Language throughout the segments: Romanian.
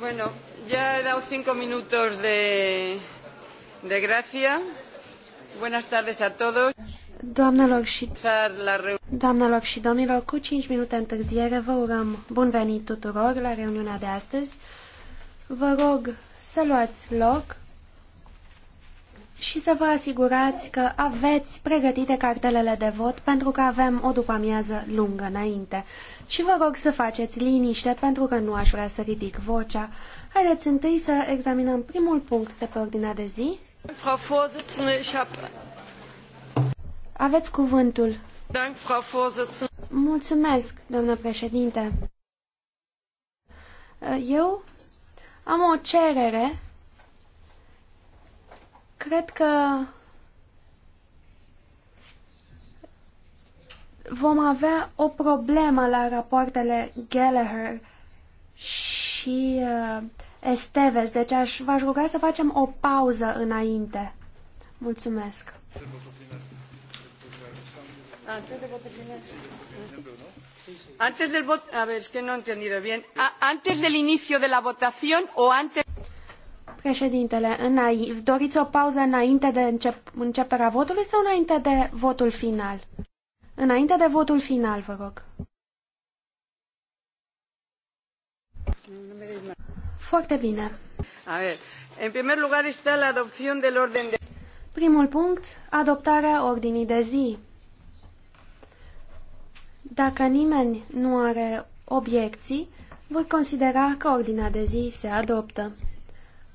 Bueno, ya he dado cinco minutos de, de gracia. Buenas tardes a todos. Doamnelor și, doamnelor și domnilor, cu 5 minute întârziere vă urăm bun venit tuturor la reuniunea de astăzi. Vă rog să luați loc și să vă asigurați că aveți pregătite cartelele de vot pentru că avem o după-amiază lungă înainte. Și vă rog să faceți liniște pentru că nu aș vrea să ridic vocea. Haideți întâi să examinăm primul punct de pe ordinea de zi. Aveți cuvântul. Mulțumesc, doamnă președinte. Eu am o cerere Cred că vom avea o problemă la rapoartele Gallagher și uh, Esteves, deci aș, v-aș ruga să facem o pauză înainte. Mulțumesc. Antes del voto a ver, es que no he entendido bien. A, antes del inicio de la votación o antes. Președintele, doriți o pauză înainte de încep, începerea votului sau înainte de votul final? Înainte de votul final, vă rog. Foarte bine. A ver, în primer lugar este la adopțion del orden de... Primul punct, adoptarea ordinii de zi. Dacă nimeni nu are obiecții, voi considera că ordinea de zi se adoptă.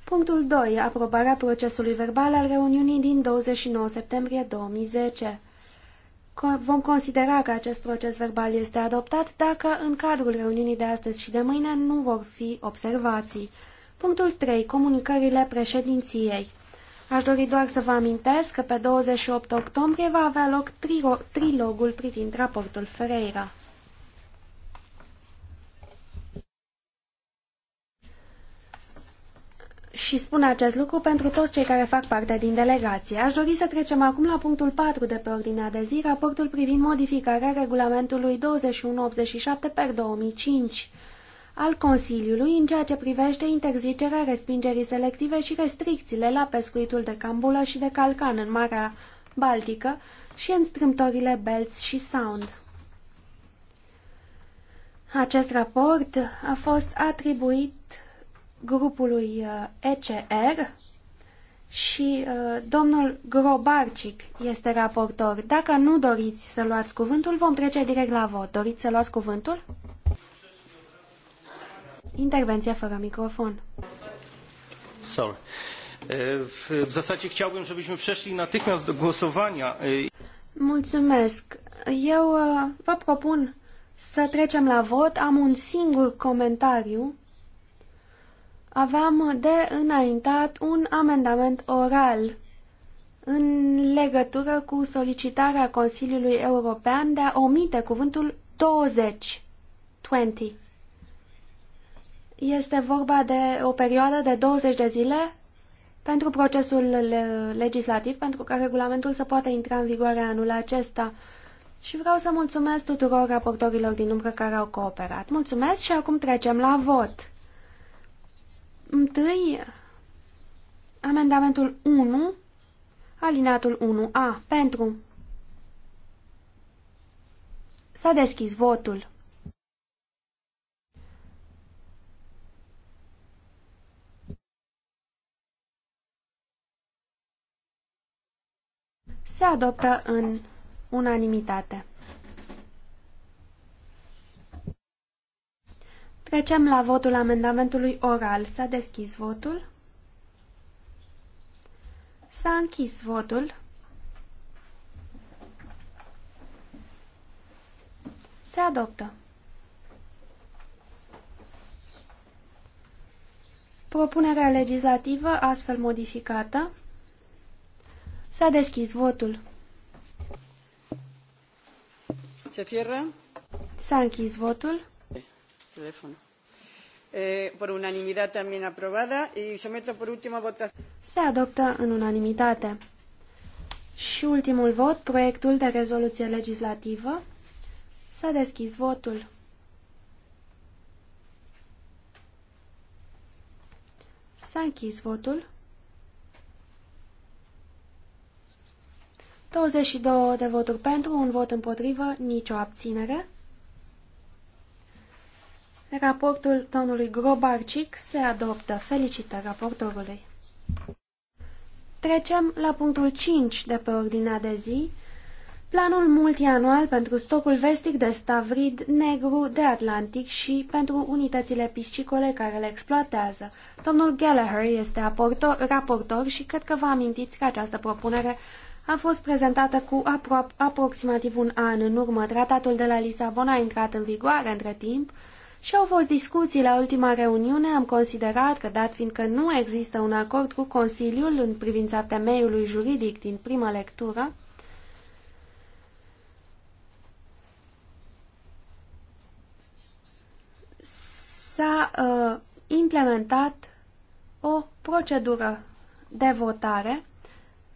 Punctul 2. Aprobarea procesului verbal al reuniunii din 29 septembrie 2010. Vom considera că acest proces verbal este adoptat dacă în cadrul reuniunii de astăzi și de mâine nu vor fi observații. Punctul 3. Comunicările președinției. Aș dori doar să vă amintesc că pe 28 octombrie va avea loc trilogul privind raportul Ferreira. și spun acest lucru pentru toți cei care fac parte din delegație. Aș dori să trecem acum la punctul 4 de pe ordinea de zi, raportul privind modificarea regulamentului 2187 per 2005 al Consiliului în ceea ce privește interzicerea respingerii selective și restricțiile la pescuitul de cambulă și de calcan în Marea Baltică și în strâmtorile Belts și Sound. Acest raport a fost atribuit grupului uh, ECR și uh, domnul Grobarcic este raportor. Dacă nu doriți să luați cuvântul, vom trece direct la vot. Doriți să luați cuvântul? Intervenție fără microfon. Sorry. W zasadzie chciałbym, żebyśmy przeszli natychmiast do głosowania. Mulțumesc. Eu vă propun să trecem la vot. Am un singur comentariu aveam de înaintat un amendament oral în legătură cu solicitarea Consiliului European de a omite cuvântul 20. 20. Este vorba de o perioadă de 20 de zile pentru procesul legislativ, pentru ca regulamentul să poată intra în vigoare anul acesta. Și vreau să mulțumesc tuturor raportorilor din umbră care au cooperat. Mulțumesc și acum trecem la vot. Întâi, amendamentul 1, alinatul 1A, pentru. S-a deschis votul. Se adoptă în unanimitate. Trecem la votul amendamentului oral. S-a deschis votul. S-a închis votul. Se adoptă. Propunerea legislativă astfel modificată. S-a deschis votul. Se cierra? S-a închis votul. Telefonul eh, por unanimidad también aprobada y someto por último a votación. Se adoptă în unanimitate. Și ultimul vot, proiectul de rezoluție legislativă. S-a deschis votul. S-a închis votul. 22 de voturi pentru, un vot împotrivă, nicio abținere. Raportul domnului Grobarcic se adoptă. felicită raportorului. Trecem la punctul 5 de pe ordinea de zi, planul multianual pentru stocul vestic de stavrid negru de Atlantic și pentru unitățile piscicole care le exploatează. Domnul Gallagher este aportor, raportor și cred că vă amintiți că această propunere a fost prezentată cu apro aproximativ un an în urmă. Tratatul de la Lisabona a intrat în vigoare între timp, și au fost discuții la ultima reuniune, am considerat că, dat fiindcă nu există un acord cu Consiliul în privința temeiului juridic din prima lectură, s-a uh, implementat o procedură de votare.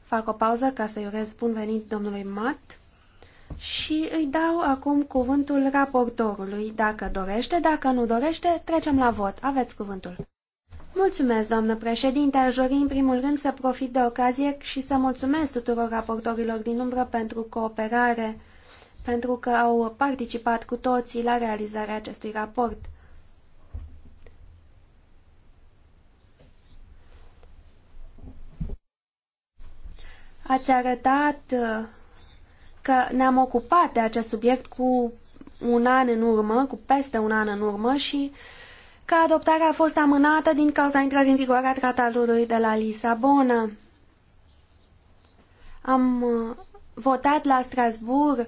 Fac o pauză ca să-i urez bun venit domnului Matt și îi dau acum cuvântul raportorului, dacă dorește, dacă nu dorește, trecem la vot. Aveți cuvântul. Mulțumesc, doamnă președinte. Aș dori în primul rând să profit de ocazie și să mulțumesc tuturor raportorilor din umbră pentru cooperare, pentru că au participat cu toții la realizarea acestui raport. Ați arătat uh, că ne-am ocupat de acest subiect cu un an în urmă, cu peste un an în urmă și că adoptarea a fost amânată din cauza intrării în vigoare a tratatului de la Lisabona. Am uh, votat la Strasbourg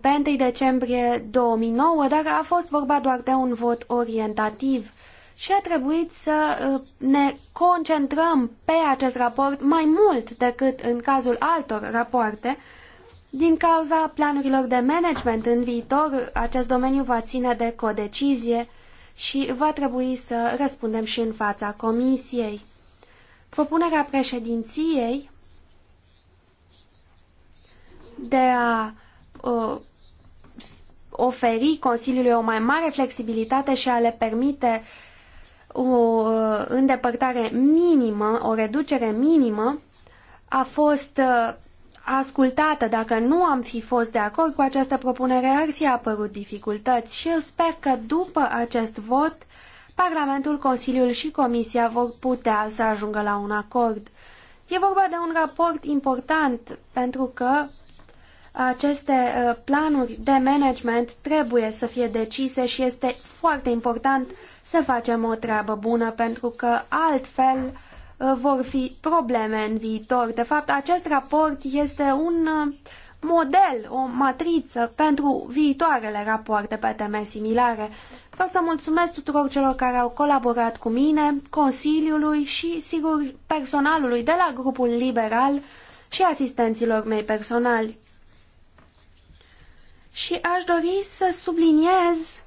pe 1 decembrie 2009, dar a fost vorba doar de un vot orientativ și a trebuit să uh, ne concentrăm pe acest raport mai mult decât în cazul altor rapoarte, din cauza planurilor de management în viitor, acest domeniu va ține de codecizie și va trebui să răspundem și în fața Comisiei. Propunerea președinției de a uh, oferi Consiliului o mai mare flexibilitate și a le permite o îndepărtare minimă, o reducere minimă, a fost ascultată. Dacă nu am fi fost de acord cu această propunere, ar fi apărut dificultăți și eu sper că după acest vot, Parlamentul, Consiliul și Comisia vor putea să ajungă la un acord. E vorba de un raport important pentru că aceste uh, planuri de management trebuie să fie decise și este foarte important să facem o treabă bună pentru că altfel Uh, vor fi probleme în viitor. De fapt, acest raport este un uh, model, o matriță pentru viitoarele rapoarte pe teme similare. Vreau să mulțumesc tuturor celor care au colaborat cu mine, Consiliului și, sigur, personalului de la grupul liberal și asistenților mei personali. Și aș dori să subliniez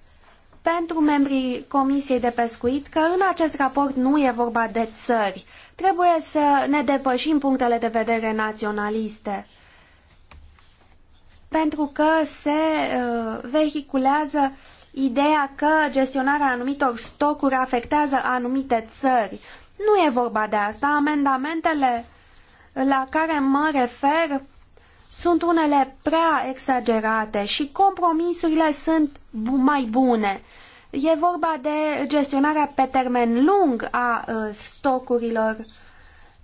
pentru membrii Comisiei de Pescuit că în acest raport nu e vorba de țări. Trebuie să ne depășim punctele de vedere naționaliste, pentru că se uh, vehiculează ideea că gestionarea anumitor stocuri afectează anumite țări. Nu e vorba de asta. Amendamentele la care mă refer sunt unele prea exagerate și compromisurile sunt mai bune. E vorba de gestionarea pe termen lung a uh, stocurilor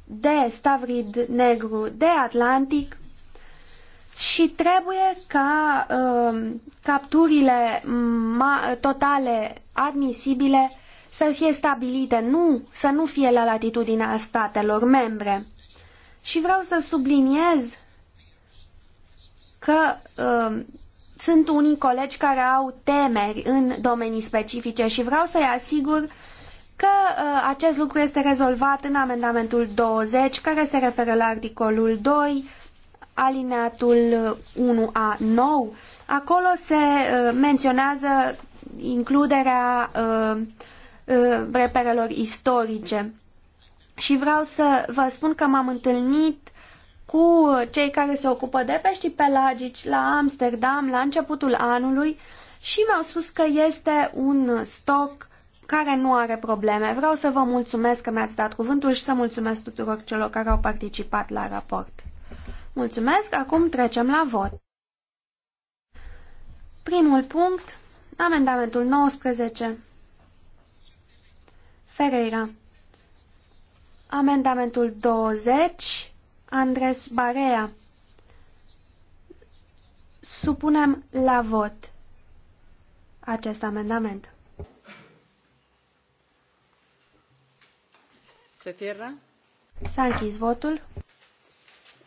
de stavrid negru de Atlantic și trebuie ca um, capturile totale admisibile să fie stabilite, nu să nu fie la latitudinea statelor membre. Și vreau să subliniez că um, sunt unii colegi care au temeri în domenii specifice și vreau să-i asigur că uh, acest lucru este rezolvat în amendamentul 20, care se referă la articolul 2, alineatul 1A uh, nou. Acolo se uh, menționează includerea reperelor istorice. Și vreau să vă spun că m-am întâlnit cu cei care se ocupă de pești pelagici la Amsterdam la începutul anului și mi-au spus că este un stoc care nu are probleme. Vreau să vă mulțumesc că mi-ați dat cuvântul și să mulțumesc tuturor celor care au participat la raport. Mulțumesc, acum trecem la vot. Primul punct, amendamentul 19. Ferreira. Amendamentul 20 Andres Barea. Supunem la vot acest amendament. Se cierra. S-a închis votul.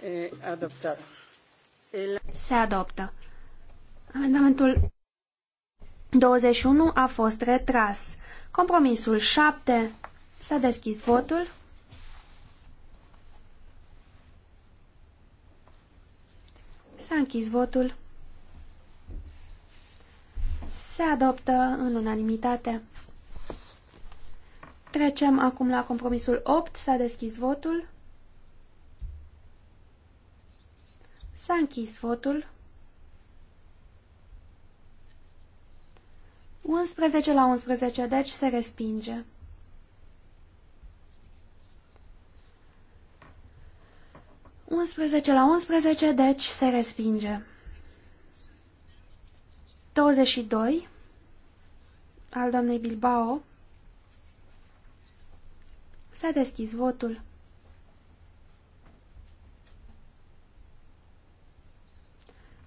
E, eh, adoptat. El... Se adoptă. Amendamentul 21 a fost retras. Compromisul 7. S-a deschis votul. S-a închis votul. Se adoptă în unanimitate. Trecem acum la compromisul 8. S-a deschis votul. S-a închis votul. 11 la 11, deci se respinge. 11 la 11, deci se respinge. 22 al doamnei Bilbao. S-a deschis votul.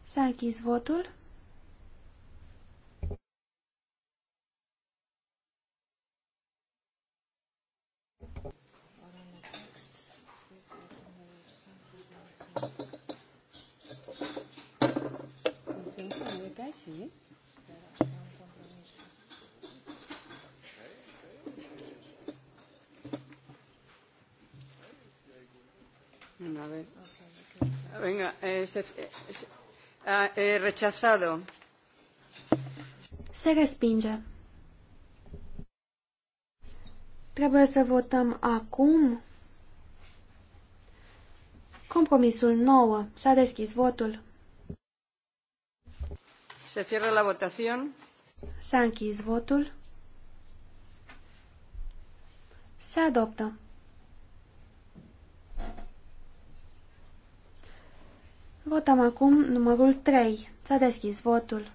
S-a închis votul. Sì. No, a ver. Venga, eh, eh, se, ah, eh, rechazado. Se respinge. Trebuie să votăm acum compromisul 9. S-a deschis votul. Se cierra la votación. S-a închis votul. Se adoptă. Votăm acum numărul 3. S-a deschis votul.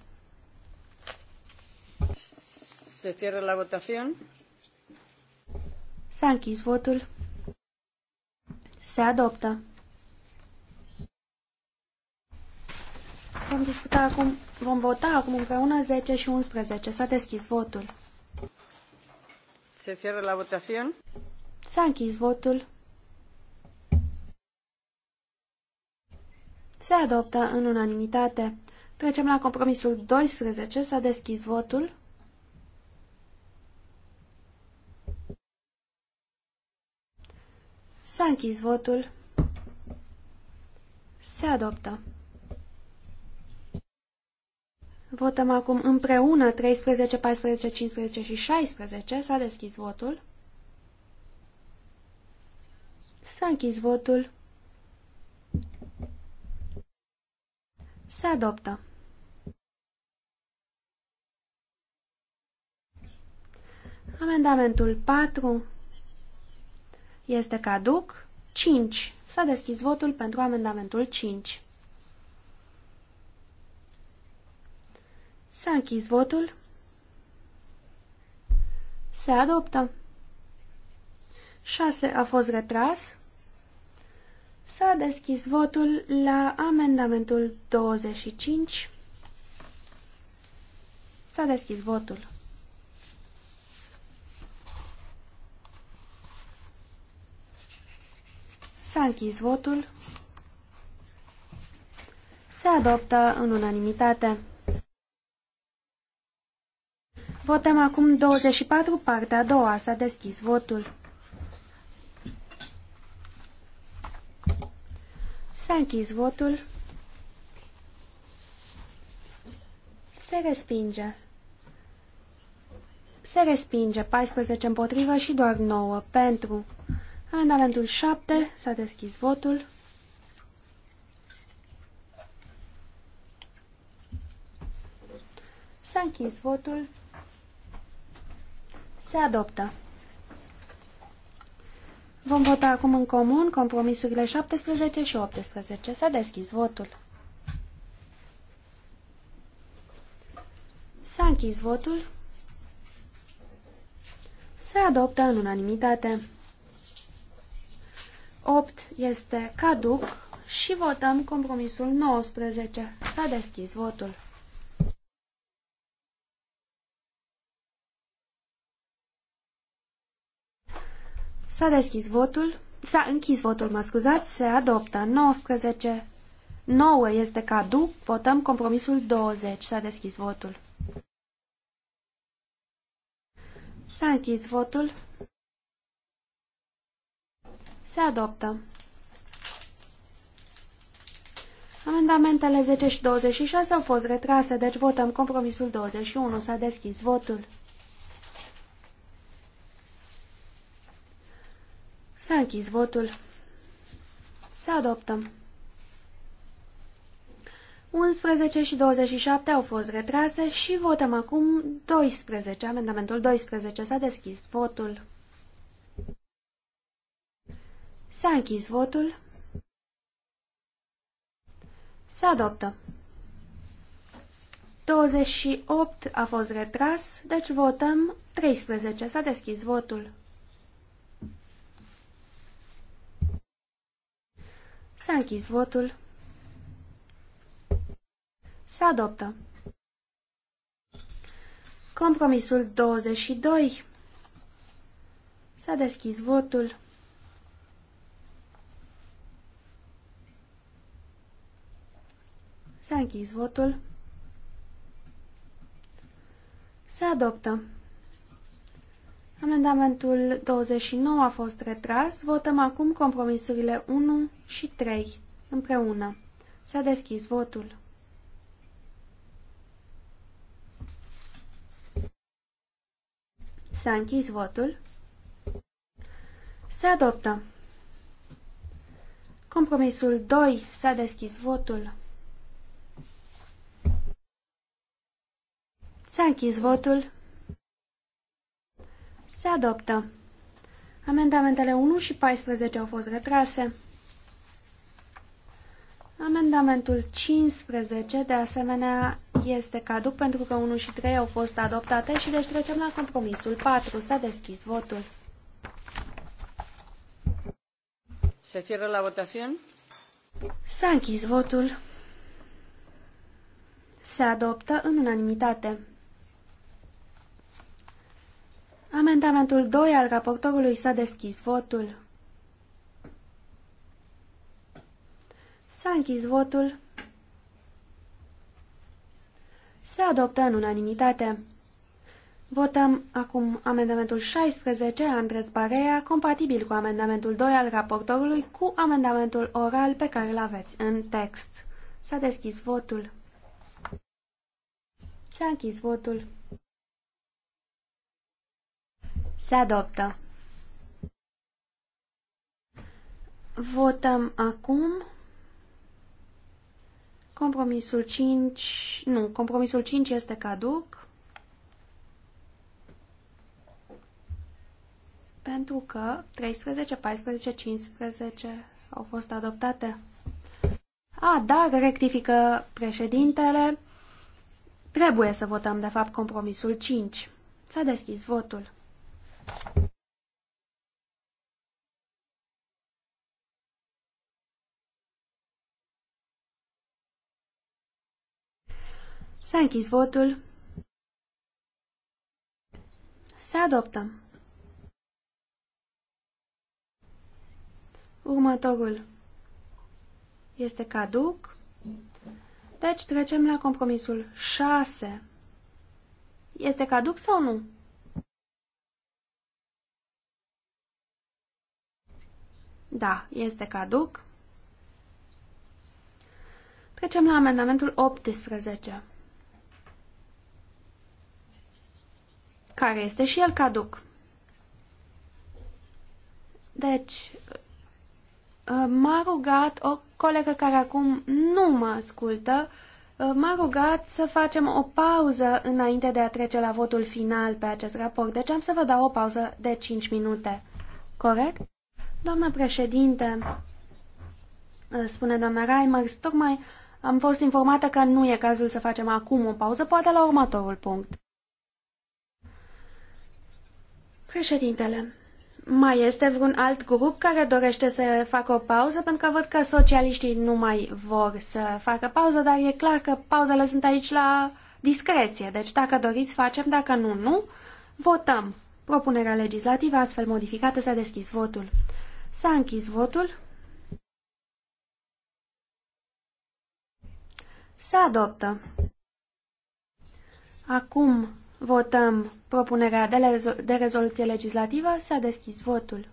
Se cierra la votación. S-a închis votul. Se adoptă. Vom discuta acum, vom vota acum împreună 10 și 11. S-a deschis votul. Se cierre la votación. S-a închis votul. Se adoptă în unanimitate. Trecem la compromisul 12. S-a deschis votul. S-a închis votul. Se adoptă. Votăm acum împreună 13, 14, 15 și 16. S-a deschis votul. S-a închis votul. Se adoptă. Amendamentul 4 este caduc. 5. S-a deschis votul pentru amendamentul 5. S-a închis votul. Se adoptă. 6 a fost retras. S-a deschis votul la amendamentul 25. S-a deschis votul. S-a închis votul. Se adoptă în unanimitate. Votăm acum 24, partea a doua. S-a deschis votul. S-a închis votul. Se respinge. Se respinge 14 împotrivă și doar 9 pentru. Amendamentul 7 s-a deschis votul. S-a închis votul. Se adoptă. Vom vota acum în comun compromisurile 17 și 18. S-a deschis votul. S-a închis votul. Se adoptă în unanimitate. 8 este caduc și votăm compromisul 19. S-a deschis votul. S-a deschis votul. S-a închis votul, mă scuzați. Se adoptă. 19. 9 este caduc. Votăm compromisul 20. S-a deschis votul. S-a închis votul. Se adoptă. Amendamentele 10 și 26 au fost retrase, deci votăm compromisul 21. S-a deschis votul. S-a închis votul. Se adoptă. 11 și 27 au fost retrase și votăm acum 12. Amendamentul 12 s-a deschis votul. S-a închis votul. Se adoptă. 28 a fost retras, deci votăm 13. S-a deschis votul. S-a închis votul. Se adoptă. Compromisul 22. S-a deschis votul. S-a închis votul. Se adoptă. Amendamentul 29 a fost retras. Votăm acum compromisurile 1 și 3 împreună. S-a deschis votul. S-a închis votul. Se adoptă. Compromisul 2. S-a deschis votul. S-a închis votul. Se adoptă. Amendamentele 1 și 14 au fost retrase. Amendamentul 15, de asemenea, este caduc pentru că 1 și 3 au fost adoptate și deci trecem la compromisul 4. S-a deschis votul. Se cierra la votación. S-a închis votul. Se adoptă în unanimitate. Amendamentul 2 al raportorului s-a deschis votul. S-a închis votul. Se adoptă în unanimitate. Votăm acum amendamentul 16, Andres Barea, compatibil cu amendamentul 2 al raportorului, cu amendamentul oral pe care îl aveți în text. S-a deschis votul. S-a închis votul. Se adoptă. Votăm acum compromisul 5, nu, compromisul 5 este caduc pentru că 13, 14, 15 au fost adoptate. A, da, rectifică președintele. Trebuie să votăm, de fapt, compromisul 5. S-a deschis votul. S-a închis votul. Se adoptă. Următorul este caduc. Deci trecem la compromisul 6. Este caduc sau nu? Da, este caduc. Trecem la amendamentul 18. Care este și el caduc. Deci, m-a rugat o colegă care acum nu mă ascultă, m-a rugat să facem o pauză înainte de a trece la votul final pe acest raport. Deci am să vă dau o pauză de 5 minute. Corect? Doamna președinte, spune doamna Reimers, tocmai am fost informată că nu e cazul să facem acum o pauză, poate la următorul punct. Președintele, mai este vreun alt grup care dorește să facă o pauză? Pentru că văd că socialiștii nu mai vor să facă pauză, dar e clar că pauzele sunt aici la discreție. Deci dacă doriți, facem. Dacă nu, nu. Votăm. Propunerea legislativă astfel modificată s-a deschis votul. S-a închis votul. Se adoptă. Acum votăm propunerea de, rezol de rezoluție legislativă. S-a deschis votul.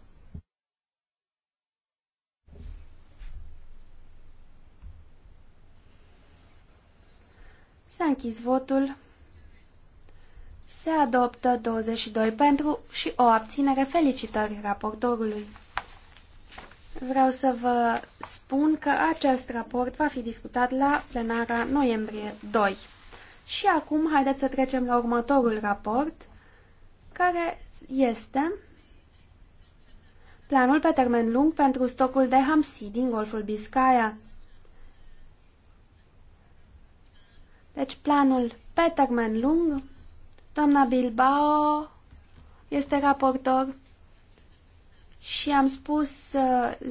S-a închis votul. Se adoptă 22 pentru și o abținere. Felicitări raportorului. Vreau să vă spun că acest raport va fi discutat la plenara noiembrie 2. Și acum haideți să trecem la următorul raport, care este planul pe termen lung pentru stocul de hamsi din Golful Biscaya. Deci planul pe termen lung, doamna Bilbao este raportor și am spus uh,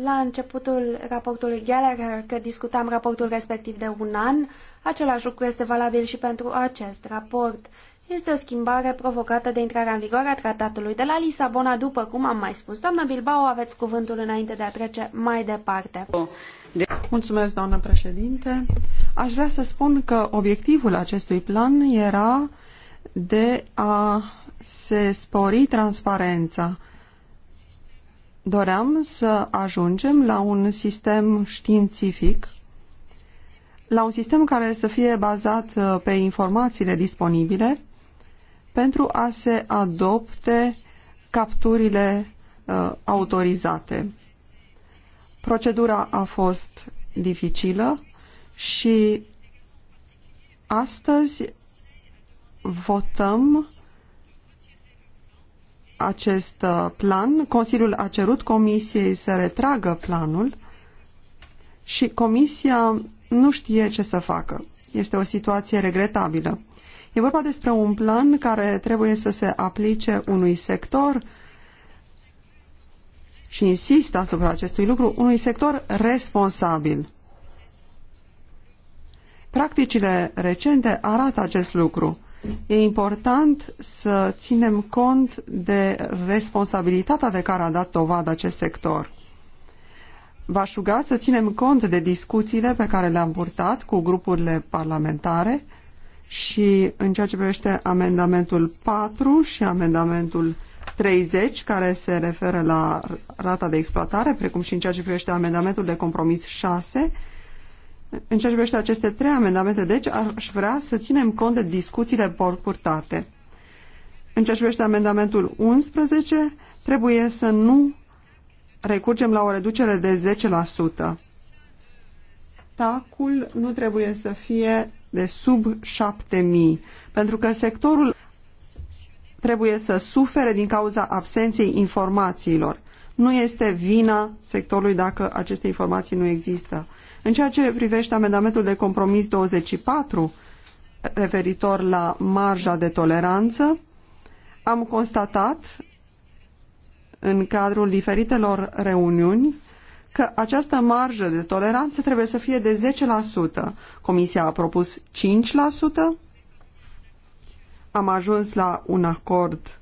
la începutul raportului Gallagher că discutam raportul respectiv de un an. Același lucru este valabil și pentru acest raport. Este o schimbare provocată de intrarea în vigoare a tratatului de la Lisabona, după cum am mai spus. Doamna Bilbao, aveți cuvântul înainte de a trece mai departe. Mulțumesc, doamnă președinte. Aș vrea să spun că obiectivul acestui plan era de a se spori transparența doream să ajungem la un sistem științific, la un sistem care să fie bazat uh, pe informațiile disponibile pentru a se adopte capturile uh, autorizate. Procedura a fost dificilă și astăzi votăm acest uh, plan. Consiliul a cerut Comisiei să retragă planul și Comisia nu știe ce să facă. Este o situație regretabilă. E vorba despre un plan care trebuie să se aplice unui sector și insist asupra acestui lucru, unui sector responsabil. Practicile recente arată acest lucru. E important să ținem cont de responsabilitatea de care a dat dovadă acest sector. V-aș ruga să ținem cont de discuțiile pe care le-am purtat cu grupurile parlamentare și în ceea ce privește amendamentul 4 și amendamentul 30, care se referă la rata de exploatare, precum și în ceea ce privește amendamentul de compromis 6, în ceea ce privește aceste trei amendamente, deci aș vrea să ținem cont de discuțiile purtate. În ceea ce privește amendamentul 11, trebuie să nu recurgem la o reducere de 10%. Tacul nu trebuie să fie de sub 7000, pentru că sectorul trebuie să sufere din cauza absenței informațiilor. Nu este vina sectorului dacă aceste informații nu există. În ceea ce privește amendamentul de compromis 24, referitor la marja de toleranță, am constatat în cadrul diferitelor reuniuni că această marjă de toleranță trebuie să fie de 10%. Comisia a propus 5%. Am ajuns la un acord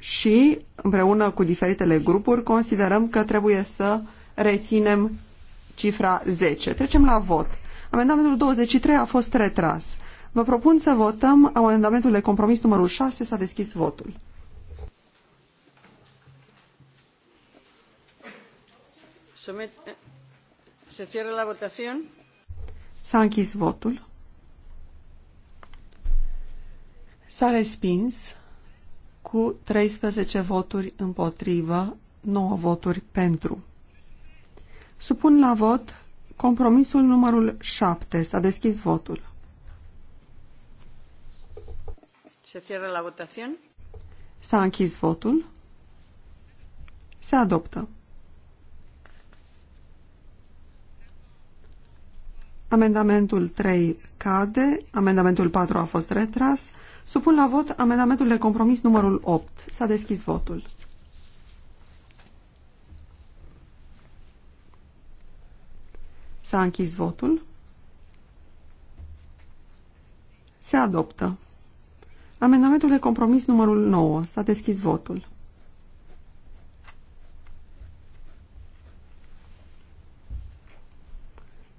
și, împreună cu diferitele grupuri, considerăm că trebuie să reținem cifra 10. Trecem la vot. Amendamentul 23 a fost retras. Vă propun să votăm amendamentul de compromis numărul 6. S-a deschis votul. Eh, se cierre la votación. S-a închis votul. S-a respins cu 13 voturi împotrivă, 9 voturi pentru. Supun la vot compromisul numărul 7. S-a deschis votul. Se cierra la votación. S-a închis votul. Se adoptă. Amendamentul 3 cade, amendamentul 4 a fost retras, Supun la vot amendamentul de compromis numărul 8. S-a deschis votul. S-a închis votul. Se adoptă. Amendamentul de compromis numărul 9. S-a deschis votul.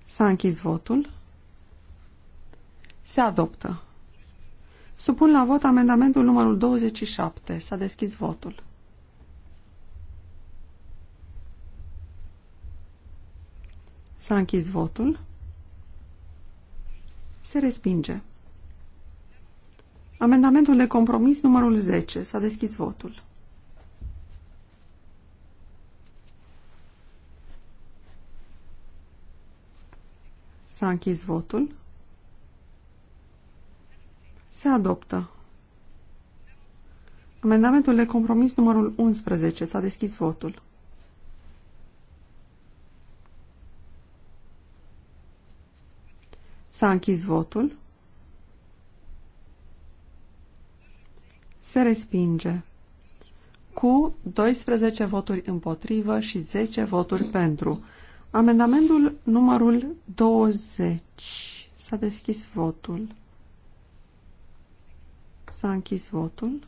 S-a închis votul. Se adoptă. Supun la vot amendamentul numărul 27. S-a deschis votul. S-a închis votul. Se respinge. Amendamentul de compromis numărul 10. S-a deschis votul. S-a închis votul. Se adoptă. Amendamentul de compromis numărul 11. S-a deschis votul. S-a închis votul. Se respinge cu 12 voturi împotrivă și 10 voturi pentru. Amendamentul numărul 20. S-a deschis votul. S-a închis votul.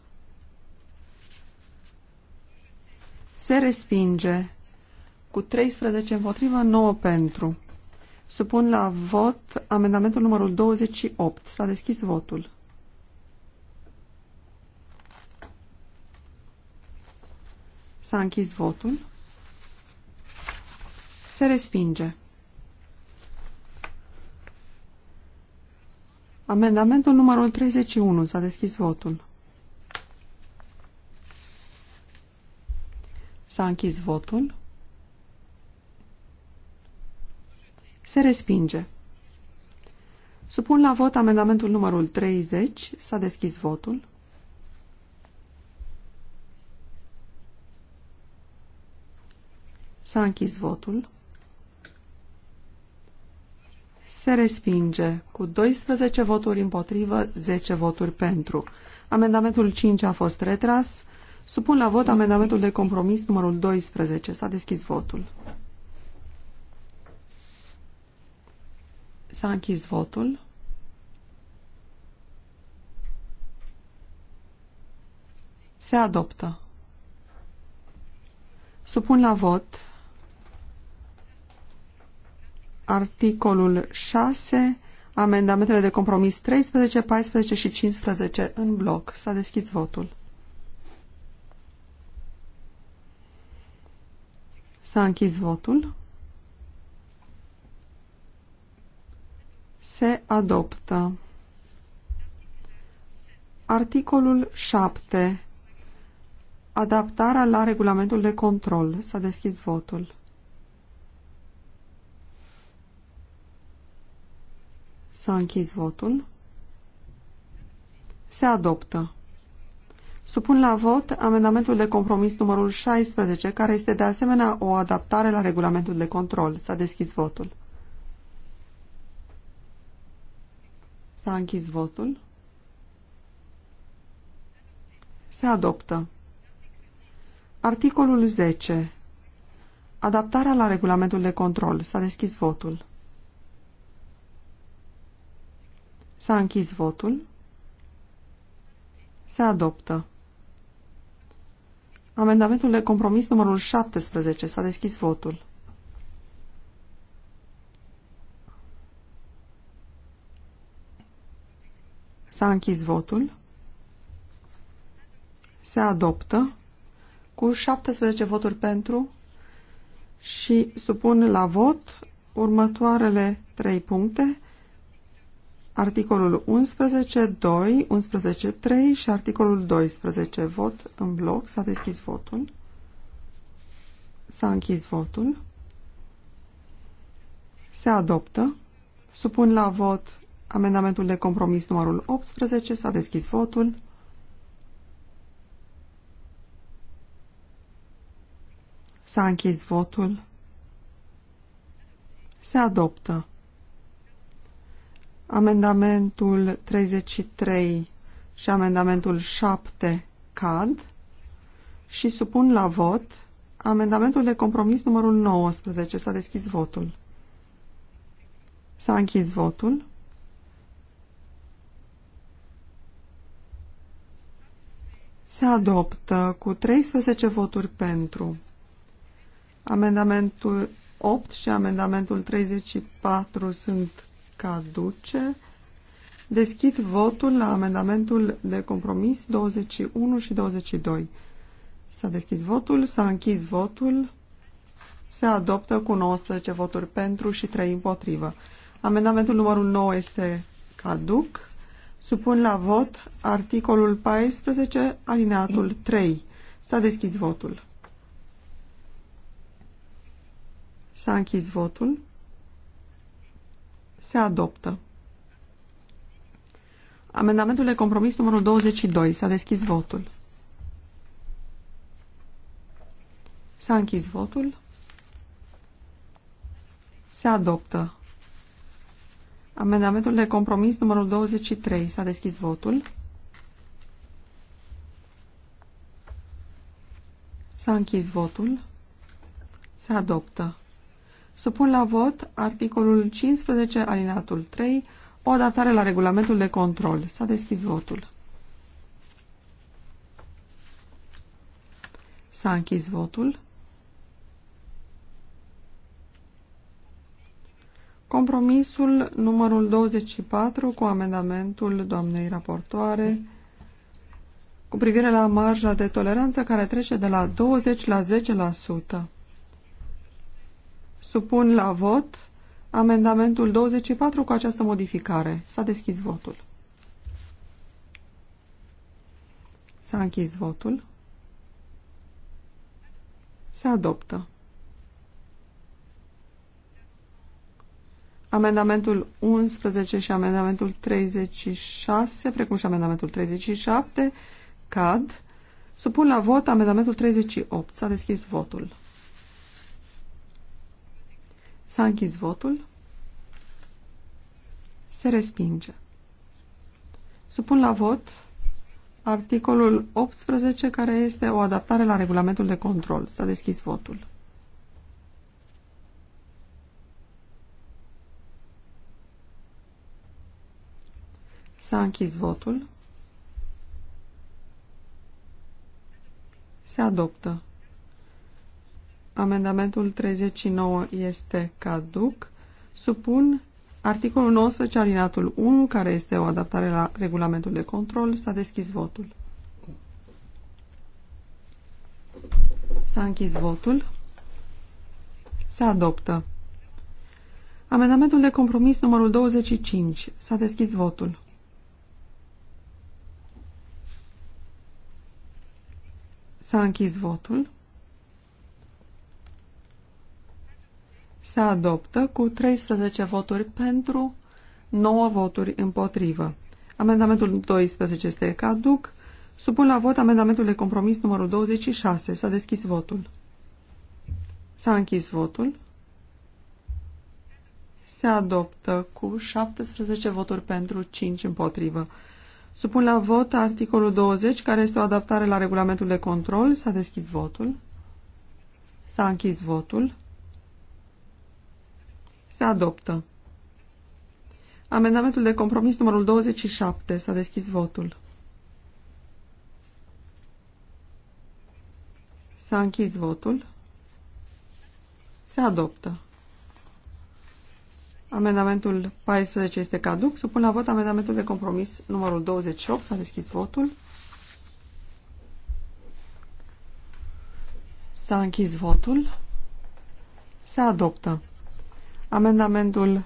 Se respinge cu 13 împotrivă, 9 pentru. Supun la vot amendamentul numărul 28. S-a deschis votul. S-a închis votul. Se respinge. Amendamentul numărul 31. S-a deschis votul. S-a închis votul. Se respinge. Supun la vot amendamentul numărul 30. S-a deschis votul. S-a închis votul. respinge cu 12 voturi împotrivă, 10 voturi pentru. Amendamentul 5 a fost retras. Supun la vot amendamentul de compromis numărul 12. S-a deschis votul. S-a închis votul. Se adoptă. Supun la vot articolul 6, amendamentele de compromis 13, 14 și 15 în bloc. S-a deschis votul. S-a închis votul. Se adoptă. Articolul 7. Adaptarea la regulamentul de control. S-a deschis votul. S-a închis votul. Se adoptă. Supun la vot amendamentul de compromis numărul 16, care este de asemenea o adaptare la regulamentul de control. S-a deschis votul. S-a închis votul. Se adoptă. Articolul 10. Adaptarea la regulamentul de control. S-a deschis votul. S-a închis votul. Se adoptă. Amendamentul de compromis numărul 17. S-a deschis votul. S-a închis votul. Se adoptă cu 17 voturi pentru și supun la vot următoarele trei puncte articolul 11, 2, 11, 3 și articolul 12. Vot în bloc. S-a deschis votul. S-a închis votul. Se adoptă. Supun la vot amendamentul de compromis numărul 18. S-a deschis votul. S-a închis votul. Se adoptă. Amendamentul 33 și amendamentul 7 cad și supun la vot amendamentul de compromis numărul 19. S-a deschis votul. S-a închis votul. Se adoptă cu 13 voturi pentru. Amendamentul 8 și amendamentul 34 sunt caduce. Deschid votul la amendamentul de compromis 21 și 22. S-a deschis votul, s-a închis votul, se adoptă cu 19 voturi pentru și 3 împotrivă. Amendamentul numărul 9 este caduc. Supun la vot articolul 14, alineatul 3. S-a deschis votul. S-a închis votul. Se adoptă. Amendamentul de compromis numărul 22. S-a deschis votul. S-a închis votul. Se adoptă. Amendamentul de compromis numărul 23. S-a deschis votul. S-a închis votul. Se adoptă. Supun la vot articolul 15, alinatul 3, o adaptare la regulamentul de control. S-a deschis votul. S-a închis votul. Compromisul numărul 24 cu amendamentul doamnei raportoare cu privire la marja de toleranță care trece de la 20 la 10%. Supun la vot amendamentul 24 cu această modificare. S-a deschis votul. S-a închis votul. Se adoptă. Amendamentul 11 și amendamentul 36, precum și amendamentul 37, cad. Supun la vot amendamentul 38. S-a deschis votul. S-a închis votul. Se respinge. Supun la vot articolul 18, care este o adaptare la regulamentul de control. S-a deschis votul. S-a închis votul. Se adoptă amendamentul 39 este caduc, supun articolul 19, alinatul 1, care este o adaptare la regulamentul de control. S-a deschis votul. S-a închis votul. Se adoptă. Amendamentul de compromis numărul 25. S-a deschis votul. S-a închis votul. se adoptă cu 13 voturi pentru, 9 voturi împotrivă. Amendamentul 12 este caduc. Supun la vot amendamentul de compromis numărul 26. S-a deschis votul. S-a închis votul. Se adoptă cu 17 voturi pentru, 5 împotrivă. Supun la vot articolul 20, care este o adaptare la regulamentul de control. S-a deschis votul. S-a închis votul. Se adoptă. Amendamentul de compromis numărul 27. S-a deschis votul. S-a închis votul. Se adoptă. Amendamentul 14 este caduc. Supun la vot amendamentul de compromis numărul 28. S-a deschis votul. S-a închis votul. Se adoptă. Amendamentul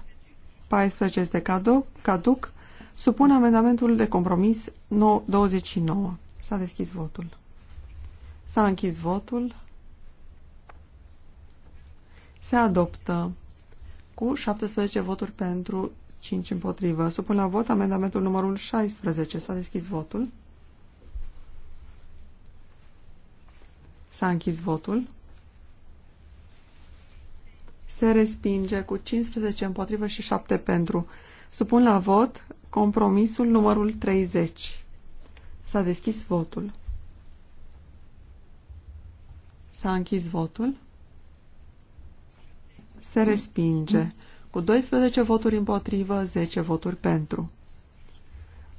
14 este caduc. caduc. Supun amendamentul de compromis 29. S-a deschis votul. S-a închis votul. Se adoptă cu 17 voturi pentru, 5 împotrivă. Supun la vot amendamentul numărul 16. S-a deschis votul. S-a închis votul se respinge cu 15 împotrivă și 7 pentru. Supun la vot compromisul numărul 30. S-a deschis votul. S-a închis votul. Se respinge cu 12 voturi împotrivă, 10 voturi pentru.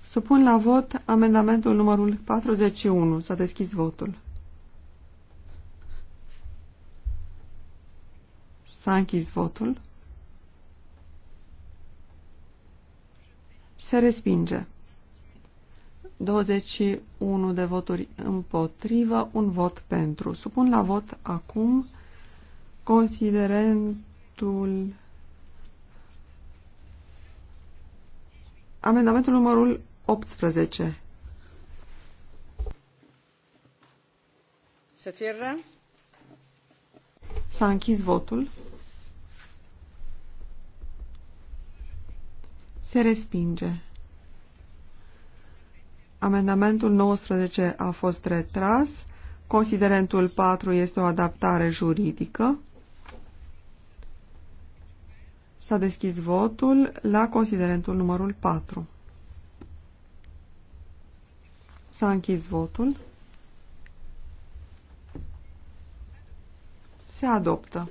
Supun la vot amendamentul numărul 41. S-a deschis votul. S-a închis votul. Se respinge. 21 de voturi împotrivă, un vot pentru. Supun la vot acum considerentul amendamentul numărul 18. Se cierra. S-a închis votul. Se respinge. Amendamentul 19 a fost retras. Considerentul 4 este o adaptare juridică. S-a deschis votul la considerentul numărul 4. S-a închis votul. Se adoptă.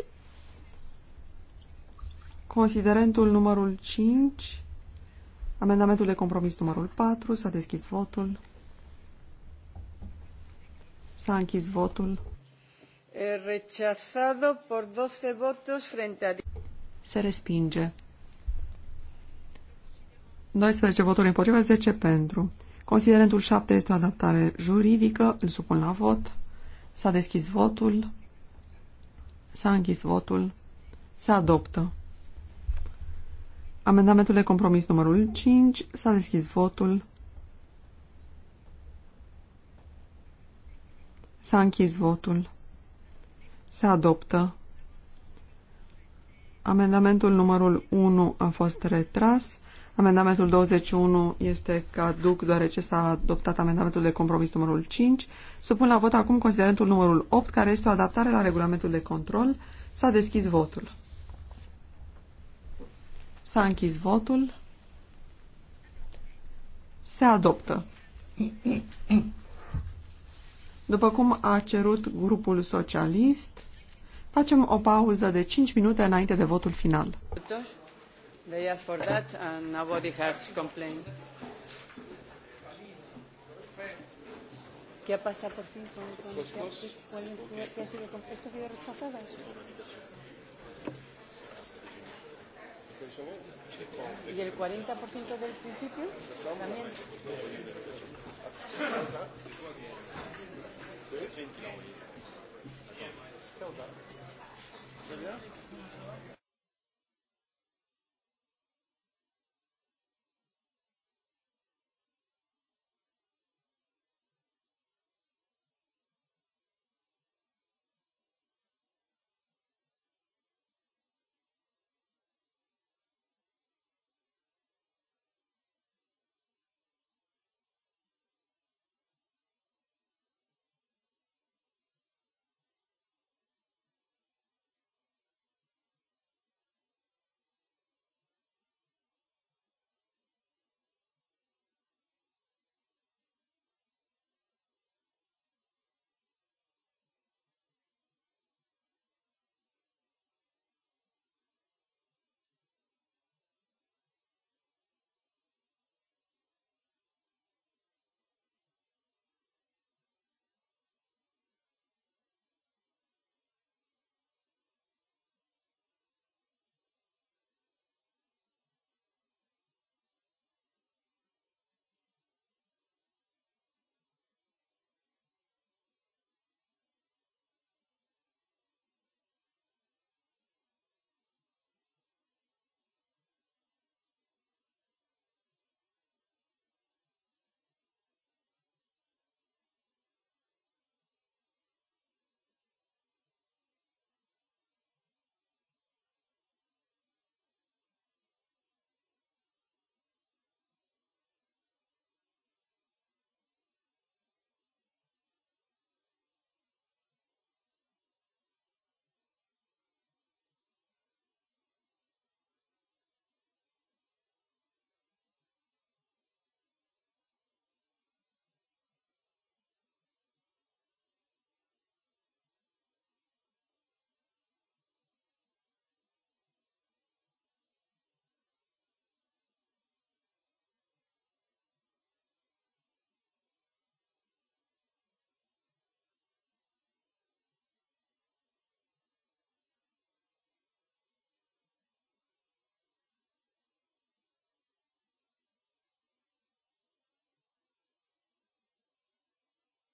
Considerentul numărul 5 Amendamentul de compromis numărul 4. S-a deschis votul. S-a închis votul. Rechazado por 12 votos frente a... Se respinge. 12 voturi împotriva, 10 pentru. Considerentul 7 este o adaptare juridică. Îl supun la vot. S-a deschis votul. S-a închis votul. Se adoptă. Amendamentul de compromis numărul 5. S-a deschis votul. S-a închis votul. Se adoptă. Amendamentul numărul 1 a fost retras. Amendamentul 21 este caduc deoarece s-a adoptat amendamentul de compromis numărul 5. Supun la vot acum considerentul numărul 8, care este o adaptare la regulamentul de control. S-a deschis votul. S-a închis votul. Se adoptă. După cum a cerut grupul socialist, facem o pauză de 5 minute înainte de votul final. ¿Qué ha pasado that and nobody has complained. ¿Qué pasa por fin con, con, con, con, con, con, con, con, con, ¿Y el 40% del principio? También.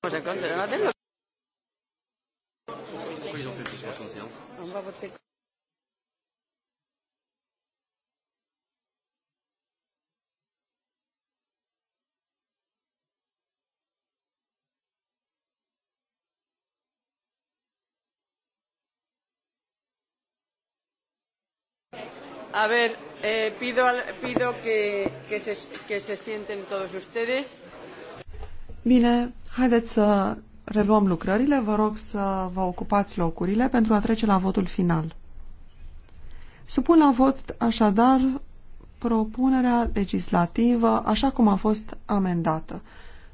On va voter. A ver, eh, pido, pido que, que, se, que se sienten todos ustedes. Bine, haideți să reluăm lucrările. Vă rog să vă ocupați locurile pentru a trece la votul final. Supun la vot așadar propunerea legislativă așa cum a fost amendată.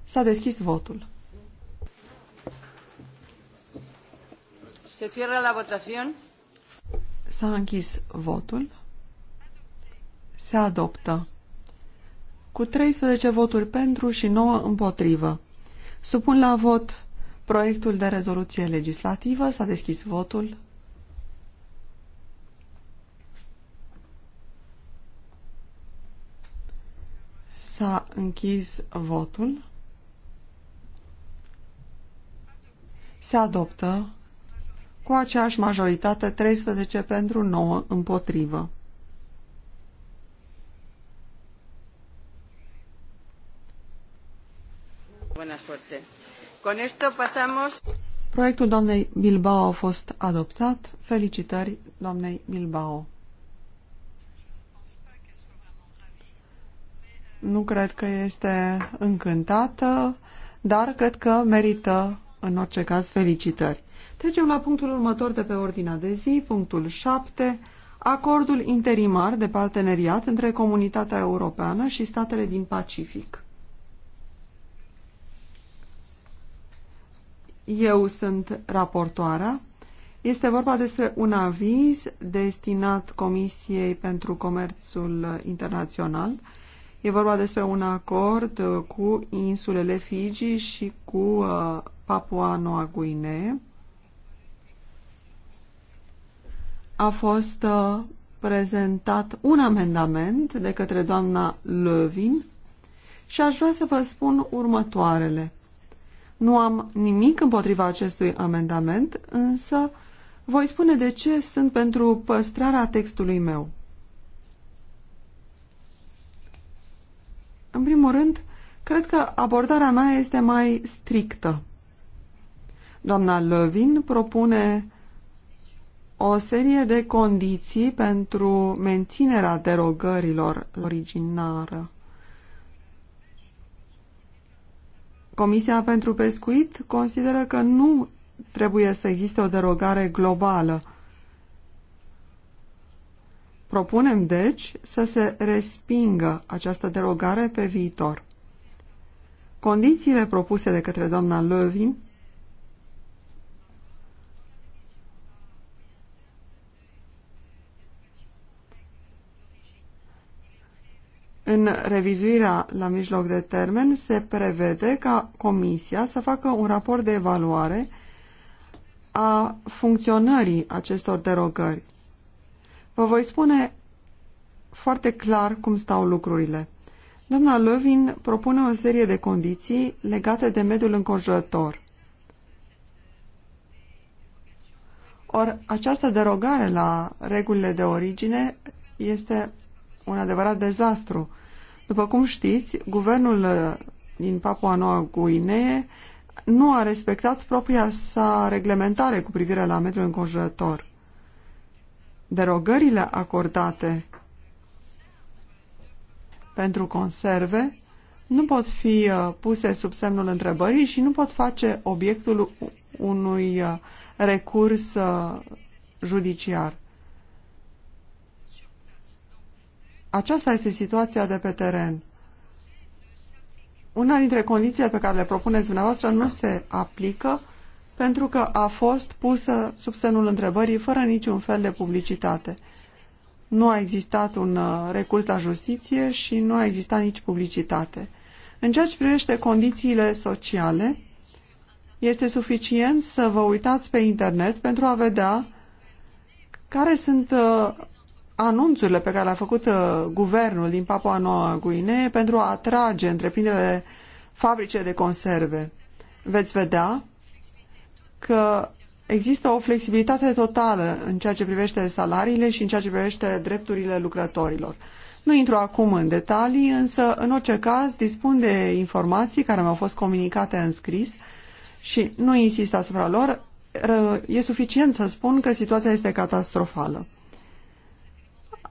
S-a deschis votul. Se cierra la votación. S-a închis votul. Se adoptă cu 13 voturi pentru și 9 împotrivă. Supun la vot proiectul de rezoluție legislativă. S-a deschis votul. S-a închis votul. Se adoptă cu aceeași majoritate 13 pentru 9 împotrivă. Buena suerte. Con esto pasamos... Proiectul doamnei Bilbao a fost adoptat. Felicitări doamnei Bilbao. Nu cred că este încântată, dar cred că merită în orice caz felicitări. Trecem la punctul următor de pe ordinea de zi, punctul 7, acordul interimar de parteneriat între Comunitatea Europeană și statele din Pacific. Eu sunt raportoarea. Este vorba despre un aviz destinat Comisiei pentru Comerțul Internațional. E vorba despre un acord cu insulele Fiji și cu uh, Papua Noua Guinee. A fost uh, prezentat un amendament de către doamna Lövin și aș vrea să vă spun următoarele. Nu am nimic împotriva acestui amendament, însă voi spune de ce sunt pentru păstrarea textului meu. În primul rând, cred că abordarea mea este mai strictă. Doamna Lovin propune o serie de condiții pentru menținerea derogărilor originară. Comisia pentru Pescuit consideră că nu trebuie să existe o derogare globală. Propunem, deci, să se respingă această derogare pe viitor. Condițiile propuse de către doamna Lövin În revizuirea la mijloc de termen se prevede ca Comisia să facă un raport de evaluare a funcționării acestor derogări. Vă voi spune foarte clar cum stau lucrurile. Doamna Lovin propune o serie de condiții legate de mediul înconjurător. Or, această derogare la regulile de origine este un adevărat dezastru. După cum știți, guvernul uh, din Papua Noua Guinee nu a respectat propria sa reglementare cu privire la mediul înconjurător. Derogările acordate pentru conserve nu pot fi uh, puse sub semnul întrebării și nu pot face obiectul unui uh, recurs judiciar. Aceasta este situația de pe teren. Una dintre condițiile pe care le propuneți dumneavoastră nu se aplică pentru că a fost pusă sub semnul întrebării fără niciun fel de publicitate. Nu a existat un uh, recurs la justiție și nu a existat nici publicitate. În ceea ce privește condițiile sociale, este suficient să vă uitați pe internet pentru a vedea care sunt uh, anunțurile pe care le-a făcut uh, guvernul din Papua Noua Guinee pentru a atrage întreprinderile fabrice de conserve. Veți vedea că există o flexibilitate totală în ceea ce privește salariile și în ceea ce privește drepturile lucrătorilor. Nu intru acum în detalii, însă în orice caz dispun de informații care mi-au fost comunicate în scris și nu insist asupra lor, e suficient să spun că situația este catastrofală.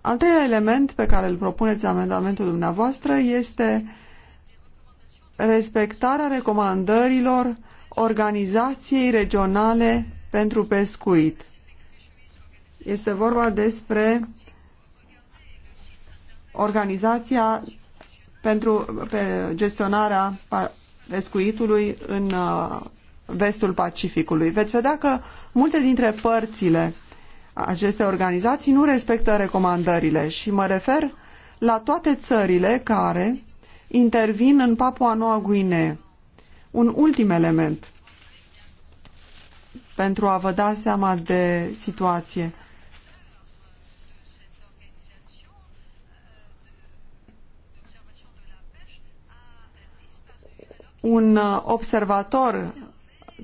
Al treilea element pe care îl propuneți în amendamentul dumneavoastră este respectarea recomandărilor Organizației Regionale pentru Pescuit. Este vorba despre organizația pentru pe gestionarea pescuitului în uh, vestul Pacificului. Veți vedea că multe dintre părțile aceste organizații nu respectă recomandările și mă refer la toate țările care intervin în Papua Noua Guinee. Un ultim element pentru a vă da seama de situație. Un observator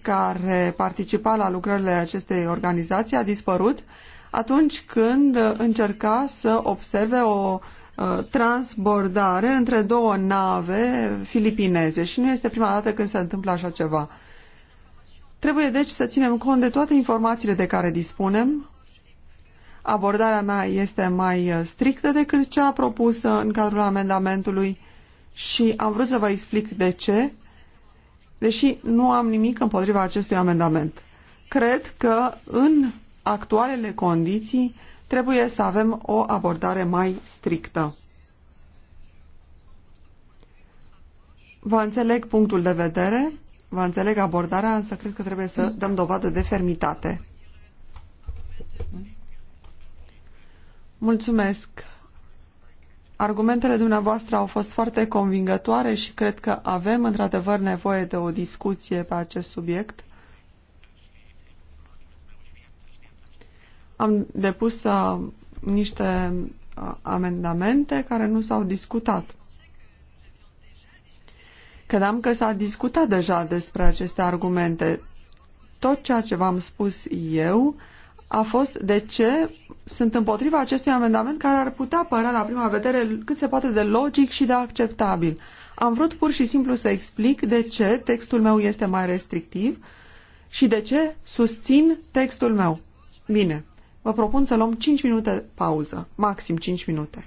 care participa la lucrările acestei organizații a dispărut atunci când încerca să observe o uh, transbordare între două nave filipineze și nu este prima dată când se întâmplă așa ceva. Trebuie deci să ținem cont de toate informațiile de care dispunem. Abordarea mea este mai uh, strictă decât cea propusă în cadrul amendamentului și am vrut să vă explic de ce deși nu am nimic împotriva acestui amendament. Cred că în actualele condiții trebuie să avem o abordare mai strictă. Vă înțeleg punctul de vedere, vă înțeleg abordarea, însă cred că trebuie să dăm dovadă de fermitate. Mulțumesc! Argumentele dumneavoastră au fost foarte convingătoare și cred că avem într-adevăr nevoie de o discuție pe acest subiect. Am depus uh, niște uh, amendamente care nu s-au discutat. Credeam că s-a discutat deja despre aceste argumente. Tot ceea ce v-am spus eu uh, a fost de ce sunt împotriva acestui amendament care ar putea părea la prima vedere cât se poate de logic și de acceptabil. Am vrut pur și simplu să explic de ce textul meu este mai restrictiv și de ce susțin textul meu. Bine, vă propun să luăm 5 minute pauză, maxim 5 minute.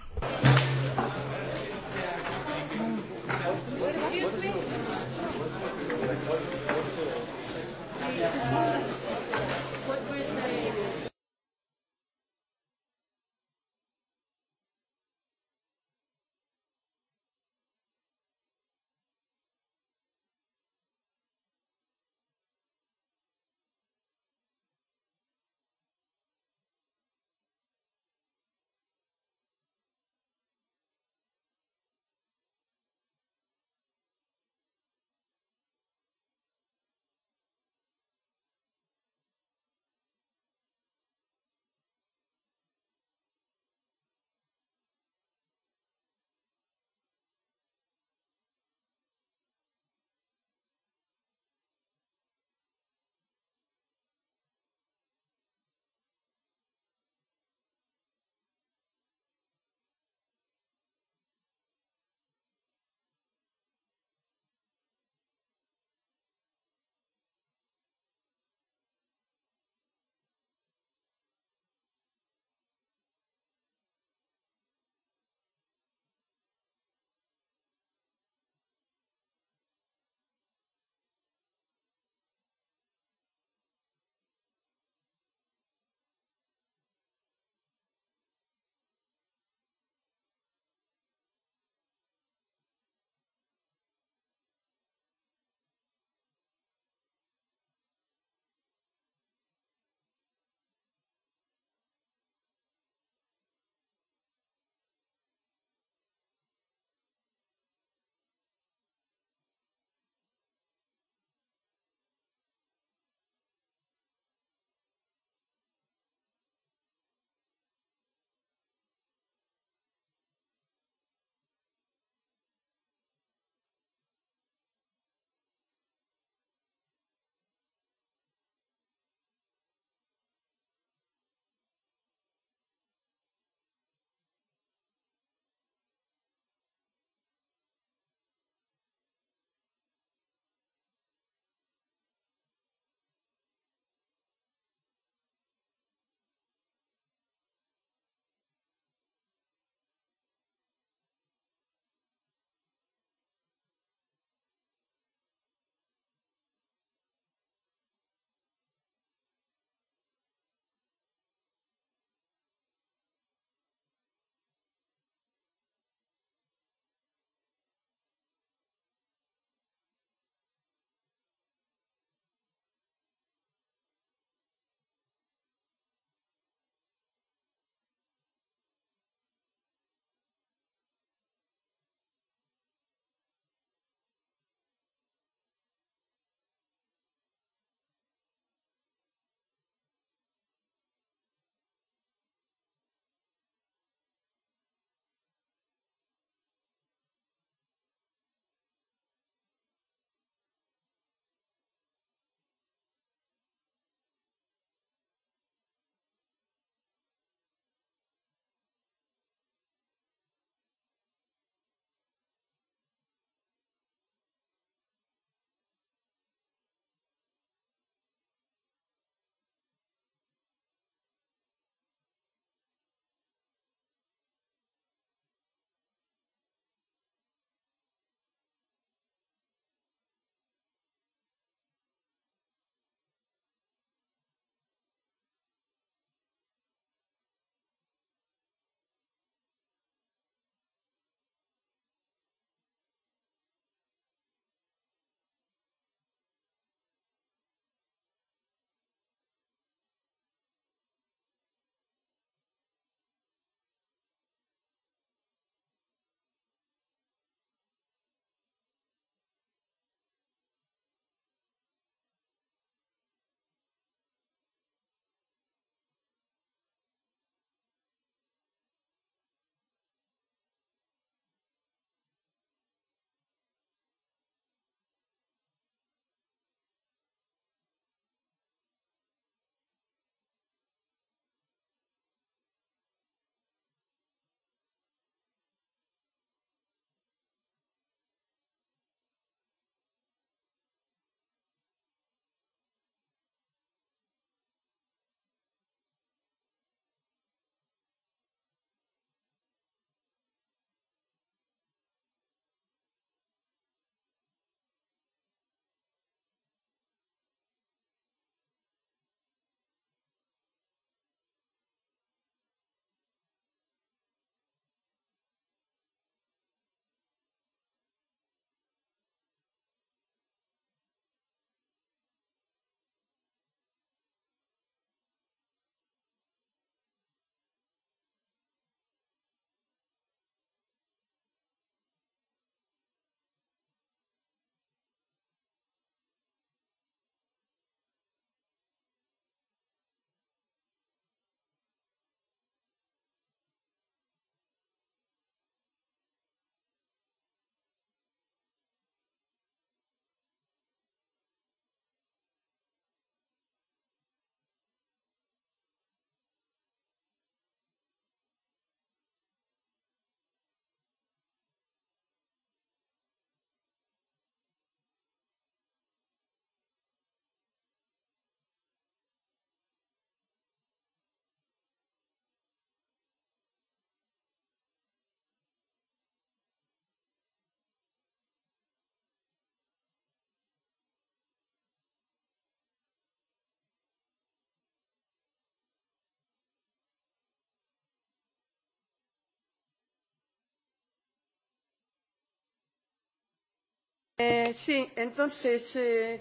Eh, sí, entonces. Eh...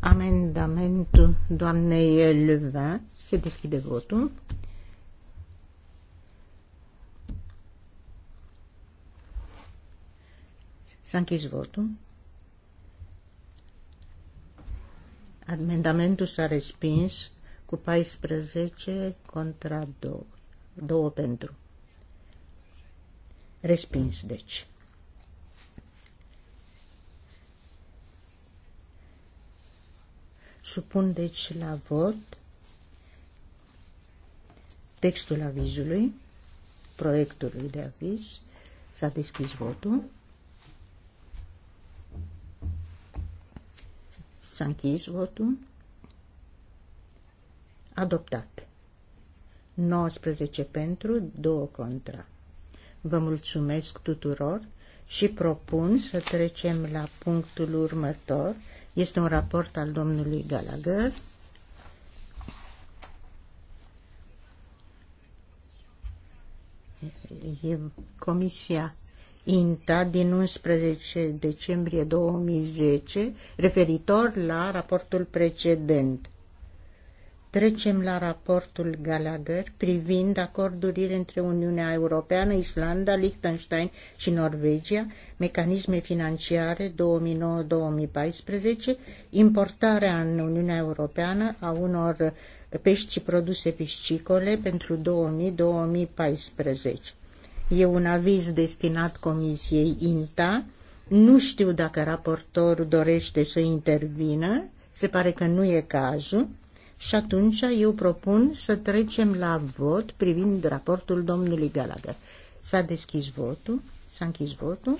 Amendamentul doamnei Leva. Se deschide votul. S-a închis votul. Amendamentul s-a respins cu 14 contra 2. 2 pentru. Respins, deci. Supun, deci, la vot textul avizului, proiectului de aviz. S-a deschis votul. S-a închis votul. Adoptat. 19 pentru, 2 contra. Vă mulțumesc tuturor și propun să trecem la punctul următor. Este un raport al domnului Gallagher. E Comisia INTA din 11 decembrie 2010 referitor la raportul precedent. Trecem la raportul Gallagher privind acordurile între Uniunea Europeană, Islanda, Liechtenstein și Norvegia, mecanisme financiare 2009-2014, importarea în Uniunea Europeană a unor pești și produse piscicole pentru 2000-2014. E un aviz destinat Comisiei INTA. Nu știu dacă raportorul dorește să intervină, se pare că nu e cazul. Și atunci eu propun să trecem la vot privind raportul domnului Gallagher. S-a deschis votul, s-a închis votul.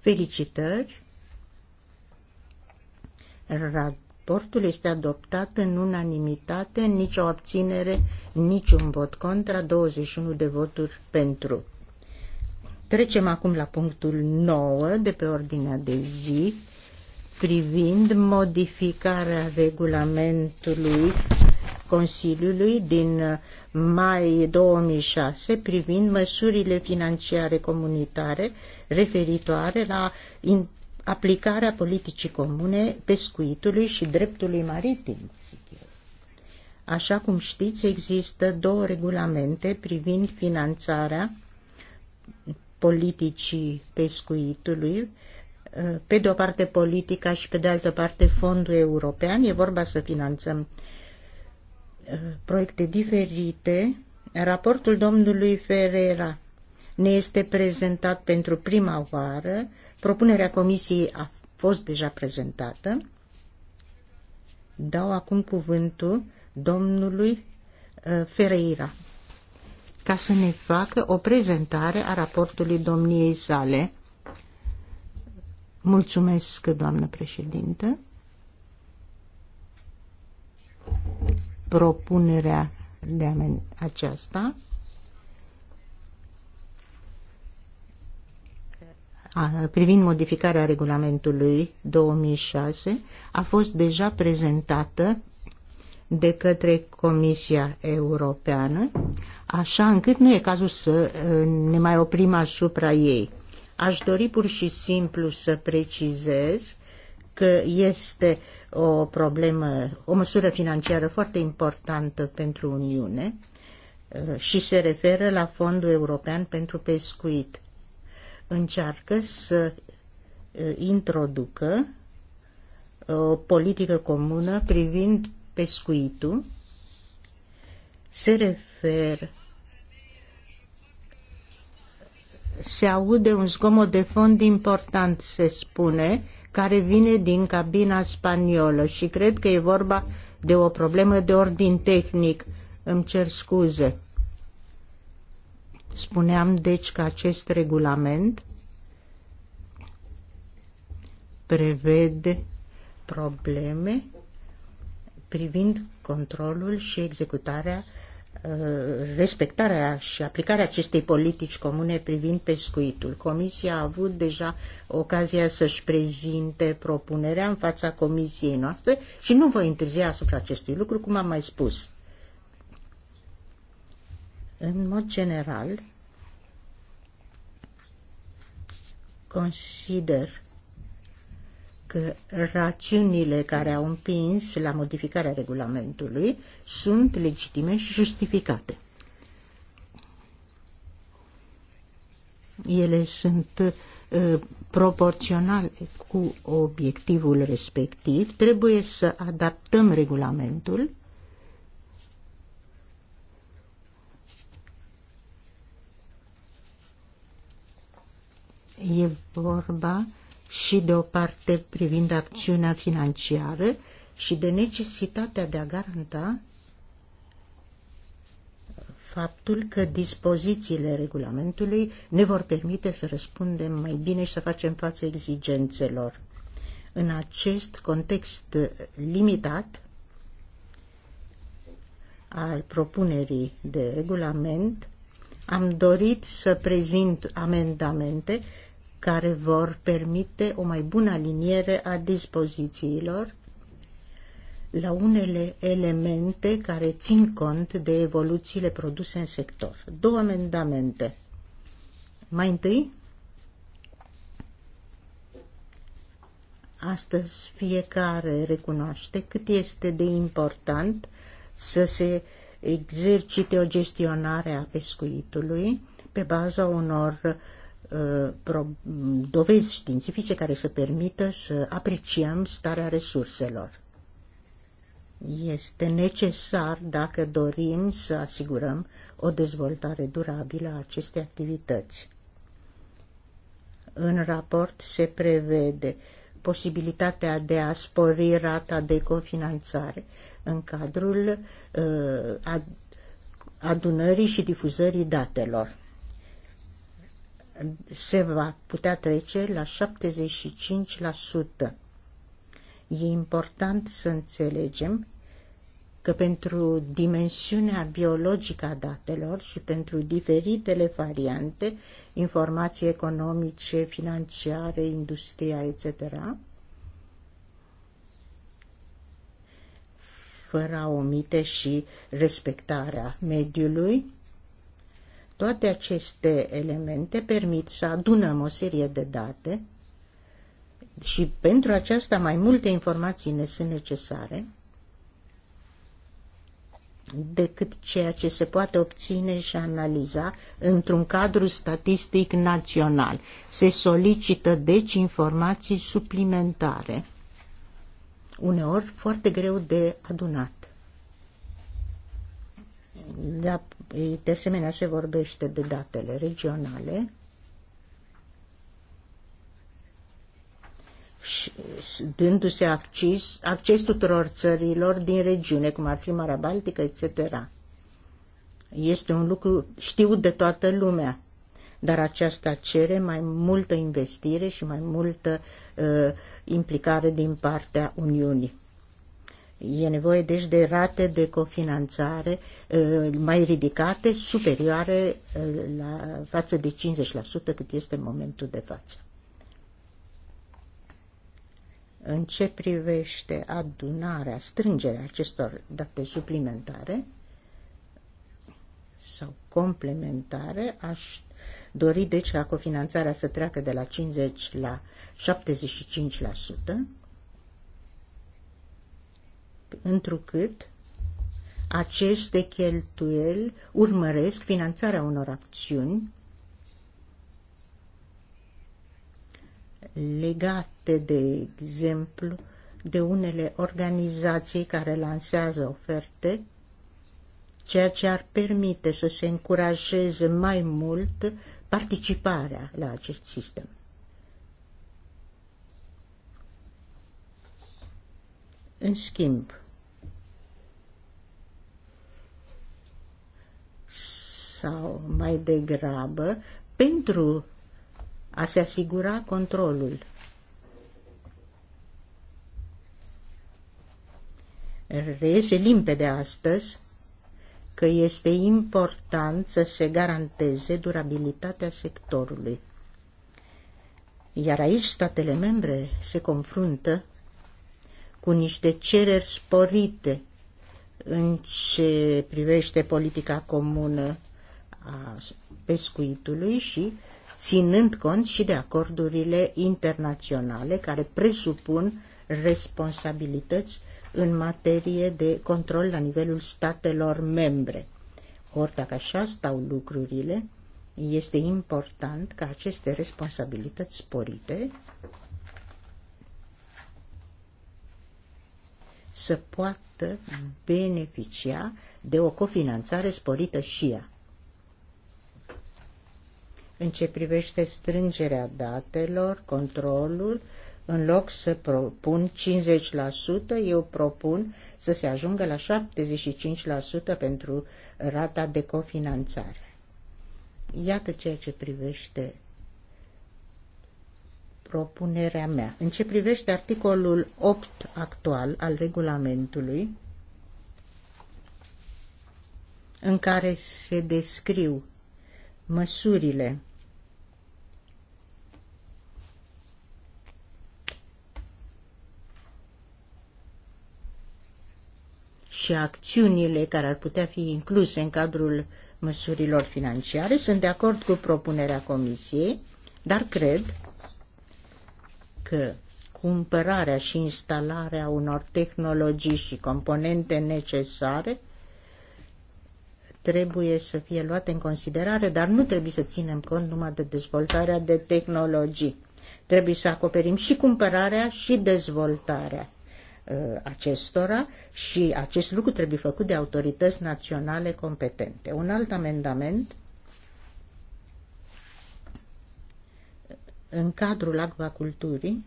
Felicitări! Raportul este adoptat în unanimitate, nicio abținere, niciun vot contra, 21 de voturi pentru. Trecem acum la punctul 9 de pe ordinea de zi privind modificarea regulamentului Consiliului din mai 2006 privind măsurile financiare comunitare referitoare la aplicarea politicii comune pescuitului și dreptului maritim. Așa cum știți, există două regulamente privind finanțarea politicii pescuitului, uh, pe de o parte politica și pe de altă parte fondul european. E vorba să finanțăm uh, proiecte diferite. Raportul domnului Ferreira ne este prezentat pentru prima oară. Propunerea comisiei a fost deja prezentată. Dau acum cuvântul domnului uh, Ferreira ca să ne facă o prezentare a raportului domniei sale. Mulțumesc, doamnă președinte. Propunerea de amen aceasta privind modificarea regulamentului 2006 a fost deja prezentată de către Comisia Europeană așa încât nu e cazul să ne mai oprim asupra ei. Aș dori pur și simplu să precizez că este o problemă, o măsură financiară foarte importantă pentru Uniune și se referă la Fondul European pentru Pescuit. Încearcă să introducă o politică comună privind pescuitul, se referă fer. Se aude un zgomot de fond important, se spune, care vine din cabina spaniolă și cred că e vorba de o problemă de ordin tehnic. Îmi cer scuze. Spuneam deci că acest regulament prevede probleme privind controlul și executarea Uh, respectarea și aplicarea acestei politici comune privind pescuitul. Comisia a avut deja ocazia să-și prezinte propunerea în fața comisiei noastre și nu voi întârzia asupra acestui lucru, cum am mai spus. În mod general, consider rațiunile care au împins la modificarea regulamentului sunt legitime și justificate. Ele sunt uh, proporționale cu obiectivul respectiv. Trebuie să adaptăm regulamentul E vorba și de o parte privind acțiunea financiară și de necesitatea de a garanta faptul că dispozițiile regulamentului ne vor permite să răspundem mai bine și să facem față exigențelor. În acest context limitat al propunerii de regulament, am dorit să prezint amendamente care vor permite o mai bună aliniere a dispozițiilor la unele elemente care țin cont de evoluțiile produse în sector. Două amendamente. Mai întâi, astăzi fiecare recunoaște cât este de important să se exercite o gestionare a pescuitului pe baza unor Uh, dovezi științifice care să permită să apreciem starea resurselor. Este necesar dacă dorim să asigurăm o dezvoltare durabilă a acestei activități. În raport se prevede posibilitatea de a spori rata de cofinanțare în cadrul uh, adunării și difuzării datelor se va putea trece la 75%. E important să înțelegem că pentru dimensiunea biologică a datelor și pentru diferitele variante, informații economice, financiare, industria, etc., fără a omite și respectarea mediului, toate aceste elemente permit să adunăm o serie de date și pentru aceasta mai multe informații ne sunt necesare decât ceea ce se poate obține și analiza într-un cadru statistic național. Se solicită deci informații suplimentare, uneori foarte greu de adunat. Dar de asemenea, se vorbește de datele regionale dându-se acces, acces tuturor țărilor din regiune, cum ar fi Marea Baltică, etc. Este un lucru știut de toată lumea, dar aceasta cere mai multă investire și mai multă uh, implicare din partea Uniunii. E nevoie deci de rate de cofinanțare uh, mai ridicate, superioare uh, la față de 50% cât este momentul de față. În ce privește adunarea, strângerea acestor date suplimentare sau complementare, aș dori deci ca cofinanțarea să treacă de la 50 la 75%, întrucât aceste cheltuieli urmăresc finanțarea unor acțiuni legate, de exemplu, de unele organizații care lansează oferte, ceea ce ar permite să se încurajeze mai mult participarea la acest sistem. În schimb, sau mai degrabă pentru a se asigura controlul. Reiese limpede astăzi că este important să se garanteze durabilitatea sectorului. Iar aici statele membre se confruntă cu niște cereri sporite în ce privește politica comună a pescuitului și ținând cont și de acordurile internaționale care presupun responsabilități în materie de control la nivelul statelor membre. Ori dacă așa stau lucrurile, este important ca aceste responsabilități sporite să poată beneficia de o cofinanțare sporită și ea în ce privește strângerea datelor, controlul, în loc să propun 50%, eu propun să se ajungă la 75% pentru rata de cofinanțare. Iată ceea ce privește propunerea mea. În ce privește articolul 8 actual al regulamentului, în care se descriu măsurile și acțiunile care ar putea fi incluse în cadrul măsurilor financiare. Sunt de acord cu propunerea Comisiei, dar cred că cumpărarea și instalarea unor tehnologii și componente necesare trebuie să fie luate în considerare, dar nu trebuie să ținem cont numai de dezvoltarea de tehnologii. Trebuie să acoperim și cumpărarea și dezvoltarea. Uh, acestora și acest lucru trebuie făcut de autorități naționale competente. Un alt amendament în cadrul acvaculturii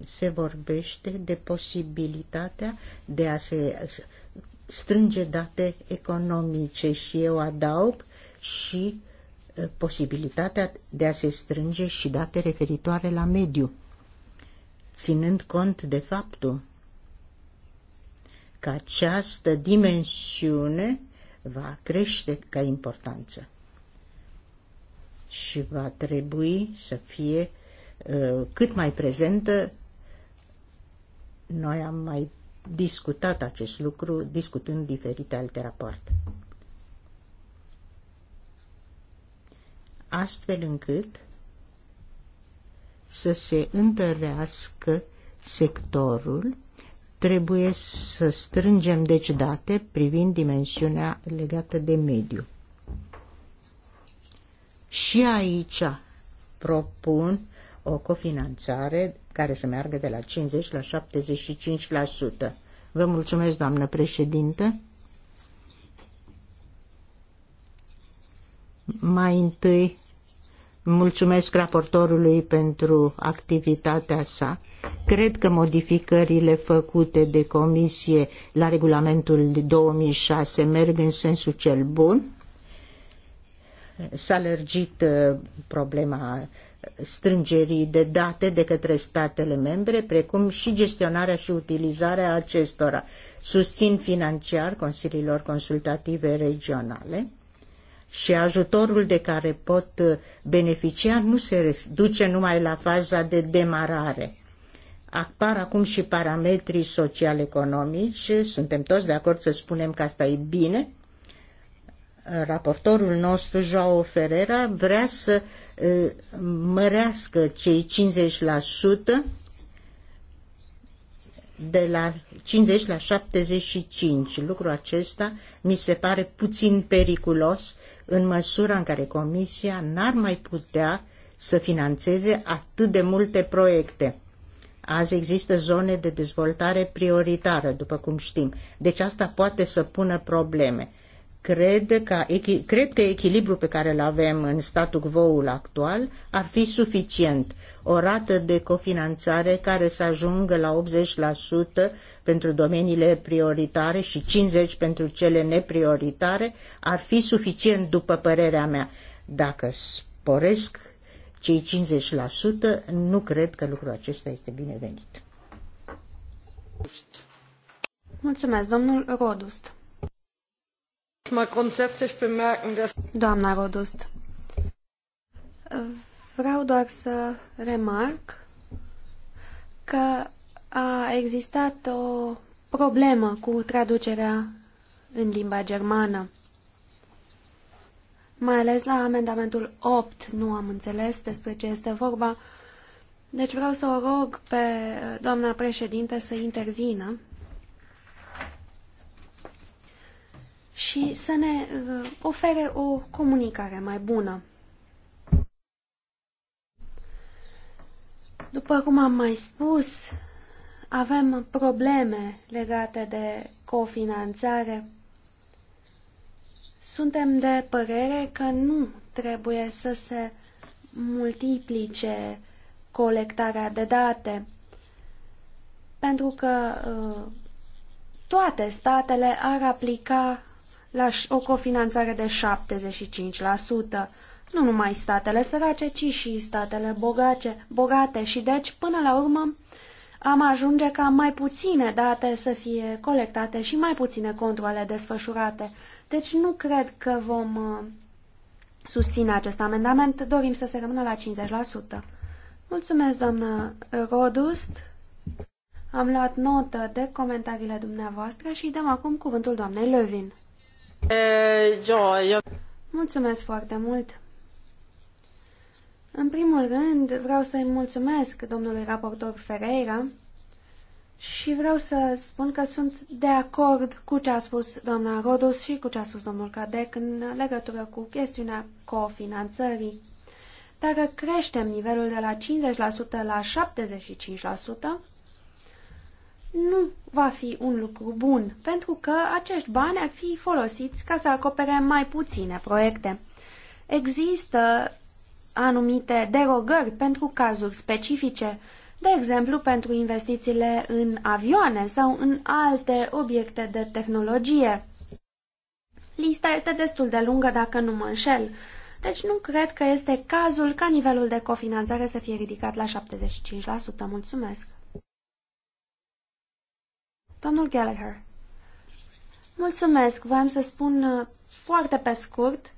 se vorbește de posibilitatea de a se strânge date economice și eu adaug și uh, posibilitatea de a se strânge și date referitoare la mediu ținând cont de faptul că această dimensiune va crește ca importanță și va trebui să fie uh, cât mai prezentă. Noi am mai discutat acest lucru discutând diferite alte rapoarte. Astfel încât să se întărească sectorul, trebuie să strângem deci date privind dimensiunea legată de mediu. Și aici propun o cofinanțare care să meargă de la 50 la 75%. Vă mulțumesc, doamnă președinte. Mai întâi Mulțumesc raportorului pentru activitatea sa. Cred că modificările făcute de comisie la regulamentul 2006 merg în sensul cel bun. S-a lărgit uh, problema strângerii de date de către statele membre, precum și gestionarea și utilizarea acestora. Susțin financiar consiliilor consultative regionale și ajutorul de care pot uh, beneficia nu se duce numai la faza de demarare. Apar acum și parametrii social-economici, suntem toți de acord să spunem că asta e bine. Raportorul nostru, Joao Ferreira, vrea să uh, mărească cei 50% de la 50 la 75. Lucrul acesta mi se pare puțin periculos în măsura în care Comisia n-ar mai putea să financeze atât de multe proiecte. Azi există zone de dezvoltare prioritară, după cum știm, deci asta poate să pună probleme cred că, cred că echilibrul pe care îl avem în statul quo-ul actual ar fi suficient. O rată de cofinanțare care să ajungă la 80% pentru domeniile prioritare și 50% pentru cele neprioritare ar fi suficient, după părerea mea. Dacă sporesc cei 50%, nu cred că lucrul acesta este binevenit. Mulțumesc, domnul Rodust. Doamna Rodust, vreau doar să remarc că a existat o problemă cu traducerea în limba germană. Mai ales la amendamentul 8 nu am înțeles despre ce este vorba, deci vreau să o rog pe doamna președinte să intervină și să ne uh, ofere o comunicare mai bună. După cum am mai spus, avem probleme legate de cofinanțare. Suntem de părere că nu trebuie să se multiplice colectarea de date, pentru că uh, toate statele ar aplica la o cofinanțare de 75%, nu numai statele sărace, ci și statele bogace, bogate și deci, până la urmă, am ajunge ca mai puține date să fie colectate și mai puține controle desfășurate. Deci nu cred că vom uh, susține acest amendament, dorim să se rămână la 50%. Mulțumesc, doamnă Rodust. Am luat notă de comentariile dumneavoastră și dăm acum cuvântul doamnei Lövin. Eh, mulțumesc foarte mult! În primul rând, vreau să-i mulțumesc domnului raportor Ferreira și vreau să spun că sunt de acord cu ce a spus doamna Rodus și cu ce a spus domnul Cadec în legătură cu chestiunea cofinanțării. Dacă creștem nivelul de la 50% la 75%, nu va fi un lucru bun, pentru că acești bani ar fi folosiți ca să acopere mai puține proiecte. Există anumite derogări pentru cazuri specifice, de exemplu pentru investițiile în avioane sau în alte obiecte de tehnologie. Lista este destul de lungă dacă nu mă înșel, deci nu cred că este cazul ca nivelul de cofinanțare să fie ridicat la 75%. Mulțumesc! Domnul Gallagher. Mulțumesc. Voiam să spun uh, foarte pe scurt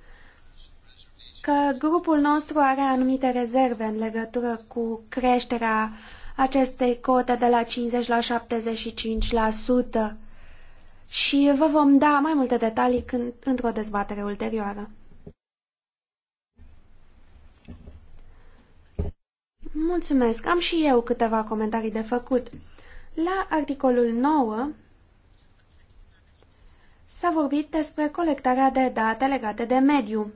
că grupul nostru are anumite rezerve în legătură cu creșterea acestei cote de la 50 la 75% și vă vom da mai multe detalii când, într-o dezbatere ulterioară. Mulțumesc. Am și eu câteva comentarii de făcut. La articolul 9 s-a vorbit despre colectarea de date legate de mediu.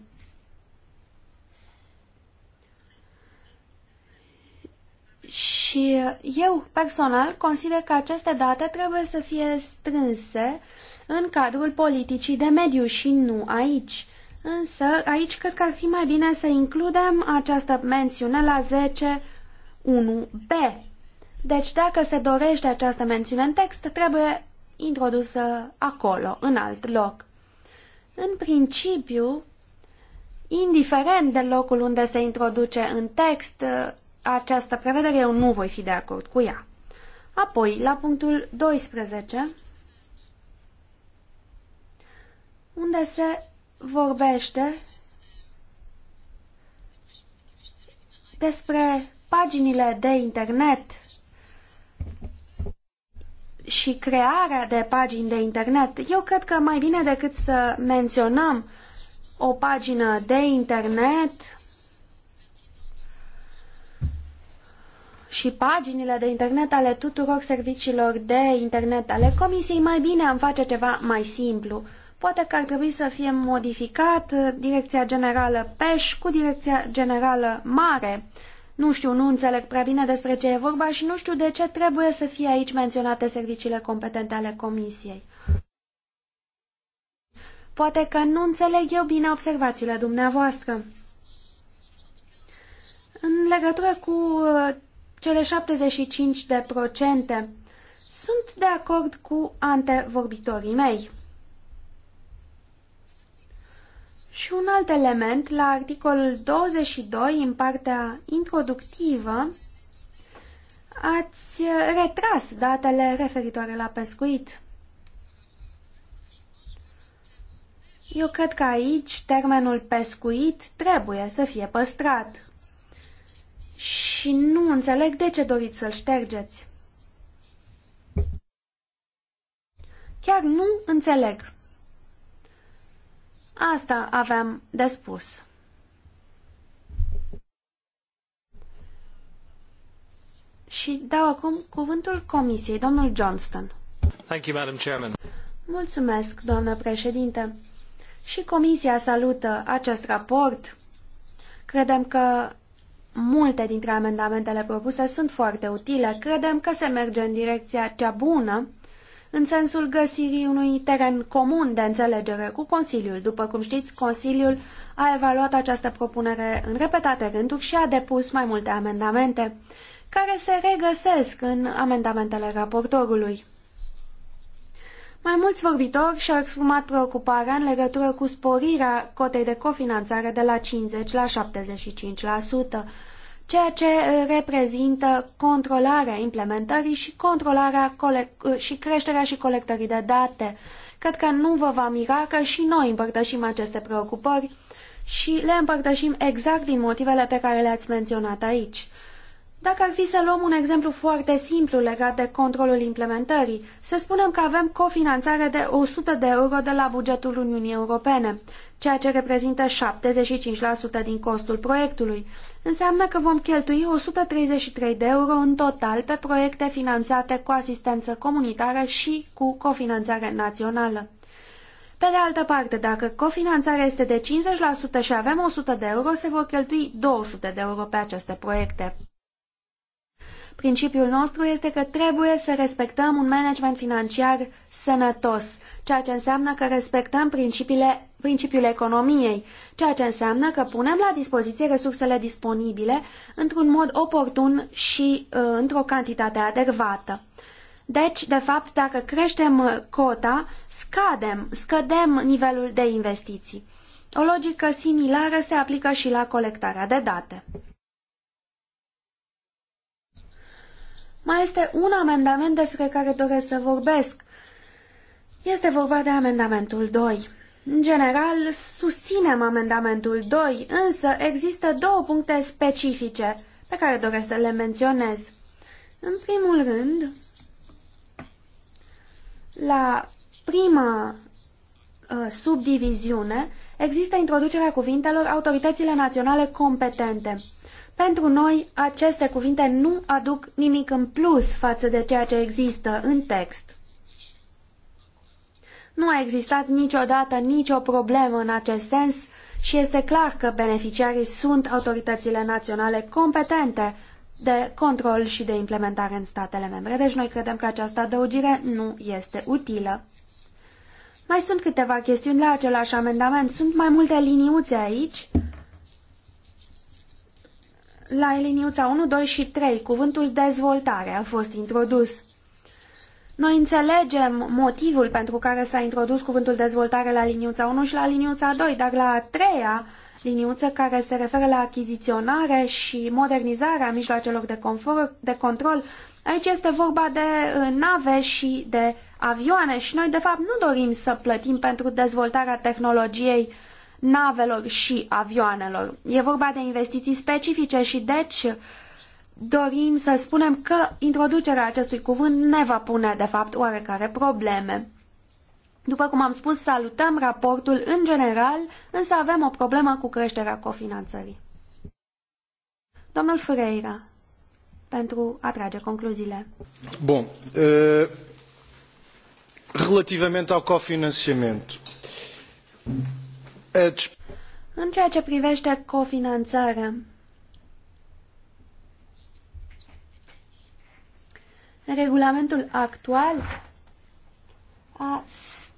Și eu, personal, consider că aceste date trebuie să fie strânse în cadrul politicii de mediu și nu aici. Însă, aici cred că ar fi mai bine să includem această mențiune la 10.1b, deci dacă se dorește această mențiune în text, trebuie introdusă acolo, în alt loc. În principiu, indiferent de locul unde se introduce în text această prevedere, eu nu voi fi de acord cu ea. Apoi, la punctul 12, unde se vorbește despre paginile de internet și crearea de pagini de internet. Eu cred că mai bine decât să menționăm o pagină de internet și paginile de internet ale tuturor serviciilor de internet ale comisiei, mai bine am face ceva mai simplu. Poate că ar trebui să fie modificat Direcția Generală PEș cu Direcția Generală Mare nu știu, nu înțeleg prea bine despre ce e vorba și nu știu de ce trebuie să fie aici menționate serviciile competente ale Comisiei. Poate că nu înțeleg eu bine observațiile dumneavoastră. În legătură cu uh, cele 75 de procente, sunt de acord cu antevorbitorii mei. Și un alt element, la articolul 22, în partea introductivă, ați retras datele referitoare la pescuit. Eu cred că aici termenul pescuit trebuie să fie păstrat. Și nu înțeleg de ce doriți să-l ștergeți. Chiar nu înțeleg. Asta aveam de spus. Și dau acum cuvântul Comisiei, domnul Johnston. Thank you, Madam Chairman. Mulțumesc, doamnă președinte. Și Comisia salută acest raport. Credem că multe dintre amendamentele propuse sunt foarte utile. Credem că se merge în direcția cea bună în sensul găsirii unui teren comun de înțelegere cu Consiliul. După cum știți, Consiliul a evaluat această propunere în repetate rânduri și a depus mai multe amendamente, care se regăsesc în amendamentele raportorului. Mai mulți vorbitori și-au exprimat preocuparea în legătură cu sporirea cotei de cofinanțare de la 50 la 75% ceea ce reprezintă controlarea implementării și, controlarea și creșterea și colectării de date. Cred că nu vă va mira că și noi împărtășim aceste preocupări și le împărtășim exact din motivele pe care le-ați menționat aici. Dacă ar fi să luăm un exemplu foarte simplu legat de controlul implementării, să spunem că avem cofinanțare de 100 de euro de la bugetul Uniunii Europene, ceea ce reprezintă 75% din costul proiectului. Înseamnă că vom cheltui 133 de euro în total pe proiecte finanțate cu asistență comunitară și cu cofinanțare națională. Pe de altă parte, dacă cofinanțarea este de 50% și avem 100 de euro, se vor cheltui 200 de euro pe aceste proiecte. Principiul nostru este că trebuie să respectăm un management financiar sănătos, ceea ce înseamnă că respectăm principiile, principiul economiei, ceea ce înseamnă că punem la dispoziție resursele disponibile într-un mod oportun și uh, într-o cantitate adecvată. Deci, de fapt, dacă creștem uh, cota, scadem, scădem nivelul de investiții. O logică similară se aplică și la colectarea de date. Mai este un amendament despre care doresc să vorbesc. Este vorba de amendamentul 2. În general, susținem amendamentul 2, însă există două puncte specifice pe care doresc să le menționez. În primul rând, la prima uh, subdiviziune există introducerea cuvintelor autoritățile naționale competente. Pentru noi, aceste cuvinte nu aduc nimic în plus față de ceea ce există în text. Nu a existat niciodată nicio problemă în acest sens și este clar că beneficiarii sunt autoritățile naționale competente de control și de implementare în statele membre. Deci noi credem că această adăugire nu este utilă. Mai sunt câteva chestiuni la același amendament. Sunt mai multe liniuțe aici la eliniuța 1, 2 și 3, cuvântul dezvoltare a fost introdus. Noi înțelegem motivul pentru care s-a introdus cuvântul dezvoltare la liniuța 1 și la liniuța 2, dar la a treia liniuță care se referă la achiziționare și modernizarea mijloacelor de, confort, de control, aici este vorba de uh, nave și de avioane și noi de fapt nu dorim să plătim pentru dezvoltarea tehnologiei uh, navelor și avioanelor. E vorba de investiții specifice și deci dorim să spunem că introducerea acestui cuvânt ne va pune de fapt oarecare probleme. După cum am spus, salutăm raportul în general, însă avem o problemă cu creșterea cofinanțării. Domnul Freira, pentru a trage concluziile. Bun. relativamente ao cofinanciamento, deci, În ceea ce privește cofinanțarea, regulamentul actual a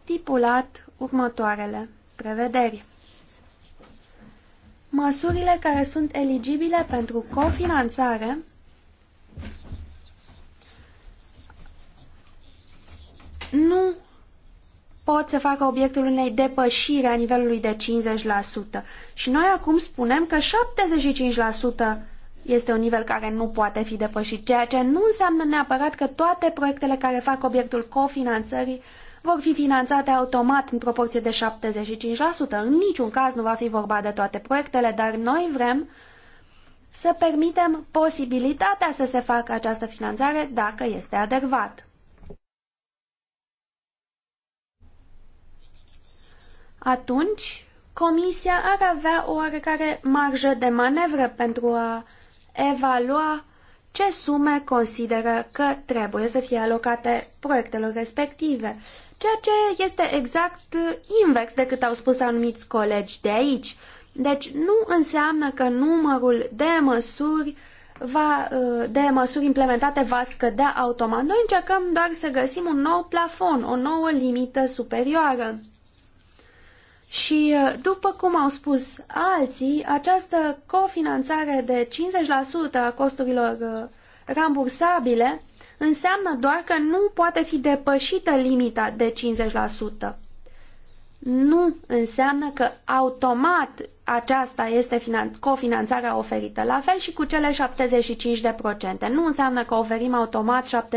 stipulat următoarele prevederi. Măsurile care sunt eligibile pentru cofinanțare nu pot să facă obiectul unei depășiri a nivelului de 50%. Și noi acum spunem că 75% este un nivel care nu poate fi depășit, ceea ce nu înseamnă neapărat că toate proiectele care fac obiectul cofinanțării vor fi finanțate automat în proporție de 75%. În niciun caz nu va fi vorba de toate proiectele, dar noi vrem să permitem posibilitatea să se facă această finanțare dacă este adecvat. atunci Comisia ar avea o oarecare marjă de manevră pentru a evalua ce sume consideră că trebuie să fie alocate proiectelor respective, ceea ce este exact invers decât au spus anumiți colegi de aici. Deci nu înseamnă că numărul de măsuri va, de măsuri implementate va scădea automat. Noi încercăm doar să găsim un nou plafon, o nouă limită superioară. Și uh, după cum au spus alții, această cofinanțare de 50% a costurilor uh, rambursabile înseamnă doar că nu poate fi depășită limita de 50%. Nu înseamnă că automat aceasta este cofinanțarea oferită. La fel și cu cele 75%. Nu înseamnă că oferim automat 75%,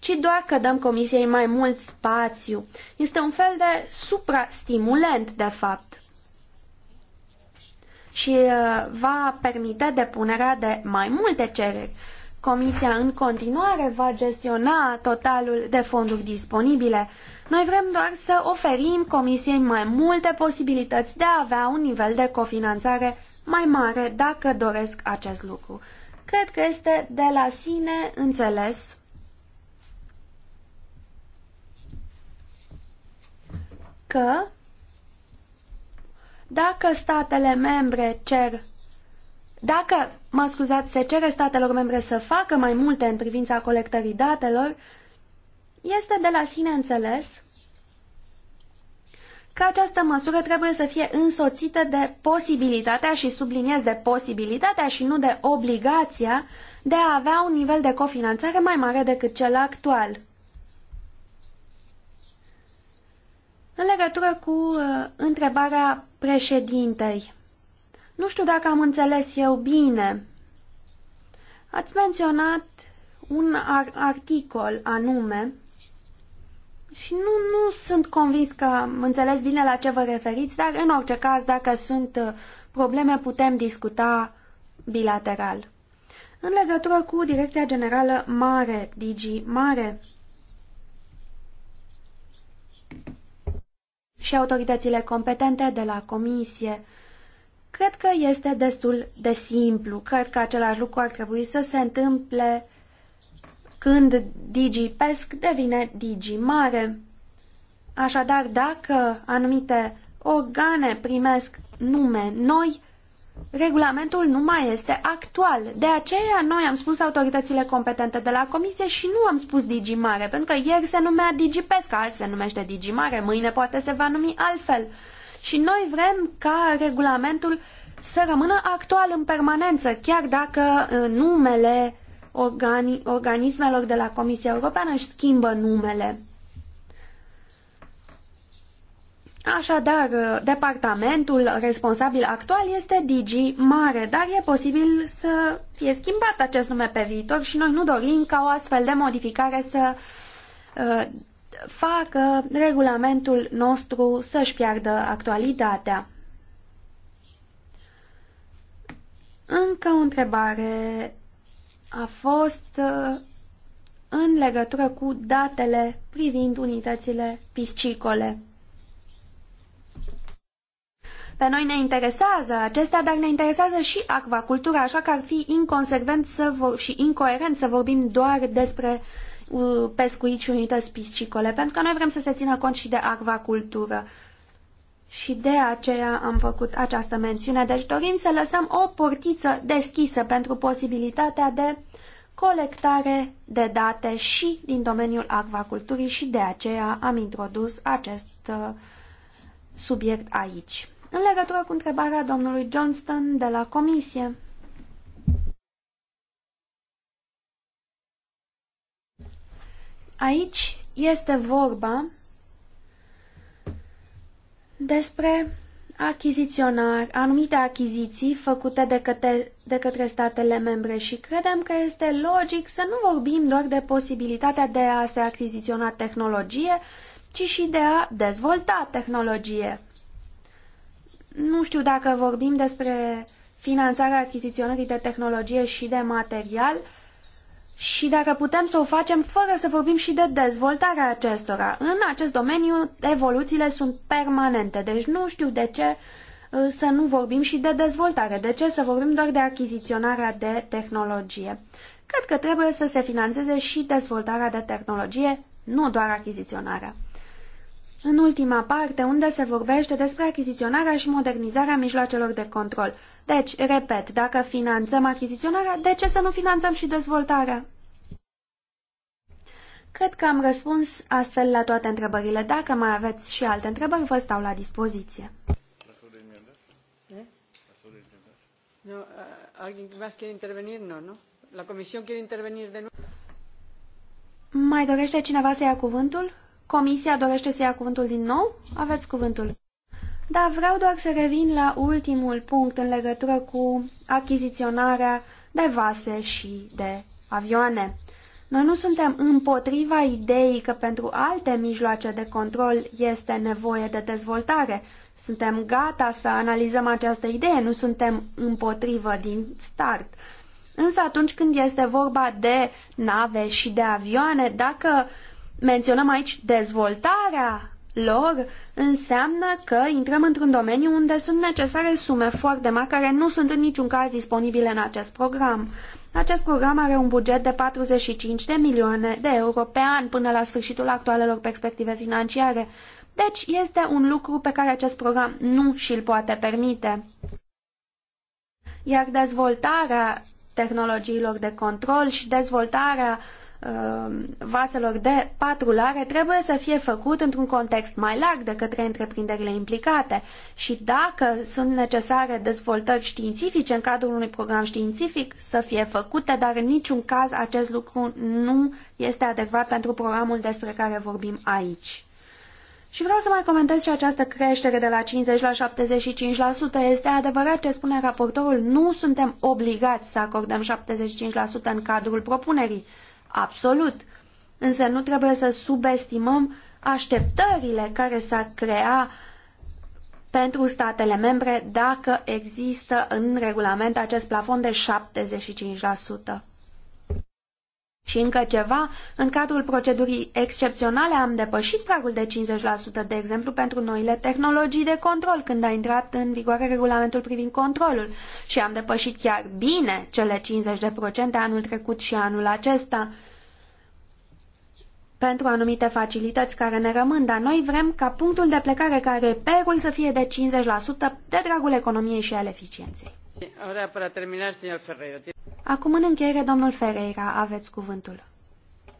ci doar că dăm comisiei mai mult spațiu. Este un fel de suprastimulant, de fapt. Și uh, va permite depunerea de mai multe cereri. Comisia în continuare va gestiona totalul de fonduri disponibile. Noi vrem doar să oferim Comisiei mai multe posibilități de a avea un nivel de cofinanțare mai mare dacă doresc acest lucru. Cred că este de la sine înțeles că dacă statele membre cer dacă, mă scuzați, se cere statelor membre să facă mai multe în privința colectării datelor, este de la sine înțeles că această măsură trebuie să fie însoțită de posibilitatea și subliniez de posibilitatea și nu de obligația de a avea un nivel de cofinanțare mai mare decât cel actual. În legătură cu uh, întrebarea președintei, nu știu dacă am înțeles eu bine. Ați menționat un ar articol anume și nu, nu sunt convins că am înțeles bine la ce vă referiți, dar în orice caz, dacă sunt uh, probleme, putem discuta bilateral. În legătură cu Direcția Generală Mare, DG Mare, și autoritățile competente de la Comisie. Cred că este destul de simplu. Cred că același lucru ar trebui să se întâmple când Digi Pesc devine Digi Mare. Așadar, dacă anumite organe primesc nume noi, regulamentul nu mai este actual. De aceea noi am spus autoritățile competente de la comisie și nu am spus Digimare, pentru că ieri se numea Digipesca, azi se numește Digimare, mâine poate se va numi altfel. Și noi vrem ca regulamentul să rămână actual în permanență, chiar dacă uh, numele organi organismelor de la Comisia Europeană își schimbă numele. Așadar, departamentul responsabil actual este DIGI Mare, dar e posibil să fie schimbat acest nume pe viitor și noi nu dorim ca o astfel de modificare să uh, facă regulamentul nostru să-și piardă actualitatea. Încă o întrebare a fost uh, în legătură cu datele privind unitățile piscicole. Pe noi ne interesează acestea, dar ne interesează și acvacultura, așa că ar fi inconsecvent să vor, și incoerent să vorbim doar despre uh, pescuit și unități piscicole, pentru că noi vrem să se țină cont și de acvacultură. Și de aceea am făcut această mențiune, deci dorim să lăsăm o portiță deschisă pentru posibilitatea de colectare de date și din domeniul acvaculturii și de aceea am introdus acest uh, subiect aici în legătură cu întrebarea domnului Johnston de la Comisie. Aici este vorba despre achiziționar, anumite achiziții făcute de către, de către statele membre și credem că este logic să nu vorbim doar de posibilitatea de a se achiziționa tehnologie, ci și de a dezvolta tehnologie. Nu știu dacă vorbim despre finanțarea achiziționării de tehnologie și de material și dacă putem să o facem fără să vorbim și de dezvoltarea acestora. În acest domeniu evoluțiile sunt permanente, deci nu știu de ce uh, să nu vorbim și de dezvoltare. De ce să vorbim doar de achiziționarea de tehnologie? Cred că trebuie să se financeze și dezvoltarea de tehnologie, nu doar achiziționarea în ultima parte, unde se vorbește despre achiziționarea și modernizarea mijloacelor de control. Deci, repet, dacă finanțăm achiziționarea, de ce să nu finanțăm și dezvoltarea? Cred că am răspuns astfel la toate întrebările. Dacă mai aveți și alte întrebări, vă stau la dispoziție. No, uh, alguien más quiere intervenir? No, no. La comisión quiere intervenir de nuevo. Mai dorește cineva să ia cuvântul? Comisia dorește să ia cuvântul din nou? Aveți cuvântul. Da, vreau doar să revin la ultimul punct în legătură cu achiziționarea de vase și de avioane. Noi nu suntem împotriva ideii că pentru alte mijloace de control este nevoie de dezvoltare. Suntem gata să analizăm această idee, nu suntem împotrivă din start. Însă atunci când este vorba de nave și de avioane, dacă uh, menționăm aici dezvoltarea lor, înseamnă că intrăm într-un domeniu unde sunt necesare sume foarte mari care nu sunt în niciun caz disponibile în acest program. Acest program are un buget de 45 de milioane de euro pe an până la sfârșitul actualelor perspective financiare. Deci este un lucru pe care acest program nu și-l poate permite. Iar dezvoltarea tehnologiilor de control și dezvoltarea uh, Uh, vaselor de patrulare trebuie să fie făcut într-un context mai larg de către întreprinderile implicate și dacă sunt necesare dezvoltări științifice în cadrul unui program științific să fie făcute, dar în niciun caz acest lucru nu este adecvat pentru programul despre care vorbim aici. Și vreau să mai comentez și această creștere de la 50 la 75%. Este adevărat ce spune raportorul, nu suntem obligați să acordăm 75% în cadrul propunerii Absolut. Însă nu trebuie să subestimăm așteptările care s-ar crea pentru statele membre dacă există în regulament acest plafon de 75%. Și încă ceva, în cadrul procedurii excepționale am depășit pragul de 50%, de exemplu, pentru noile tehnologii de control, când a intrat în vigoare regulamentul privind controlul. Și am depășit chiar bine cele 50% anul trecut și anul acesta pentru anumite facilități care ne rămân, dar noi vrem ca punctul de plecare, ca reperul să fie de 50% de dragul economiei și al eficienței. Acum, în încheiere, domnul Ferreira, aveți cuvântul.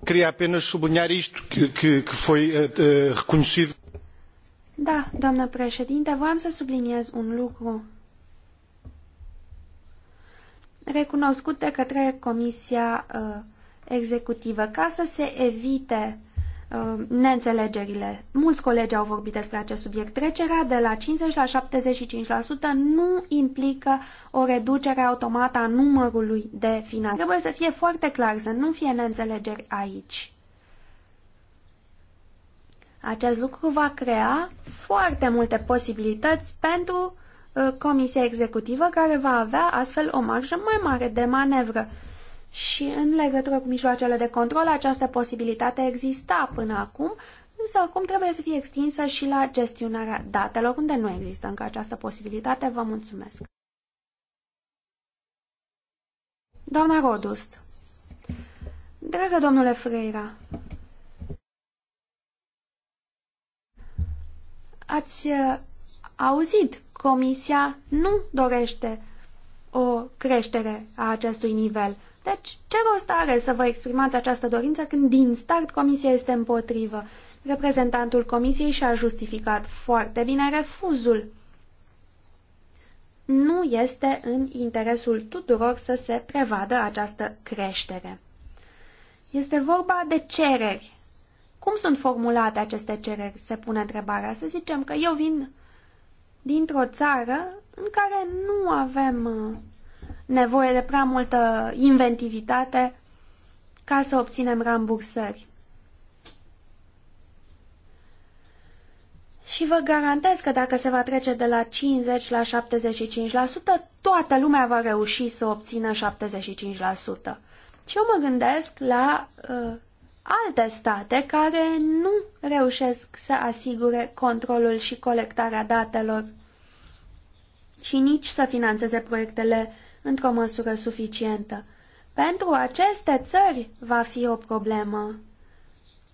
Queria apenas sublinhar isto que, que, que foi uh, reconhecido. Da, doamnă președinte, voiam să subliniez un lucru recunoscut de către Comisia uh, Executivă ca să se evite Uh, neînțelegerile. Mulți colegi au vorbit despre acest subiect. Trecerea de la 50 la 75% nu implică o reducere automată a numărului de final. Trebuie să fie foarte clar, să nu fie neînțelegeri aici. Acest lucru va crea foarte multe posibilități pentru uh, Comisia Executivă, care va avea astfel o marjă mai mare de manevră și în legătură cu mijloacele de control, această posibilitate exista până acum, însă acum trebuie să fie extinsă și la gestionarea datelor, unde nu există încă această posibilitate. Vă mulțumesc! Doamna Rodust Dragă domnule Freira, ați uh, auzit, Comisia nu dorește o creștere a acestui nivel. Deci, ce rost are să vă exprimați această dorință când din start Comisia este împotrivă? Reprezentantul Comisiei și-a justificat foarte bine refuzul. Nu este în interesul tuturor să se prevadă această creștere. Este vorba de cereri. Cum sunt formulate aceste cereri? Se pune întrebarea. Să zicem că eu vin dintr-o țară în care nu avem uh, nevoie de prea multă inventivitate ca să obținem rambursări. Și vă garantez că dacă se va trece de la 50 la 75%, toată lumea va reuși să obțină 75%. Și eu mă gândesc la uh, alte state care nu reușesc să asigure controlul și colectarea datelor și nici să financeze proiectele într-o măsură suficientă. Pentru aceste țări va fi o problemă.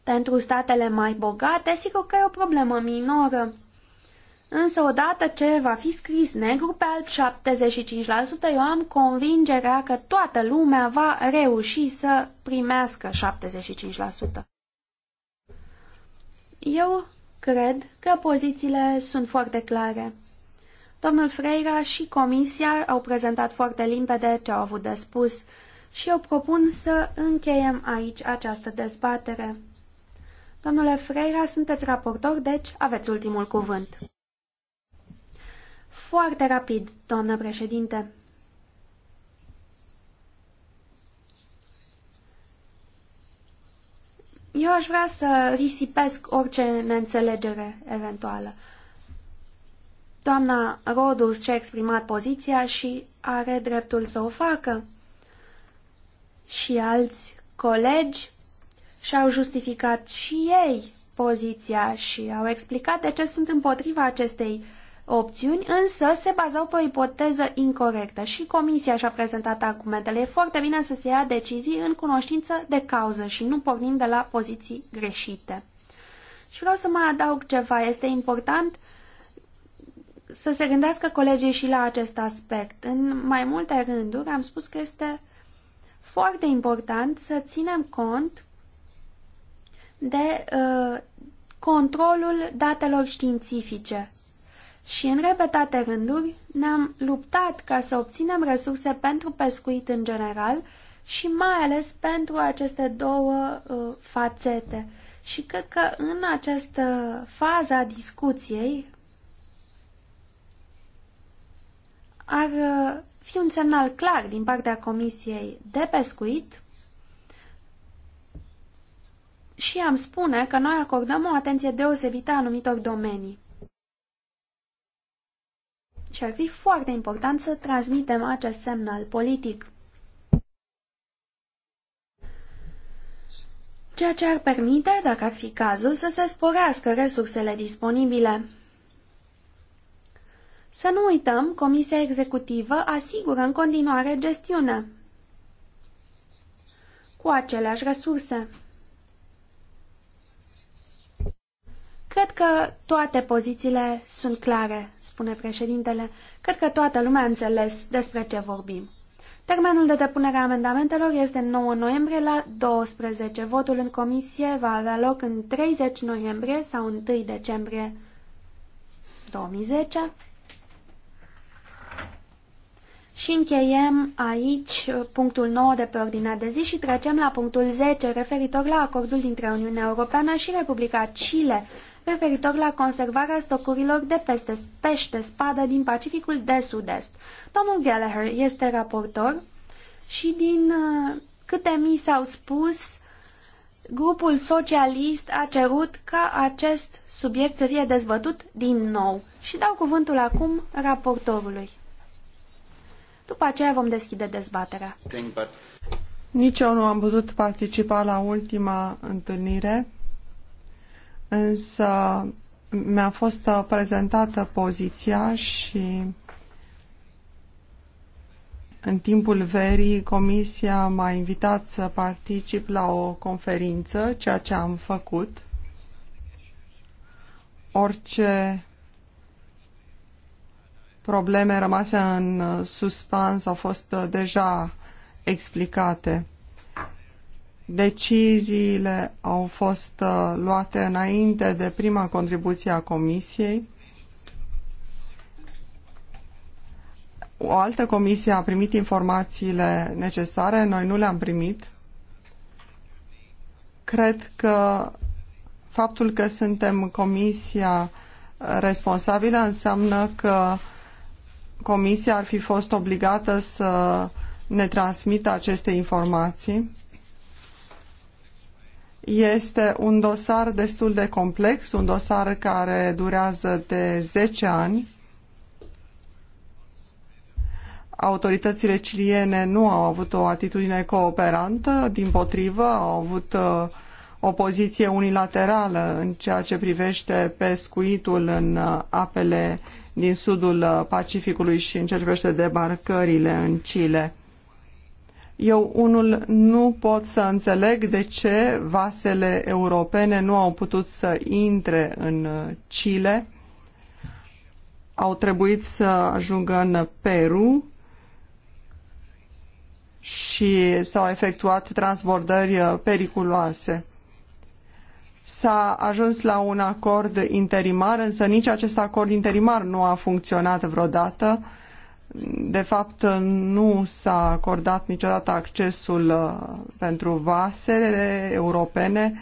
Pentru statele mai bogate, sigur că e o problemă minoră. Însă odată ce va fi scris negru pe alb 75%, eu am convingerea că toată lumea va reuși să primească 75%. Eu cred că pozițiile sunt foarte clare. Domnul Freira și Comisia au prezentat foarte limpede ce au avut de spus și eu propun să încheiem aici această dezbatere. Domnule Freira, sunteți raportor, deci aveți ultimul cuvânt. Foarte rapid, doamnă președinte. Eu aș vrea să risipesc orice neînțelegere eventuală. Doamna Rodus și-a exprimat poziția și are dreptul să o facă. Și alți colegi și-au justificat și ei poziția și au explicat de ce sunt împotriva acestei opțiuni, însă se bazau pe o ipoteză incorrectă și comisia și-a prezentat argumentele. E foarte bine să se ia decizii în cunoștință de cauză și nu pornind de la poziții greșite. Și vreau să mai adaug ceva. Este important să se gândească colegii și la acest aspect. În mai multe rânduri am spus că este foarte important să ținem cont de uh, controlul datelor științifice. Și în repetate rânduri ne-am luptat ca să obținem resurse pentru pescuit în general și mai ales pentru aceste două uh, fațete. Și cred că în această fază a discuției ar uh, fi un semnal clar din partea Comisiei de Pescuit și am spune că noi acordăm o atenție deosebită a anumitor domenii. Și ar fi foarte important să transmitem acest semnal politic. Ceea ce ar permite, dacă ar fi cazul, să se sporească resursele disponibile. Să nu uităm, Comisia Executivă asigură în continuare gestiunea cu aceleași resurse. Cred că toate pozițiile sunt clare, spune președintele. Cred că toată lumea a înțeles despre ce vorbim. Termenul de depunere a amendamentelor este 9 noiembrie la 12. Votul în comisie va avea loc în 30 noiembrie sau 1 decembrie 2010. Și încheiem aici punctul 9 de pe ordinea de zi și trecem la punctul 10 referitor la acordul dintre Uniunea Europeană și Republica Chile referitor la conservarea stocurilor de peste, pește spadă din Pacificul de Sud-Est. Domnul Gallagher este raportor și din uh, câte mi s-au spus, grupul socialist a cerut ca acest subiect să fie dezbătut din nou. Și dau cuvântul acum raportorului. După aceea vom deschide dezbaterea. Nici eu nu am putut participa la ultima întâlnire, însă mi-a fost prezentată poziția și în timpul verii comisia m-a invitat să particip la o conferință, ceea ce am făcut. Orice probleme rămase în suspans au fost uh, deja explicate. Deciziile au fost uh, luate înainte de prima contribuție a Comisiei. O altă comisie a primit informațiile necesare, noi nu le-am primit. Cred că faptul că suntem comisia uh, responsabilă înseamnă că uh, Comisia ar fi fost obligată să ne transmită aceste informații. Este un dosar destul de complex, un dosar care durează de zece ani. Autoritățile ciliene nu au avut o atitudine cooperantă, din potrivă, au avut uh, o poziție unilaterală în ceea ce privește pescuitul în uh, apele uh, din sudul uh, Pacificului și în ceea ce privește debarcările în Chile. Eu unul nu pot să înțeleg de ce vasele europene nu au putut să intre în uh, Chile. Au trebuit să ajungă în Peru și s-au efectuat transbordări uh, periculoase. S-a ajuns la un acord interimar, însă nici acest acord interimar nu a funcționat vreodată. De fapt, nu s-a acordat niciodată accesul uh, pentru vasele europene.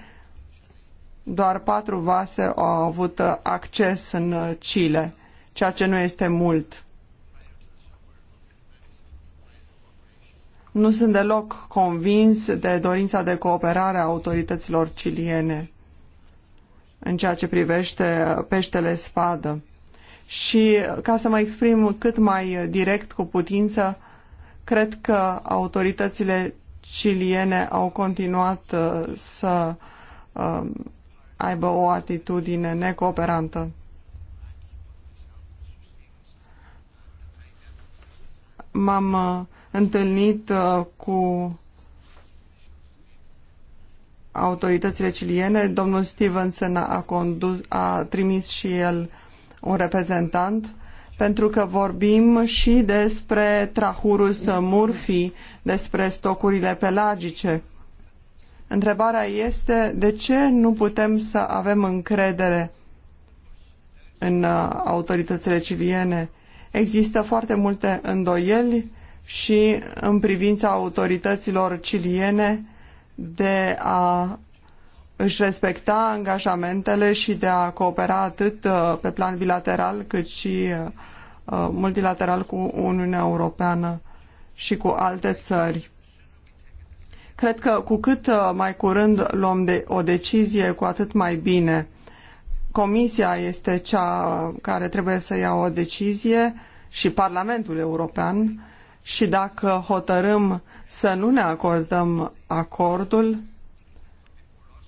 Doar patru vase au avut uh, acces în Chile, ceea ce nu este mult. Nu sunt deloc convins de dorința de cooperare a autorităților ciliene în ceea ce privește peștele spadă. Și ca să mă exprim cât mai direct cu putință, cred că autoritățile ciliene au continuat uh, să um, aibă o atitudine necooperantă. M-am uh, întâlnit uh, cu autoritățile ciliene. Domnul Stevenson a, condus, a trimis și el un reprezentant pentru că vorbim și despre trahurus murphy, despre stocurile pelagice. Întrebarea este de ce nu putem să avem încredere în uh, autoritățile ciliene. Există foarte multe îndoieli și în privința autorităților ciliene de a își respecta angajamentele și de a coopera atât uh, pe plan bilateral cât și uh, uh, multilateral cu Uniunea Europeană și cu alte țări. Cred că cu cât mai curând luăm de o decizie, cu atât mai bine. Comisia este cea care trebuie să ia o decizie și Parlamentul European și dacă hotărâm să nu ne acordăm acordul,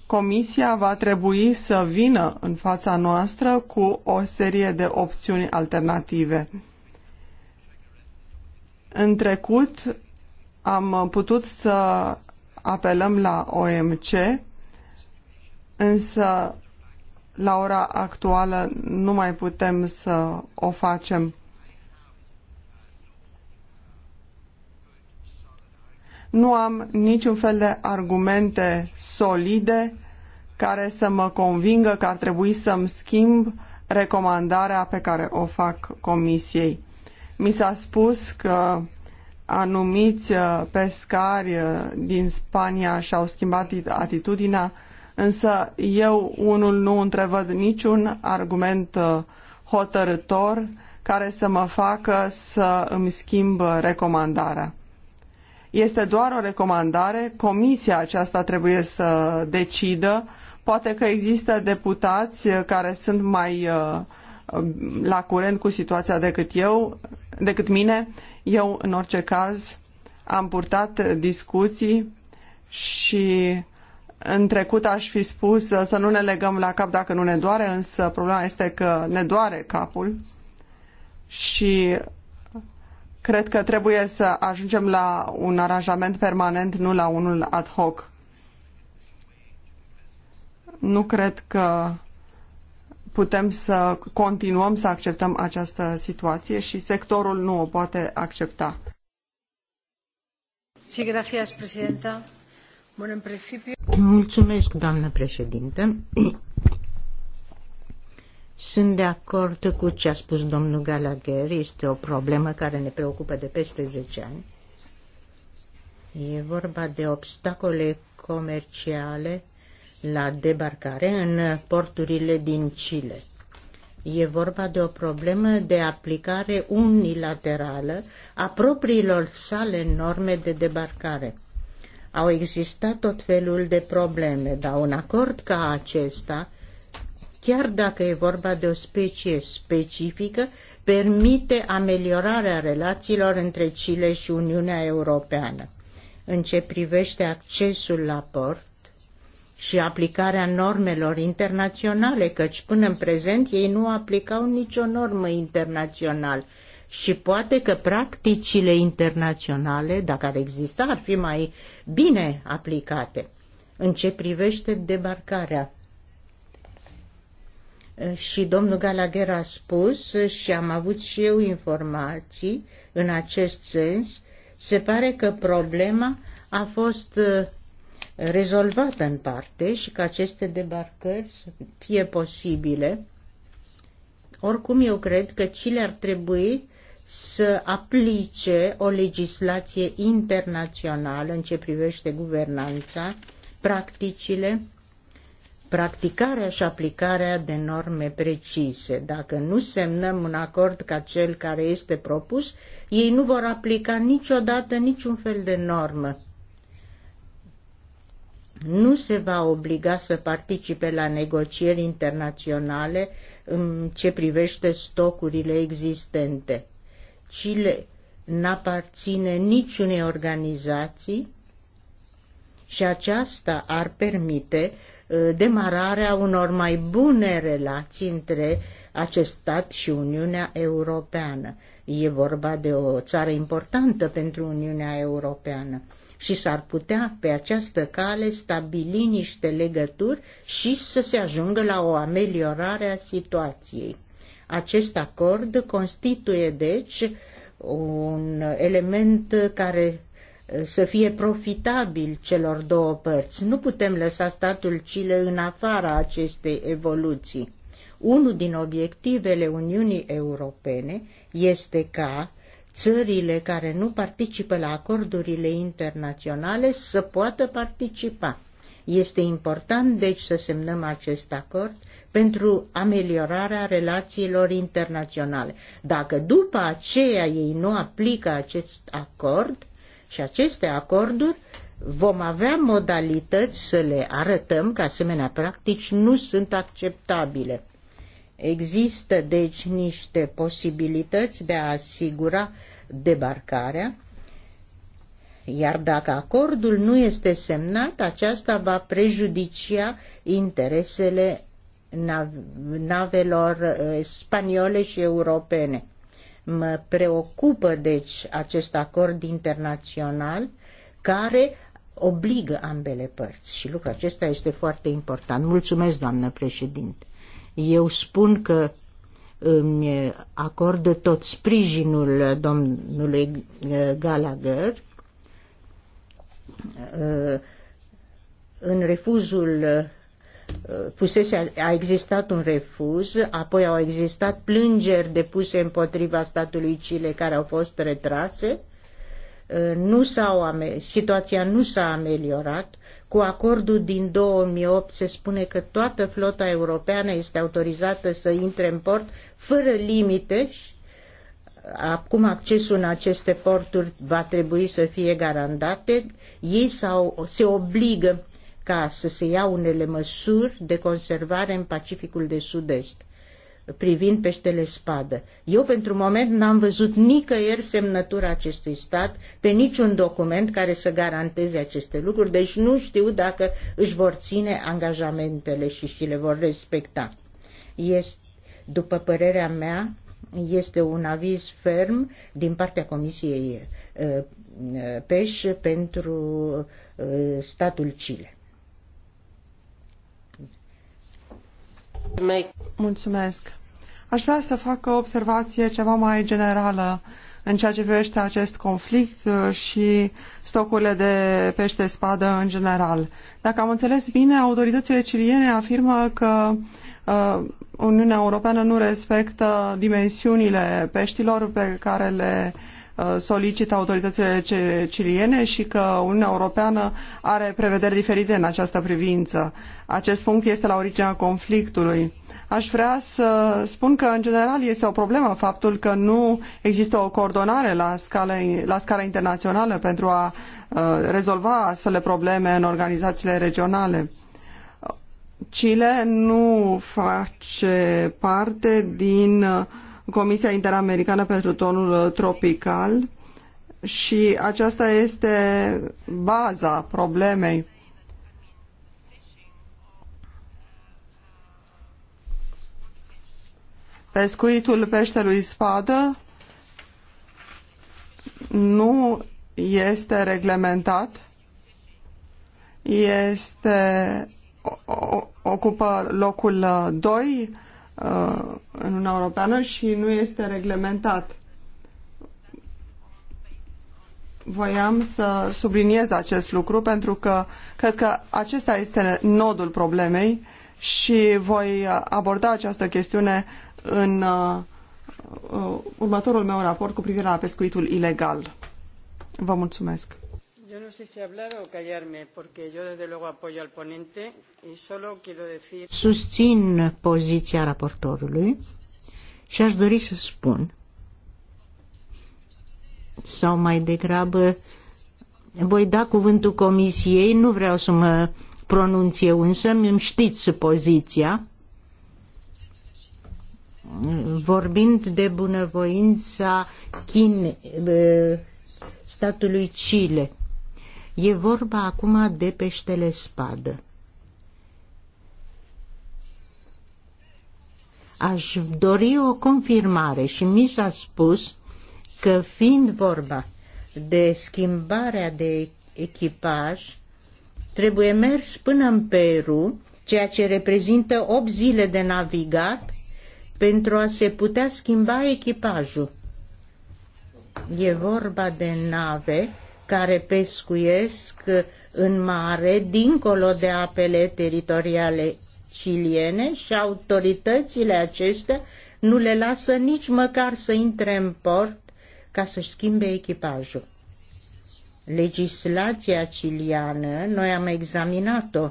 Comisia va trebui să vină în fața noastră cu o serie de opțiuni alternative. În trecut am putut să apelăm la OMC, însă la ora actuală nu mai putem să o facem. Nu am niciun fel de argumente solide care să mă convingă că ar trebui să-mi schimb recomandarea pe care o fac comisiei. Mi s-a spus că anumiți uh, pescari uh, din Spania și-au schimbat atitudinea, însă eu unul nu întrevăd niciun argument uh, hotărător care să mă facă să îmi schimb recomandarea. Este doar o recomandare, comisia aceasta trebuie să decidă. Poate că există deputați care sunt mai uh, uh, la curent cu situația decât eu, decât mine. Eu, în orice caz, am purtat discuții și în trecut aș fi spus uh, să nu ne legăm la cap dacă nu ne doare, însă problema este că ne doare capul și Cred că trebuie să ajungem la un aranjament permanent, nu la unul ad hoc. Nu cred că putem să continuăm să acceptăm această situație și sectorul nu o poate accepta. Mulțumesc, doamnă președintă. Sunt de acord cu ce a spus domnul Gallagher. Este o problemă care ne preocupă de peste 10 ani. E vorba de obstacole comerciale la debarcare în porturile din Chile. E vorba de o problemă de aplicare unilaterală a propriilor sale norme de debarcare. Au existat tot felul de probleme, dar un acord ca acesta – chiar dacă e vorba de o specie specifică, permite ameliorarea relațiilor între Chile și Uniunea Europeană. În ce privește accesul la port și aplicarea normelor internaționale, căci până în prezent ei nu aplicau nicio normă internațională și poate că practicile internaționale, dacă ar exista, ar fi mai bine aplicate. În ce privește debarcarea și domnul Gallagher a spus și am avut și eu informații în acest sens, se pare că problema a fost uh, rezolvată în parte și că aceste debarcări să fie posibile. Oricum, eu cred că Chile ar trebui să aplice o legislație internațională în ce privește guvernanța, practicile practicarea și aplicarea de norme precise. Dacă nu semnăm un acord ca cel care este propus, ei nu vor aplica niciodată niciun fel de normă. Nu se va obliga să participe la negocieri internaționale în ce privește stocurile existente. Chile n-aparține niciunei organizații și aceasta ar permite Uh, demararea unor mai bune relații între acest stat și Uniunea Europeană. E vorba de o țară importantă pentru Uniunea Europeană și s-ar putea pe această cale stabili niște legături și să se ajungă la o ameliorare a situației. Acest acord constituie, deci, un element care să fie profitabil celor două părți. Nu putem lăsa statul Chile în afara acestei evoluții. Unul din obiectivele Uniunii Europene este ca țările care nu participă la acordurile internaționale să poată participa. Este important, deci, să semnăm acest acord pentru ameliorarea relațiilor internaționale. Dacă după aceea ei nu aplică acest acord, și aceste acorduri vom avea modalități să le arătăm că asemenea practici nu sunt acceptabile. Există deci niște posibilități de a asigura debarcarea, iar dacă acordul nu este semnat, aceasta va prejudicia interesele navelor uh, spaniole și europene. Mă preocupă, deci, acest acord internațional care obligă ambele părți și lucrul acesta este foarte important. Mulțumesc, doamnă președinte. Eu spun că îmi acordă tot sprijinul domnului Gallagher în refuzul Uh, pusese, a existat un refuz, apoi au existat plângeri depuse împotriva statului Chile care au fost retrase, uh, nu s-au, situația nu s-a ameliorat. Cu acordul din 2008 se spune că toată flota europeană este autorizată să intre în port fără limite și uh, acum accesul în aceste porturi va trebui să fie garantate. Ei sau se obligă ca să se ia unele măsuri de conservare în Pacificul de Sud-Est privind peștele spadă. Eu pentru moment n-am văzut nicăieri semnătura acestui stat pe niciun document care să garanteze aceste lucruri, deci nu știu dacă își vor ține angajamentele și și le vor respecta. Este, după părerea mea, este un aviz ferm din partea Comisiei uh, uh, PEș pentru uh, statul Chile. Mulțumesc. Aș vrea să fac o observație ceva mai generală în ceea ce privește acest conflict uh, și stocurile de pește spadă în general. Dacă am înțeles bine, autoritățile ciliene afirmă că uh, Uniunea Europeană nu respectă dimensiunile peștilor pe care le uh, Uh, solicită autoritățile ciliene și că Uniunea Europeană are prevederi diferite în această privință. Acest punct este la originea conflictului. Aș vrea să spun că, în general, este o problemă faptul că nu există o coordonare la scară la internațională pentru a uh, rezolva astfel de probleme în organizațiile regionale. Chile nu face parte din uh, Comisia Interamericană pentru Tonul uh, Tropical și aceasta este baza problemei. Pescuitul peștelui spadă nu este reglementat, este o, ocupă locul 2 uh, Uh, în Uniunea Europeană și nu este reglementat. Voiam să subliniez acest lucru pentru că cred că acesta este nodul problemei și voi aborda această chestiune în uh, uh, următorul meu raport cu privire la pescuitul ilegal. Vă mulțumesc. Yo no sé si hablar o callarme, porque yo desde luego apoyo al ponente y solo quiero decir... Susțin poziția raportorului și aș dori să spun, sau mai degrabă, voi da cuvântul comisiei, nu vreau să mă pronunț eu însă, îmi știți poziția, vorbind de bunăvoința Chine, statului Chile. E vorba acum de peștele spadă. Aș dori o confirmare și mi s-a spus că fiind vorba de schimbarea de echipaj, trebuie mers până în Peru, ceea ce reprezintă 8 zile de navigat, pentru a se putea schimba echipajul. E vorba de nave care pescuiesc în mare, dincolo de apele teritoriale ciliene și autoritățile acestea nu le lasă nici măcar să intre în port ca să-și schimbe echipajul. Legislația ciliană, noi am examinat-o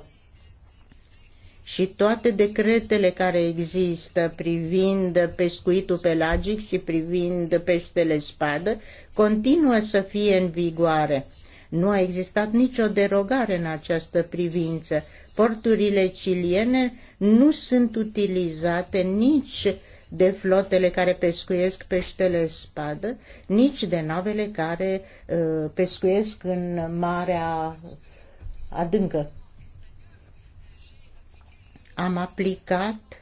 și toate decretele care există privind pescuitul pelagic și privind peștele spadă continuă să fie în vigoare. Nu a existat nicio derogare în această privință. Porturile ciliene nu sunt utilizate nici de flotele care pescuiesc peștele spadă, nici de navele care uh, pescuiesc în marea adâncă am aplicat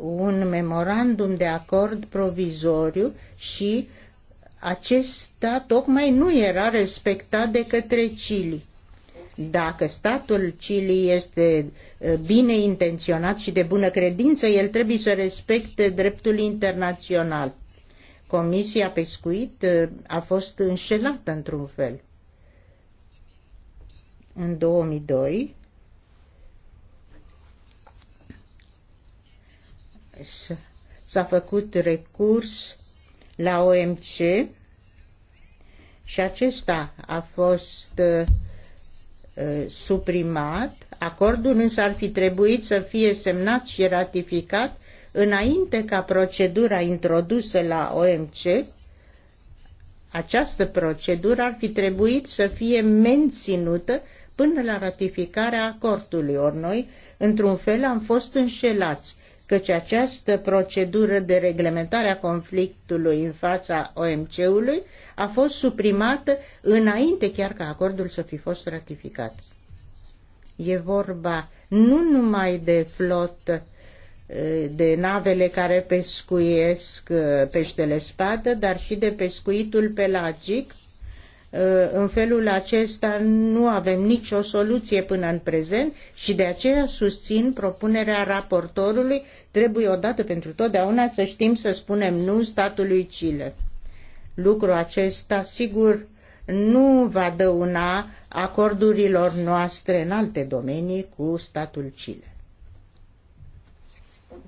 un memorandum de acord provizoriu și acesta tocmai nu era respectat de către Chile. Dacă statul Chile este bine intenționat și de bună credință, el trebuie să respecte dreptul internațional. Comisia Pescuit a fost înșelată într-un fel. În 2002, s-a făcut recurs la OMC și acesta a fost uh, uh, suprimat. Acordul însă ar fi trebuit să fie semnat și ratificat înainte ca procedura introdusă la OMC, această procedură ar fi trebuit să fie menținută până la ratificarea acordului. Ori noi, într-un fel, am fost înșelați căci această procedură de reglementare a conflictului în fața OMC-ului a fost suprimată înainte chiar ca acordul să fi fost ratificat. E vorba nu numai de flotă, de navele care pescuiesc peștele spadă, dar și de pescuitul pelagic în felul acesta nu avem nicio soluție până în prezent și de aceea susțin propunerea raportorului. Trebuie odată pentru totdeauna să știm să spunem nu statului Chile. Lucrul acesta, sigur, nu va dăuna acordurilor noastre în alte domenii cu statul Chile.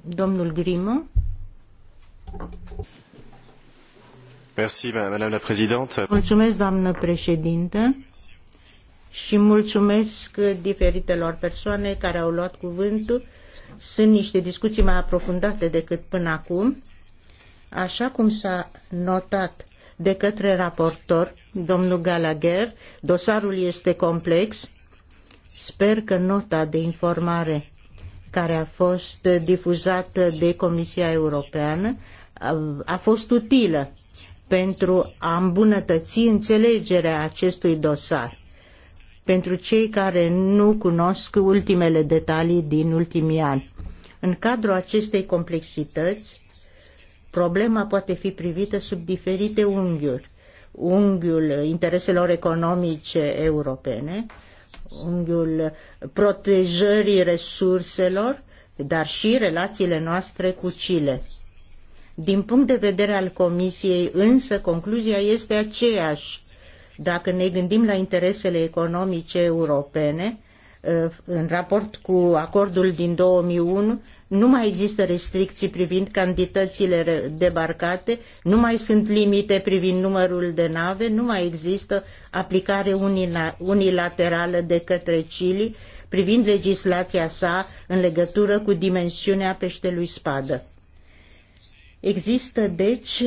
Domnul Grimo? Mulțumesc, doamnă președinte, și mulțumesc diferitelor persoane care au luat cuvântul. Sunt niște discuții mai aprofundate decât până acum. Așa cum s-a notat de către raportor, domnul Gallagher, dosarul este complex. Sper că nota de informare care a fost difuzată de Comisia Europeană a fost utilă pentru a îmbunătăți înțelegerea acestui dosar. Pentru cei care nu cunosc ultimele detalii din ultimii ani. În cadrul acestei complexități, problema poate fi privită sub diferite unghiuri. Unghiul intereselor economice europene, unghiul protejării resurselor, dar și relațiile noastre cu Chile. Din punct de vedere al Comisiei, însă, concluzia este aceeași. Dacă ne gândim la interesele economice europene, eh, în raport cu acordul din 2001, nu mai există restricții privind cantitățile debarcate, nu mai sunt limite privind numărul de nave, nu mai există aplicare unilaterală de către Chile privind legislația sa în legătură cu dimensiunea peștelui spadă. Există, deci,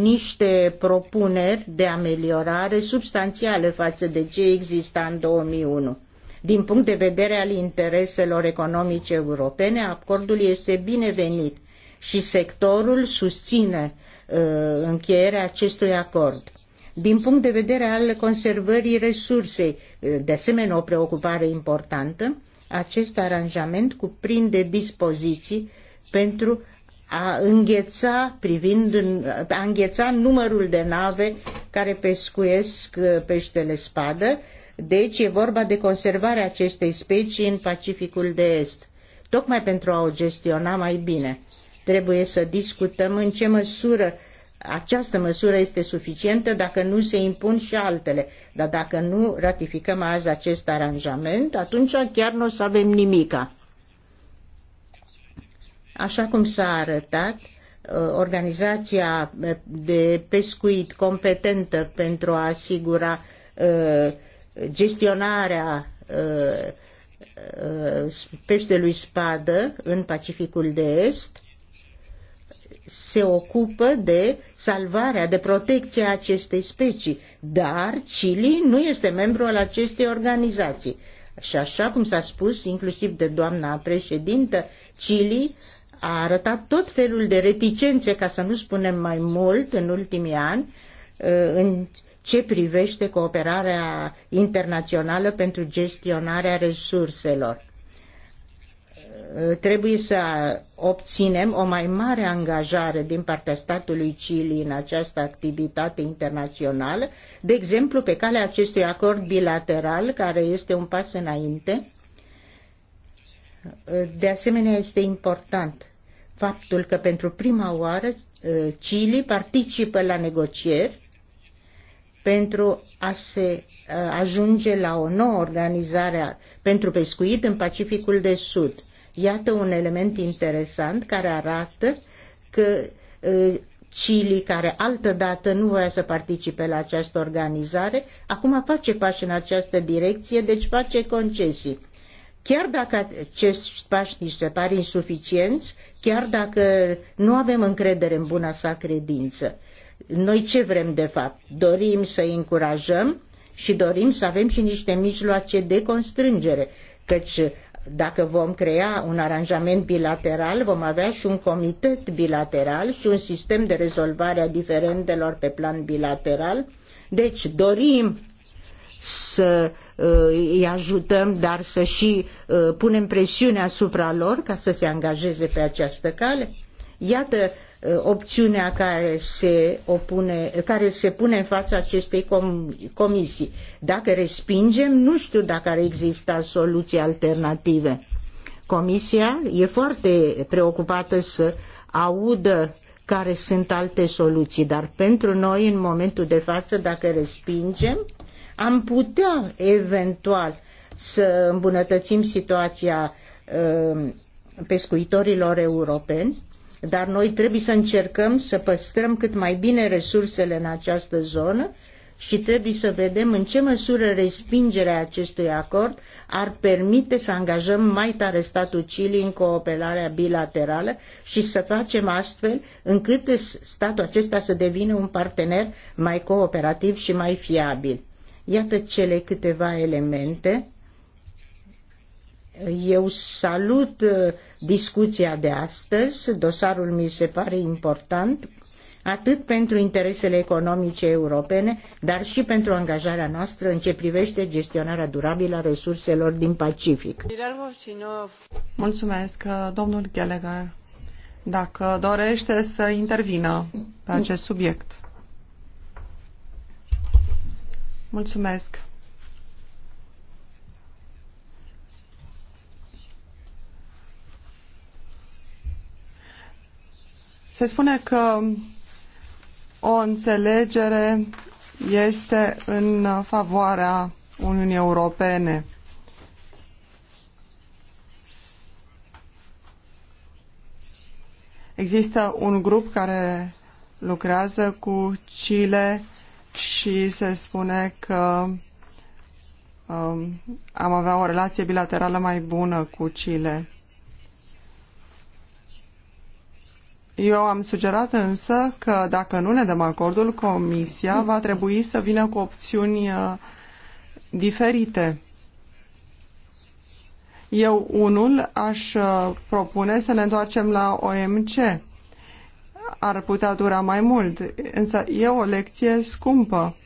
niște propuneri de ameliorare substanțiale față de ce exista în 2001. Din punct de vedere al intereselor economice europene, acordul este binevenit și sectorul susține uh, încheierea acestui acord. Din punct de vedere al conservării resursei, uh, de asemenea o preocupare importantă, acest aranjament cuprinde dispoziții pentru a îngheța, privind, a îngheța numărul de nave care pescuiesc uh, peștele spadă, deci e vorba de conservarea acestei specii în Pacificul de Est. Tocmai pentru a o gestiona mai bine, trebuie să discutăm în ce măsură această măsură este suficientă dacă nu se impun și altele. Dar dacă nu ratificăm azi acest aranjament, atunci chiar nu o să avem nimica. Așa cum s-a arătat, uh, organizația de pescuit competentă pentru a asigura uh, gestionarea uh, peștelui spadă în Pacificul de Est se ocupă de salvarea, de protecția acestei specii, dar Chile nu este membru al acestei organizații. Și așa cum s-a spus, inclusiv de doamna președintă, Chile a arătat tot felul de reticențe, ca să nu spunem mai mult, în ultimii ani, uh, în ce privește cooperarea internațională pentru gestionarea resurselor. Uh, trebuie să obținem o mai mare angajare din partea statului Chile în această activitate internațională, de exemplu pe calea acestui acord bilateral, care este un pas înainte, de asemenea, este important faptul că pentru prima oară ă, Chile participă la negocieri pentru a se ă, ajunge la o nouă organizare pentru pescuit în Pacificul de Sud. Iată un element interesant care arată că ă, Chile, care altădată nu voia să participe la această organizare, acum face pași în această direcție, deci face concesii. Chiar dacă acești pași ni se par insuficienți, chiar dacă nu avem încredere în buna sa credință, noi ce vrem de fapt? Dorim să îi încurajăm și dorim să avem și niște mijloace de constrângere, căci dacă vom crea un aranjament bilateral, vom avea și un comitet bilateral și un sistem de rezolvare a diferendelor pe plan bilateral. Deci dorim să uh, îi ajutăm, dar să și uh, punem presiune asupra lor ca să se angajeze pe această cale? Iată uh, opțiunea care se, opune, care se pune în fața acestei comisii. Dacă respingem, nu știu dacă ar exista soluții alternative. Comisia e foarte preocupată să audă care sunt alte soluții, dar pentru noi, în momentul de față, dacă respingem, am putea eventual să îmbunătățim situația uh, pescuitorilor europeni, dar noi trebuie să încercăm să păstrăm cât mai bine resursele în această zonă și trebuie să vedem în ce măsură respingerea acestui acord ar permite să angajăm mai tare statul Chile în cooperarea bilaterală și să facem astfel încât statul acesta să devină un partener mai cooperativ și mai fiabil. Iată cele câteva elemente. Eu salut uh, discuția de astăzi. Dosarul mi se pare important atât pentru interesele economice europene, dar și pentru angajarea noastră în ce privește gestionarea durabilă a resurselor din Pacific. Mulțumesc, uh, domnul Gallagher, dacă dorește să intervină pe acest subiect. Mulțumesc. Se spune că o înțelegere este în favoarea Uniunii Europene. Există un grup care lucrează cu Chile, și se spune că um, am avea o relație bilaterală mai bună cu Chile. Eu am sugerat însă că dacă nu ne dăm acordul, Comisia va trebui să vină cu opțiuni uh, diferite. Eu, unul, aș uh, propune să ne întoarcem la OMC ar putea dura mai mult, însă e o lecție scumpă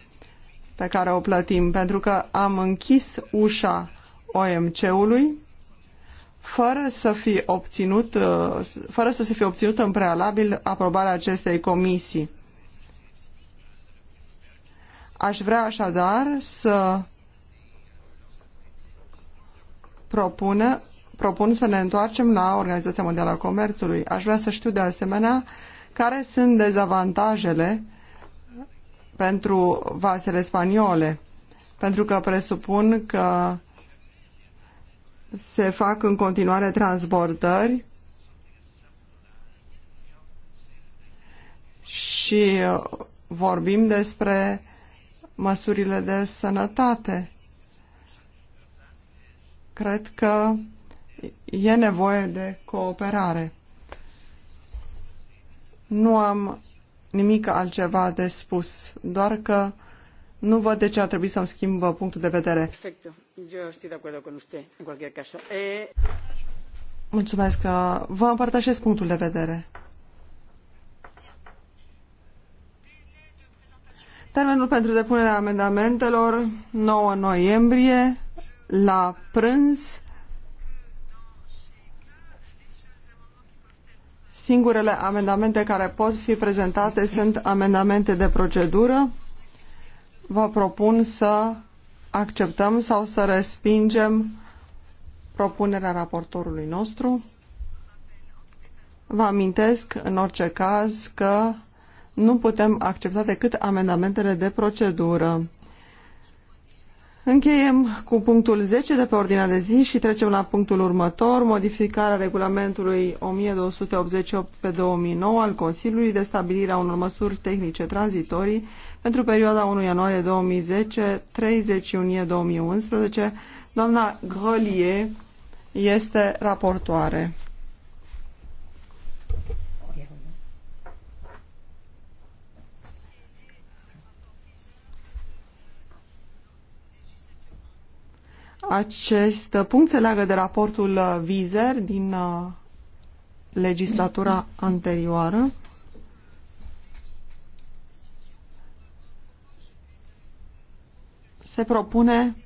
pe care o plătim, pentru că am închis ușa OMC-ului fără să, fi obținut, uh, fără să se fi obținut în prealabil aprobarea acestei comisii. Aș vrea așadar să propună, propun să ne întoarcem la Organizația Mondială a Comerțului. Aș vrea să știu de asemenea care sunt dezavantajele pentru vasele spaniole? Pentru că presupun că se fac în continuare transbordări și vorbim despre măsurile de sănătate. Cred că e nevoie de cooperare. Nu am nimic altceva de spus, doar că nu văd de ce ar trebui să-mi schimb punctul de vedere. Eh, Mulțumesc. Vă împărtășesc punctul de vedere. Termenul pentru depunerea amendamentelor 9 noiembrie la prânz Singurele amendamente care pot fi prezentate sunt amendamente de procedură. Vă propun să acceptăm sau să respingem propunerea raportorului nostru. Vă amintesc în orice caz că nu putem accepta decât amendamentele de procedură. Încheiem cu punctul 10 de pe ordinea de zi și trecem la punctul următor, modificarea regulamentului 1288 pe 2009 al Consiliului de stabilire a unor măsuri tehnice tranzitorii pentru perioada 1 ianuarie 2010 30 iunie 2011. Doamna Grălie este raportoare. Acest punct se leagă de raportul uh, Vizer din uh, legislatura anterioară. Se propune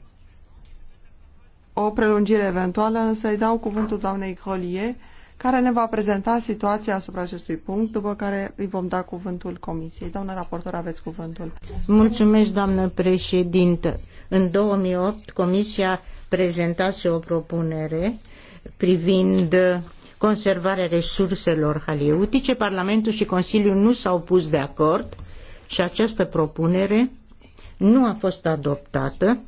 o prelungire eventuală, însă îi dau cuvântul doamnei Collier care ne va prezenta situația asupra acestui punct, după care îi vom da cuvântul Comisiei. Doamna raportor, aveți cuvântul. Mulțumesc, doamnă președintă. În 2008, Comisia prezentase o propunere privind conservarea resurselor haleutice. Parlamentul și Consiliul nu s-au pus de acord și această propunere nu a fost adoptată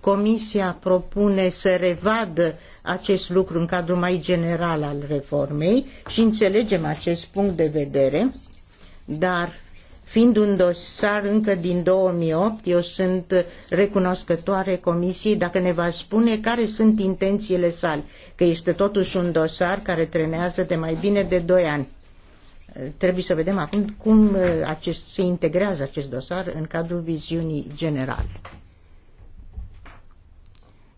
Comisia propune să revadă acest lucru în cadrul mai general al reformei și înțelegem acest punct de vedere, dar fiind un dosar încă din 2008, eu sunt recunoscătoare Comisiei dacă ne va spune care sunt intențiile sale, că este totuși un dosar care trenează de mai bine de 2 ani. Trebuie să vedem acum cum uh, acest, se integrează acest dosar în cadrul viziunii generale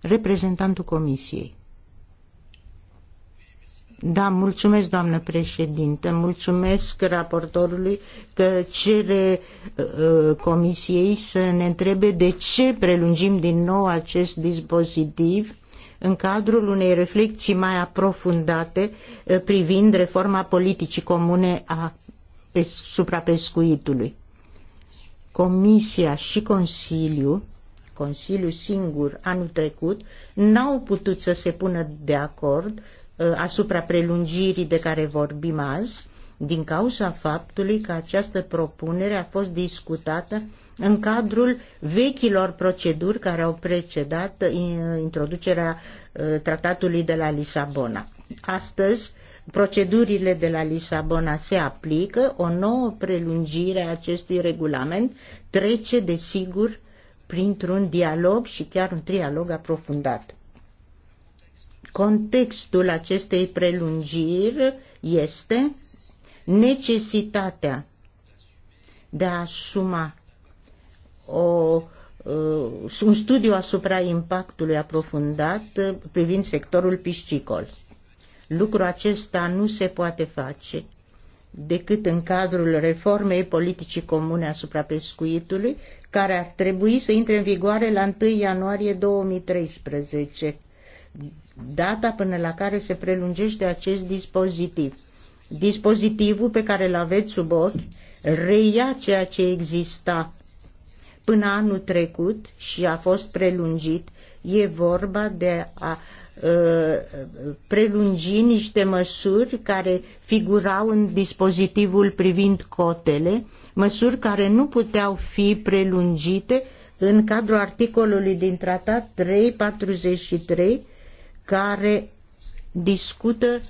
reprezentantul Comisiei. Da, mulțumesc, doamnă președinte, mulțumesc raportorului că cere uh, uh, comisiei să ne întrebe de ce prelungim din nou acest dispozitiv în cadrul unei reflexii mai aprofundate uh, privind reforma politicii comune a suprapescuitului. Comisia și Consiliul Consiliu singur anul trecut n-au putut să se pună de acord uh, asupra prelungirii de care vorbim azi, din cauza faptului că această propunere a fost discutată în cadrul vechilor proceduri care au precedat uh, introducerea uh, tratatului de la Lisabona. Astăzi, procedurile de la Lisabona se aplică, o nouă prelungire a acestui regulament trece, desigur, printr-un dialog și chiar un trialog aprofundat. Contextul acestei prelungiri este necesitatea de a asuma o, uh, un studiu asupra impactului aprofundat uh, privind sectorul piscicol. Lucrul acesta nu se poate face decât în cadrul reformei politicii comune asupra pescuitului, care ar trebui să intre în vigoare la 1 ianuarie 2013, data până la care se prelungește acest dispozitiv. Dispozitivul pe care îl aveți sub ochi reia ceea ce exista până anul trecut și a fost prelungit. E vorba de a ă, prelungi niște măsuri care figurau în dispozitivul privind cotele măsuri care nu puteau fi prelungite în cadrul articolului din tratat 343 care discută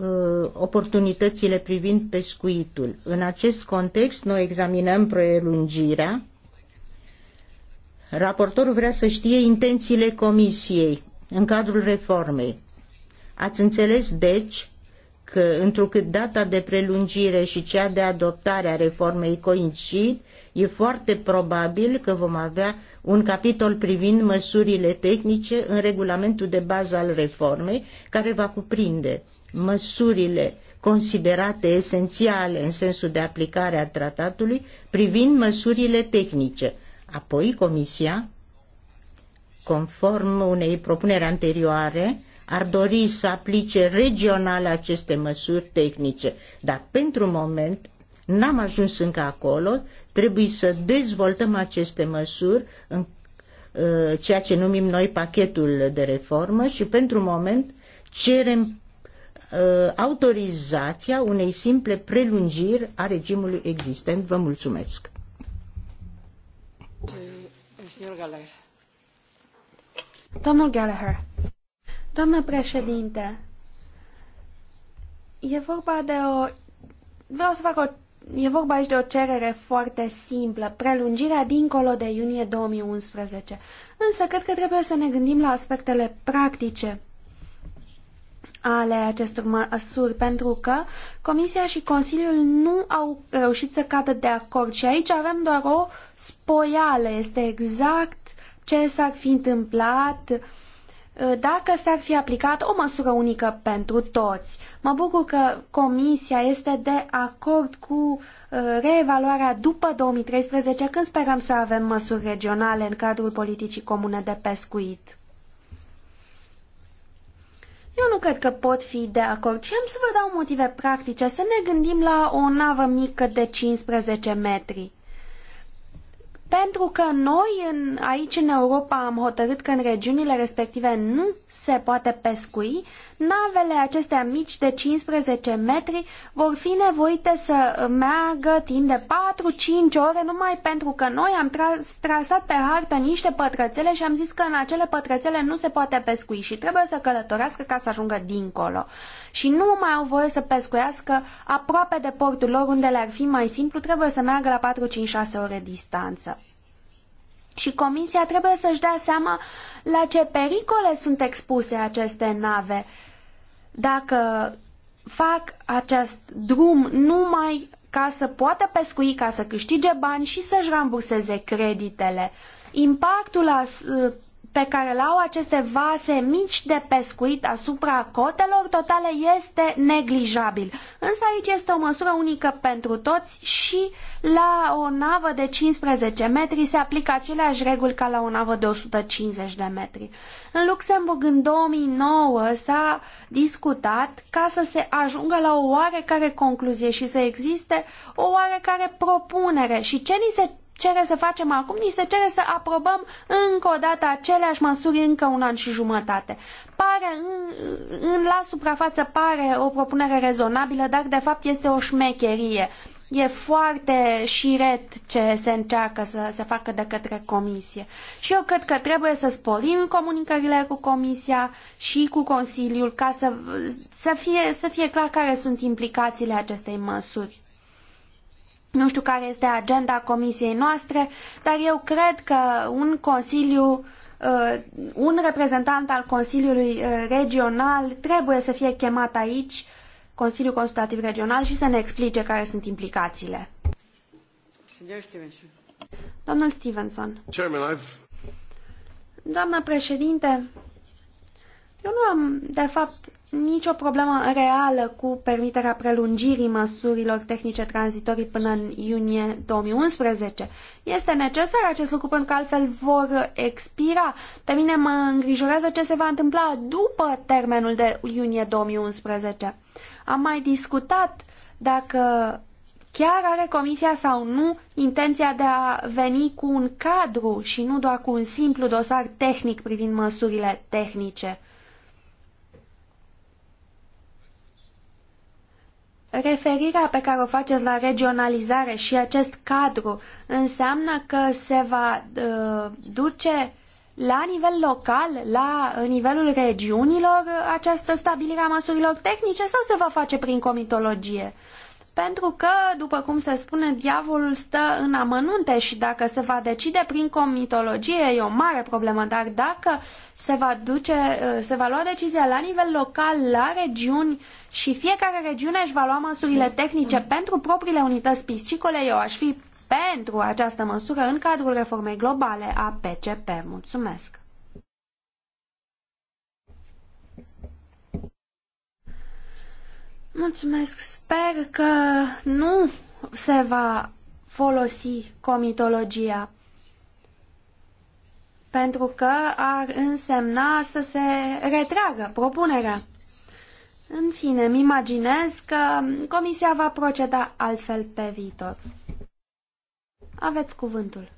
uh, oportunitățile privind pescuitul. În acest context, noi examinăm prelungirea. Raportorul vrea să știe intențiile comisiei în cadrul reformei. Ați înțeles, deci, întrucât data de prelungire și cea de adoptare a reformei coincid, e foarte probabil că vom avea un capitol privind măsurile tehnice în regulamentul de bază al reformei, care va cuprinde măsurile considerate esențiale în sensul de aplicare a tratatului privind măsurile tehnice. Apoi Comisia, conform unei propuneri anterioare, ar dori să aplice regional aceste măsuri tehnice, dar pentru moment n-am ajuns încă acolo, trebuie să dezvoltăm aceste măsuri în uh, ceea ce numim noi pachetul de reformă și pentru moment cerem uh, autorizația unei simple prelungiri a regimului existent. Vă mulțumesc. Domnul Gallagher. Doamnă președinte, e vorba de o... Vreau să fac o... E vorba aici de o cerere foarte simplă, prelungirea dincolo de iunie 2011. Însă cred că trebuie să ne gândim la aspectele practice ale acestor măsuri, pentru că Comisia și Consiliul nu au reușit să cadă de acord și aici avem doar o spoială. Este exact ce s-ar fi întâmplat uh, Uh, dacă s-ar fi aplicat o măsură unică pentru toți. Mă bucur că Comisia este de acord cu uh, reevaluarea după 2013, când sperăm să avem măsuri regionale în cadrul politicii comune de pescuit. Eu nu cred că pot fi de acord și am să vă dau motive practice să ne gândim la o navă mică de 15 metri. Pentru că noi în, aici în Europa am hotărât că în regiunile respective nu se poate pescui, navele acestea mici de 15 metri vor fi nevoite să meargă timp de 4-5 ore numai pentru că noi am tras, trasat pe hartă niște pătrățele și am zis că în acele pătrățele nu se poate pescui și trebuie să călătorească ca să ajungă dincolo și nu mai au voie să pescuiască aproape de portul lor, unde le-ar fi mai simplu, trebuie să meargă la 4-5-6 ore distanță. Și comisia trebuie să-și dea seama la ce pericole sunt expuse aceste nave. Dacă fac acest drum numai ca să poată pescui, ca să câștige bani și să-și ramburseze creditele. Impactul as, pe care le au aceste vase mici de pescuit asupra cotelor totale este neglijabil. Însă aici este o măsură unică pentru toți și la o navă de 15 metri se aplică aceleași reguli ca la o navă de 150 de metri. În Luxemburg în 2009 s-a discutat ca să se ajungă la o oarecare concluzie și să existe o oarecare propunere și ce ni se cere să facem acum, ni se cere să aprobăm încă o dată aceleași măsuri încă un an și jumătate. Pare, în, în, la suprafață pare o propunere rezonabilă, dar de fapt este o șmecherie. E foarte șiret ce se încearcă să se facă de către comisie. Și eu cred că trebuie să sporim comunicările cu comisia și cu Consiliul ca să, să, fie, să fie clar care sunt implicațiile acestei măsuri. Nu știu care este agenda comisiei noastre, dar eu cred că un consiliu uh, un reprezentant al Consiliului uh, Regional trebuie să fie chemat aici, Consiliul Consultativ Regional, și să ne explice care sunt implicațiile. Stevenson. Domnul Stevenson. Doamna președinte, eu nu am, de fapt, nicio problemă reală cu permiterea prelungirii măsurilor tehnice tranzitorii până în iunie 2011. Este necesar acest lucru pentru că altfel vor expira. Pe mine mă îngrijorează ce se va întâmpla după termenul de iunie 2011. Am mai discutat dacă chiar are Comisia sau nu intenția de a veni cu un cadru și nu doar cu un simplu dosar tehnic privind măsurile tehnice Referirea pe care o faceți la regionalizare și acest cadru înseamnă că se va uh, duce la nivel local, la nivelul regiunilor, această stabilire a măsurilor tehnice sau se va face prin comitologie? pentru că, după cum se spune, diavolul stă în amănunte și dacă se va decide prin comitologie e o mare problemă, dar dacă se va, duce, uh, se va lua decizia la nivel local, la regiuni și fiecare regiune își va lua măsurile tehnice pentru propriile unități piscicole, eu aș fi pentru această măsură în cadrul reformei globale a PCP. Mulțumesc! Mulțumesc. Sper că nu se va folosi comitologia pentru că ar însemna să se retragă propunerea. În fine, îmi imaginez că comisia va proceda altfel pe viitor. Aveți cuvântul.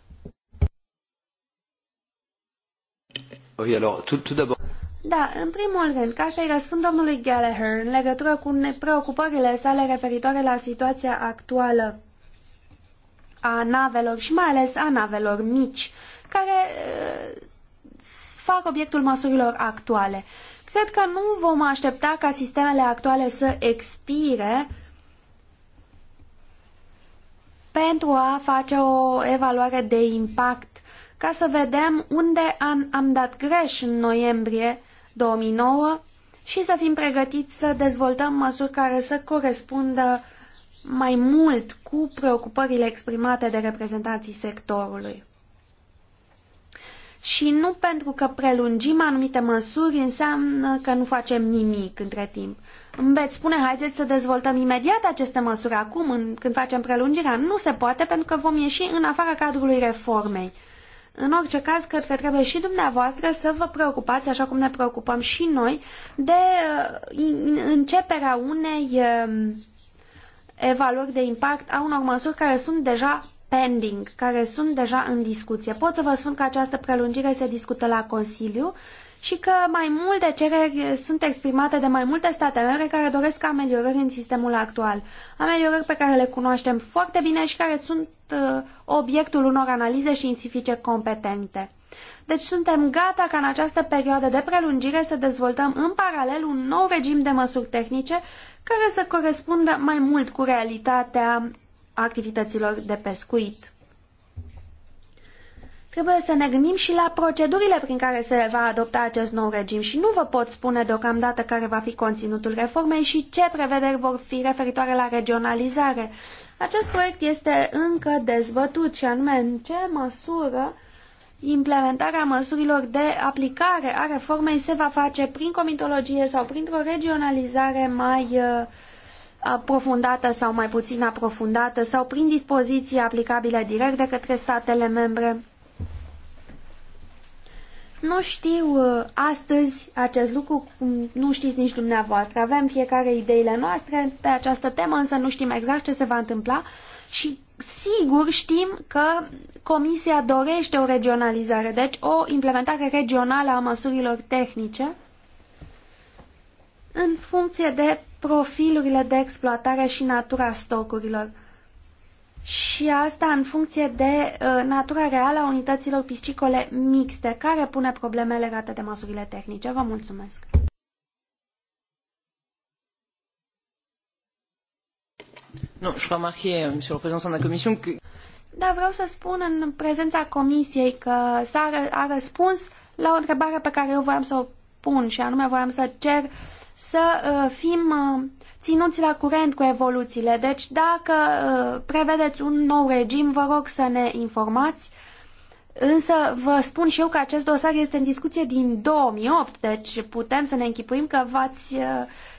Oui, alors, tout, tout da, în primul rând, ca să-i răspund domnului Gallagher în legătură cu preocupările sale referitoare la situația actuală a navelor și mai ales a navelor mici, care uh, fac obiectul măsurilor actuale. Cred că nu vom aștepta ca sistemele actuale să expire pentru a face o evaluare de impact, ca să vedem unde am, am dat greș în noiembrie 2009 și să fim pregătiți să dezvoltăm măsuri care să corespundă mai mult cu preocupările exprimate de reprezentanții sectorului. Și nu pentru că prelungim anumite măsuri înseamnă că nu facem nimic între timp. Îmi veți spune, haideți să dezvoltăm imediat aceste măsuri acum, în, când facem prelungirea. Nu se poate pentru că vom ieși în afara cadrului reformei. În orice caz, cred că trebuie și dumneavoastră să vă preocupați, așa cum ne preocupăm și noi, de uh, începerea unei um, evaluări de impact a unor măsuri care sunt deja pending, care sunt deja în discuție. Pot să vă spun că această prelungire se discută la Consiliu și că mai multe cereri sunt exprimate de mai multe state membre care doresc ameliorări în sistemul actual. Ameliorări pe care le cunoaștem foarte bine și care sunt uh, obiectul unor analize științifice competente. Deci suntem gata ca în această perioadă de prelungire să dezvoltăm în paralel un nou regim de măsuri tehnice care să corespundă mai mult cu realitatea activităților de pescuit. Trebuie să ne gândim și la procedurile prin care se va adopta acest nou regim și nu vă pot spune deocamdată care va fi conținutul reformei și ce prevederi vor fi referitoare la regionalizare. Acest proiect este încă dezbătut și anume în ce măsură implementarea măsurilor de aplicare a reformei se va face prin comitologie sau printr-o regionalizare mai uh, aprofundată sau mai puțin aprofundată sau prin dispoziții aplicabile direct de către statele membre. Nu știu uh, astăzi acest lucru, nu știți nici dumneavoastră. Avem fiecare ideile noastre pe această temă, însă nu știm exact ce se va întâmpla și sigur știm că Comisia dorește o regionalizare, deci o implementare regională a măsurilor tehnice în funcție de profilurile de exploatare și natura stocurilor și asta în funcție de uh, natura reală a unităților piscicole mixte, care pune probleme legate de măsurile tehnice. Vă mulțumesc! Nu, je remarquais, monsieur le président de la commission, que... Da, vreau să spun în prezența comisiei că s-a a răspuns la o întrebare pe care eu voiam să o pun și anume voiam să cer să uh, fim uh, ținuți la curent cu evoluțiile. Deci dacă uh, prevedeți un nou regim, vă rog să ne informați. Însă vă spun și eu că acest dosar este în discuție din 2008, deci putem să ne închipuim că v-ați uh,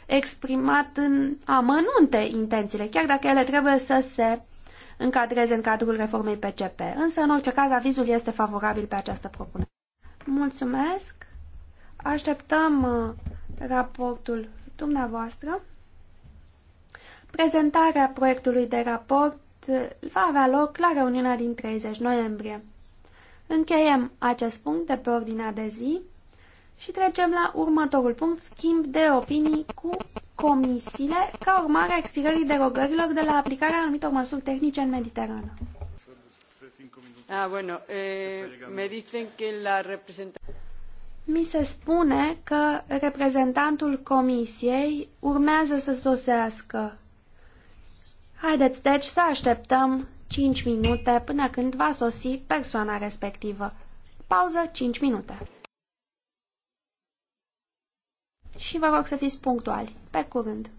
exprimat în amănunte intențiile, chiar dacă ele trebuie să se încadreze în cadrul reformei PCP. Însă, în orice caz, avizul este favorabil pe această propunere. Mulțumesc! Așteptăm uh, raportul dumneavoastră. Prezentarea proiectului de raport uh, va avea loc la reuniunea din 30 noiembrie. Încheiem acest punct de pe ordinea de zi și trecem la următorul punct, schimb de opinii cu comisiile ca urmare a expirării derogărilor de la aplicarea anumitor măsuri tehnice în Mediterană. Ah, bueno, eh, me dicen la Mi se spune că reprezentantul comisiei urmează să sosească Haideți deci să așteptăm 5 minute până când va sosi persoana respectivă. Pauză 5 minute. Și vă rog să fiți punctuali. Pe curând!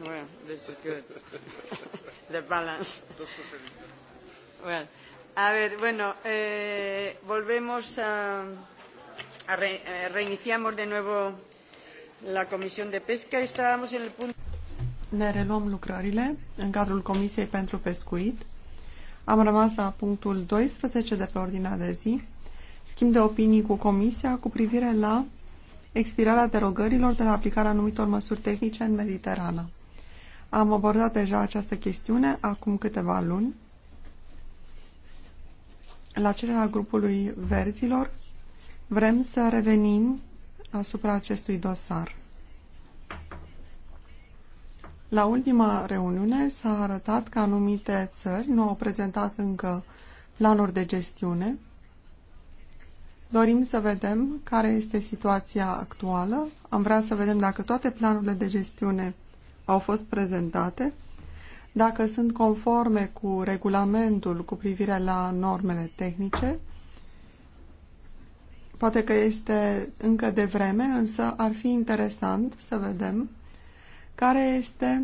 Well, this is good. The balance. Well, a ver, bueno, eh, volvemos a, a re, eh, reiniciamos de nuevo la Comisión de Pesca. Estábamos en el punto. Ne reluăm lucrările în cadrul Comisiei pentru Pescuit. Am rămas la punctul 12 de pe ordinea de zi. Schimb de opinii cu Comisia cu privire la expirarea derogărilor de la aplicarea anumitor măsuri tehnice în Mediterană. Am abordat deja această chestiune acum câteva luni la cererea grupului verzilor. Vrem să revenim asupra acestui dosar. La ultima reuniune s-a arătat că anumite țări nu au prezentat încă planuri de gestiune. Dorim să vedem care este situația actuală. Am vrea să vedem dacă toate planurile de gestiune au fost prezentate, dacă sunt conforme cu regulamentul cu privire la normele tehnice, poate că este încă de vreme, însă ar fi interesant să vedem care este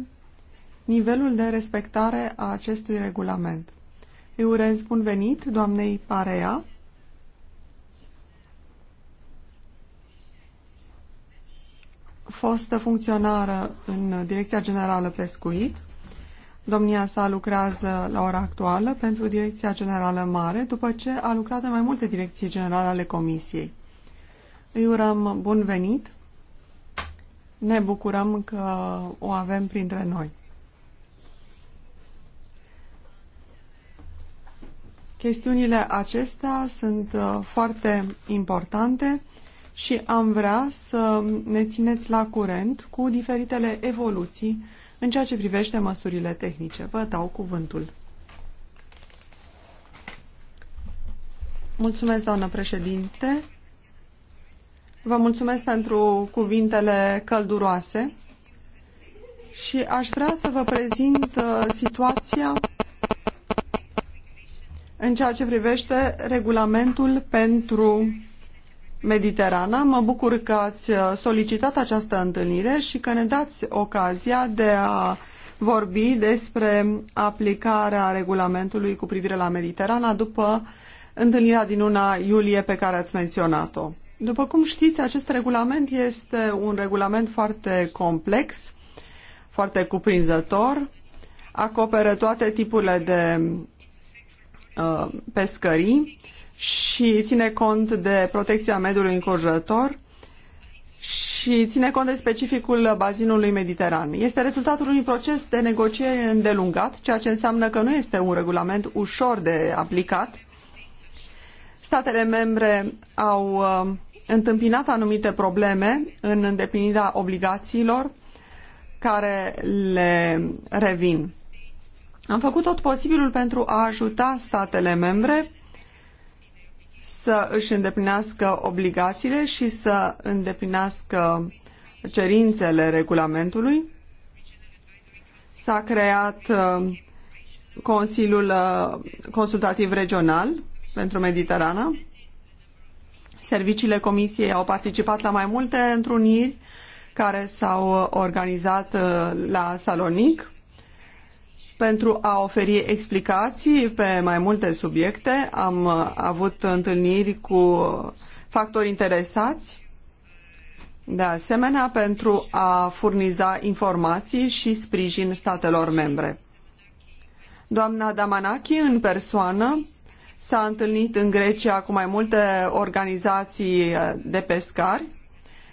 nivelul de respectare a acestui regulament. Eu urez bun venit doamnei Parea fostă funcționară în Direcția Generală Pescuit. Domnia sa lucrează la ora actuală pentru Direcția Generală Mare, după ce a lucrat în mai multe direcții generale ale Comisiei. Îi urăm bun venit. Ne bucurăm că o avem printre noi. Chestiunile acestea sunt uh, foarte importante și am vrea să ne țineți la curent cu diferitele evoluții în ceea ce privește măsurile tehnice. Vă dau cuvântul. Mulțumesc, doamnă președinte. Vă mulțumesc pentru cuvintele călduroase și aș vrea să vă prezint uh, situația în ceea ce privește regulamentul pentru Mediterana. Mă bucur că ați uh, solicitat această întâlnire și că ne dați ocazia de a vorbi despre aplicarea regulamentului cu privire la Mediterana după întâlnirea din luna iulie pe care ați menționat-o. După cum știți, acest regulament este un regulament foarte complex, foarte cuprinzător, acoperă toate tipurile de uh, pescării, și ține cont de protecția mediului înconjurător și ține cont de specificul bazinului mediteran. Este rezultatul unui proces de negociere îndelungat, ceea ce înseamnă că nu este un regulament ușor de aplicat. Statele membre au uh, întâmpinat anumite probleme în îndeplinirea obligațiilor care le revin. Am făcut tot posibilul pentru a ajuta statele membre să își îndeplinească obligațiile și să îndeplinească cerințele regulamentului. S-a creat uh, Consiliul uh, Consultativ Regional pentru Mediterana. Serviciile Comisiei au participat la mai multe întruniri care s-au uh, organizat la Salonic pentru a oferi explicații pe mai multe subiecte. Am avut întâlniri cu factori interesați, de asemenea pentru a furniza informații și sprijin statelor membre. Doamna Damanaki în persoană s-a întâlnit în Grecia cu mai multe organizații de pescari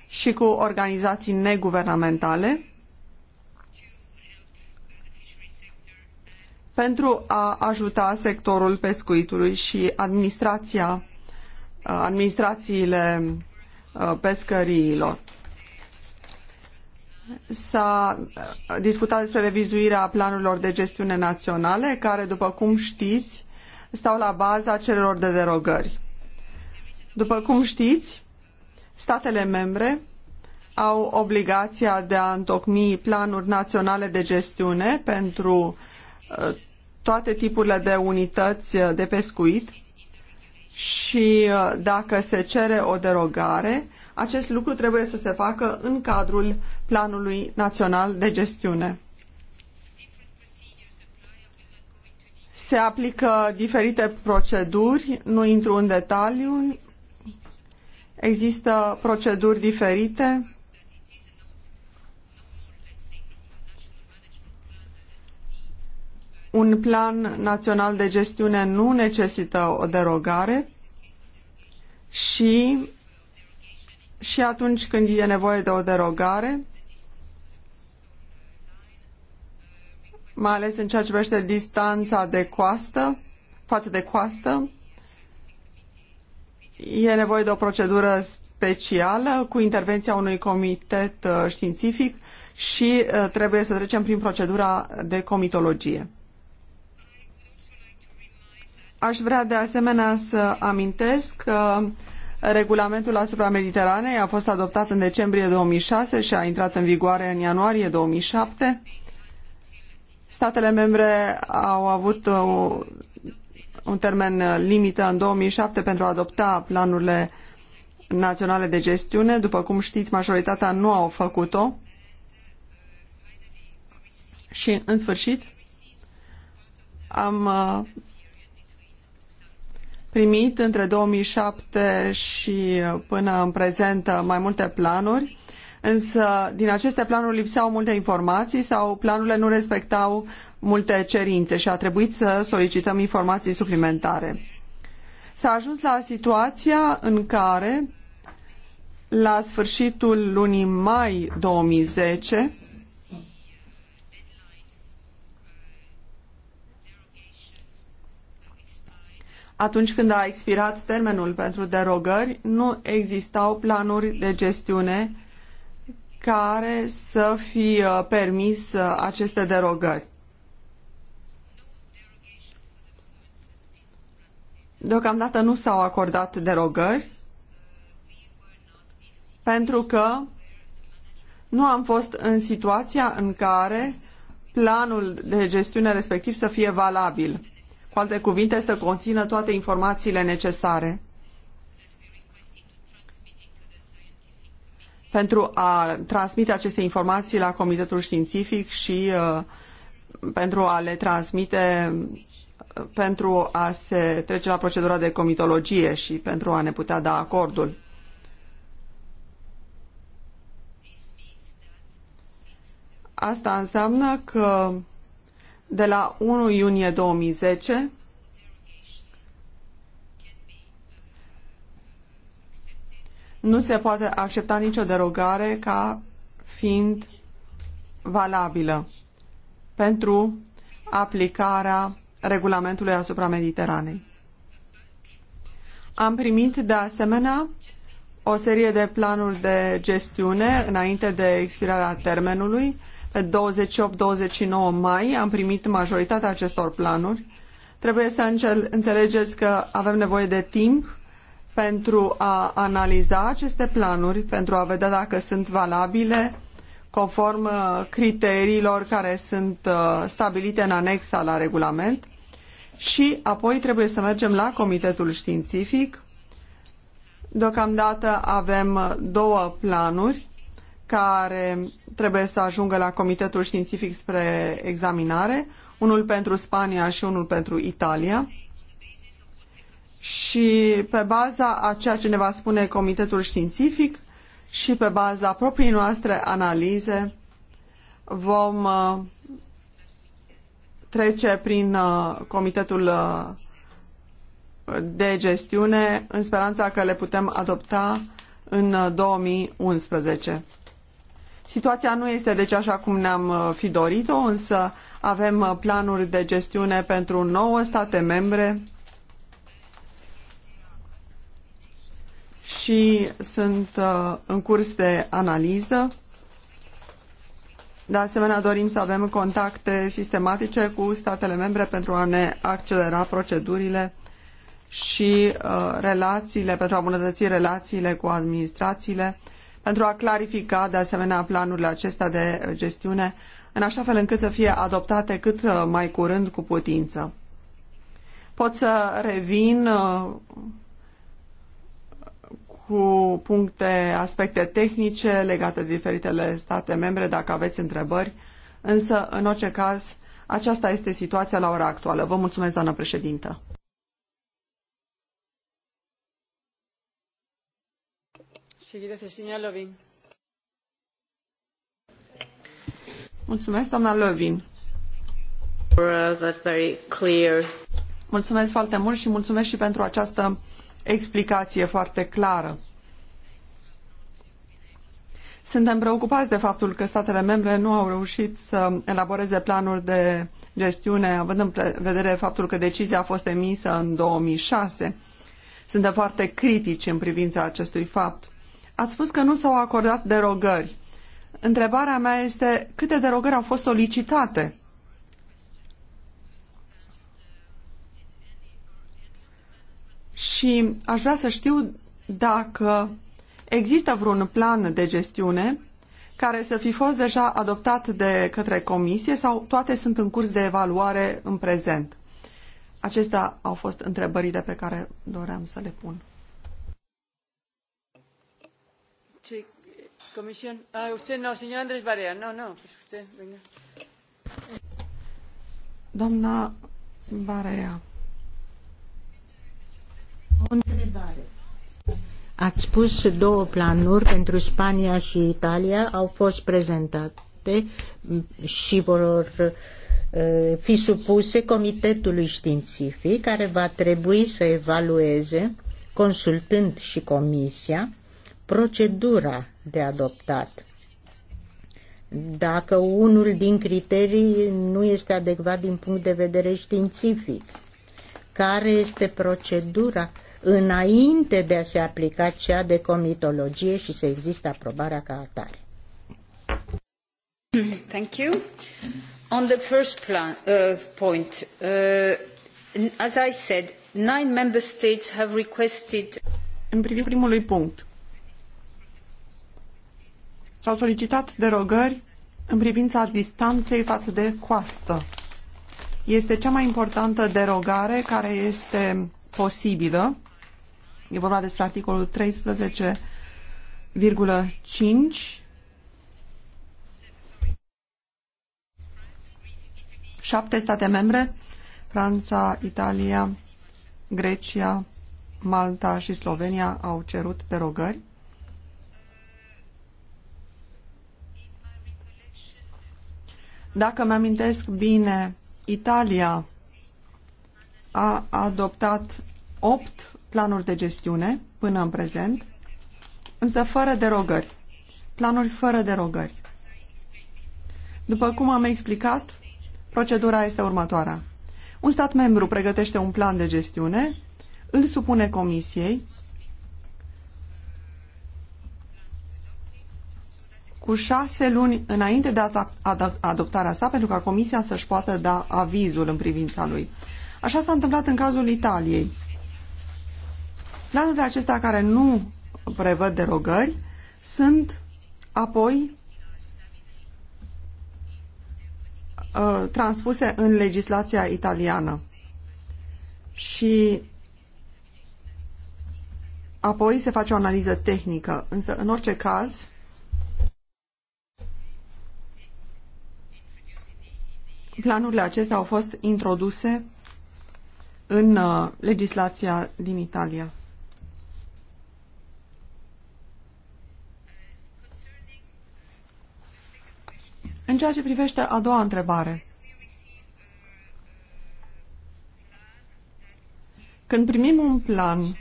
și cu organizații neguvernamentale pentru a ajuta sectorul pescuitului și administrația, uh, administrațiile uh, pescăriilor. S-a uh, discutat despre revizuirea planurilor de gestiune naționale, care, după cum știți, stau la baza celor de derogări. După cum știți, statele membre au obligația de a întocmi planuri naționale de gestiune pentru toate tipurile de unități uh, de pescuit și uh, dacă se cere o derogare, acest lucru trebuie să se facă în cadrul Planului Național de Gestiune. Se aplică diferite proceduri, nu intru în detaliu, există proceduri diferite un plan național de gestiune nu necesită o derogare și, și atunci când e nevoie de o derogare, mai ales în ceea ce privește distanța de coastă, față de coastă, e nevoie de o procedură specială cu intervenția unui comitet uh, științific și uh, trebuie să trecem prin procedura de comitologie. Aș vrea de asemenea să amintesc că regulamentul asupra Mediteranei a fost adoptat în decembrie 2006 și a intrat în vigoare în ianuarie 2007. Statele membre au avut uh, un termen limită în 2007 pentru a adopta planurile naționale de gestiune. După cum știți, majoritatea nu au făcut-o. Și, în sfârșit, am uh, primit între 2007 și până în prezent mai multe planuri, însă din aceste planuri lipseau multe informații sau planurile nu respectau multe cerințe și a trebuit să solicităm informații suplimentare. S-a ajuns la situația în care, la sfârșitul lunii mai 2010, atunci când a expirat termenul pentru derogări, nu existau planuri de gestiune care să fi uh, permis uh, aceste derogări. Deocamdată nu s-au acordat derogări pentru că nu am fost în situația în care planul de gestiune respectiv să fie valabil alte cuvinte, să conțină toate informațiile necesare. Pentru a transmite aceste informații la Comitetul Științific și uh, pentru a le transmite, pentru a se trece la procedura de comitologie și pentru a ne putea da acordul. Asta înseamnă că de la 1 iunie 2010 nu se poate accepta nicio derogare ca fiind valabilă pentru aplicarea regulamentului asupra Mediteranei. Am primit de asemenea o serie de planuri de gestiune înainte de expirarea termenului pe 28-29 mai am primit majoritatea acestor planuri. Trebuie să înțelegeți că avem nevoie de timp pentru a analiza aceste planuri, pentru a vedea dacă sunt valabile conform uh, criteriilor care sunt uh, stabilite în anexa la regulament și apoi trebuie să mergem la Comitetul Științific. Deocamdată avem uh, două planuri care trebuie să ajungă la Comitetul Științific spre examinare, unul pentru Spania și unul pentru Italia. Și pe baza a ceea ce ne va spune Comitetul Științific și pe baza proprii noastre analize vom uh, trece prin uh, Comitetul uh, de gestiune în speranța că le putem adopta în 2011. Situația nu este deci așa cum ne-am uh, fi dorit-o, însă avem uh, planuri de gestiune pentru 9 state membre și sunt uh, în curs de analiză. De asemenea, dorim să avem contacte sistematice cu statele membre pentru a ne accelera procedurile și uh, relațiile, pentru a îmbunătăți relațiile cu administrațiile pentru a clarifica de asemenea planurile acestea de gestiune în așa fel încât să fie adoptate cât uh, mai curând cu putință. Pot să revin uh, cu puncte, aspecte tehnice legate de diferitele state membre, dacă aveți întrebări, însă, în orice caz, aceasta este situația la ora actuală. Vă mulțumesc, doamnă președintă. Mulțumesc, doamna Lovin. Mulțumesc foarte mult și mulțumesc și pentru această explicație foarte clară. Suntem preocupați de faptul că statele membre nu au reușit să elaboreze planuri de gestiune, având în vedere faptul că decizia a fost emisă în 2006. Suntem foarte critici în privința acestui fapt. Ați spus că nu s-au acordat derogări. Întrebarea mea este câte derogări au fost solicitate? Și aș vrea să știu dacă există vreun plan de gestiune care să fi fost deja adoptat de către comisie sau toate sunt în curs de evaluare în prezent? Acestea au fost întrebările pe care doream să le pun. Comisión. Ah, Barea. O întrebare. Ați spus două planuri pentru Spania și Italia au fost prezentate și vor uh, fi supuse Comitetului Științific care va trebui să evalueze, consultând și Comisia, procedura de adoptat. Dacă unul din criterii nu este adecvat din punct de vedere științific, care este procedura înainte de a se aplica cea de comitologie și să existe aprobarea ca atare. Thank you. On the first plan, uh, point, uh, as I said, nine member states have requested. În primul primului punct, S-au solicitat derogări în privința distanței față de coastă. Este cea mai importantă derogare care este posibilă. E vorba despre articolul 13,5 șapte state membre, Franța, Italia, Grecia, Malta și Slovenia au cerut derogări. Dacă mă amintesc bine, Italia a adoptat 8 planuri de gestiune până în prezent, însă fără derogări. Planuri fără derogări. După cum am explicat, procedura este următoarea. Un stat membru pregătește un plan de gestiune, îl supune comisiei, cu șase luni înainte de adoptarea sa pentru ca Comisia să-și poată da avizul în privința lui. Așa s-a întâmplat în cazul Italiei. Planurile acestea care nu prevăd derogări sunt apoi ă, transpuse în legislația italiană și apoi se face o analiză tehnică. Însă, în orice caz, Planurile acestea au fost introduse în uh, legislația din Italia. În ceea ce privește a doua întrebare, când primim un plan,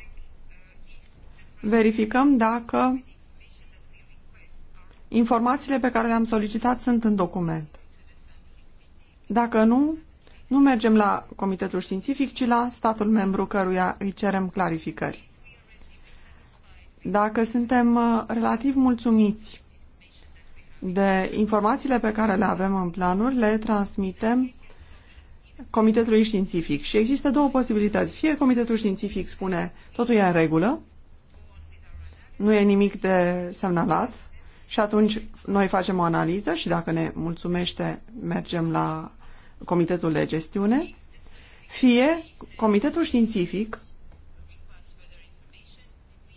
verificăm dacă informațiile pe care le-am solicitat sunt în document. Dacă nu, nu mergem la comitetul științific, ci la statul membru căruia îi cerem clarificări. Dacă suntem uh, relativ mulțumiți de informațiile pe care le avem în planuri, le transmitem comitetului științific. Și există două posibilități. Fie comitetul științific spune totul e în regulă, nu e nimic de semnalat și atunci noi facem o analiză și dacă ne mulțumește mergem la Comitetul de Gestiune, fie Comitetul Științific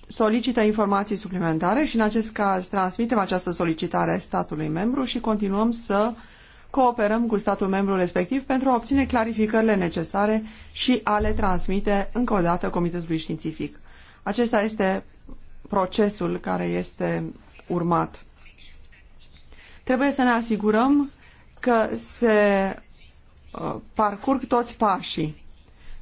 solicită informații suplimentare și în acest caz transmitem această solicitare statului membru și continuăm să cooperăm cu statul membru respectiv pentru a obține clarificările necesare și a le transmite încă o dată Comitetului Științific. Acesta este procesul care este urmat. Trebuie să ne asigurăm că se Uh, parcurg toți pașii.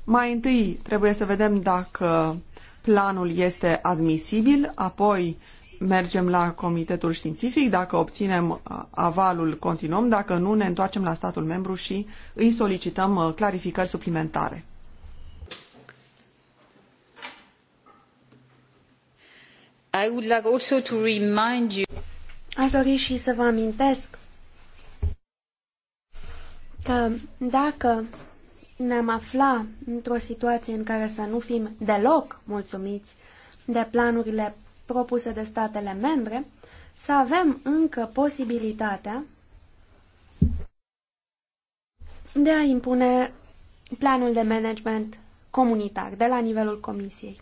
Mai întâi trebuie să vedem dacă planul este admisibil, apoi mergem la comitetul științific, dacă obținem uh, avalul, continuăm, dacă nu, ne întoarcem la statul membru și îi solicităm uh, clarificări suplimentare. I would like also to remind you... Aș dori și să vă amintesc că dacă ne-am afla într-o situație în care să nu fim deloc mulțumiți de planurile propuse de statele membre, să avem încă posibilitatea de a impune planul de management comunitar de la nivelul Comisiei.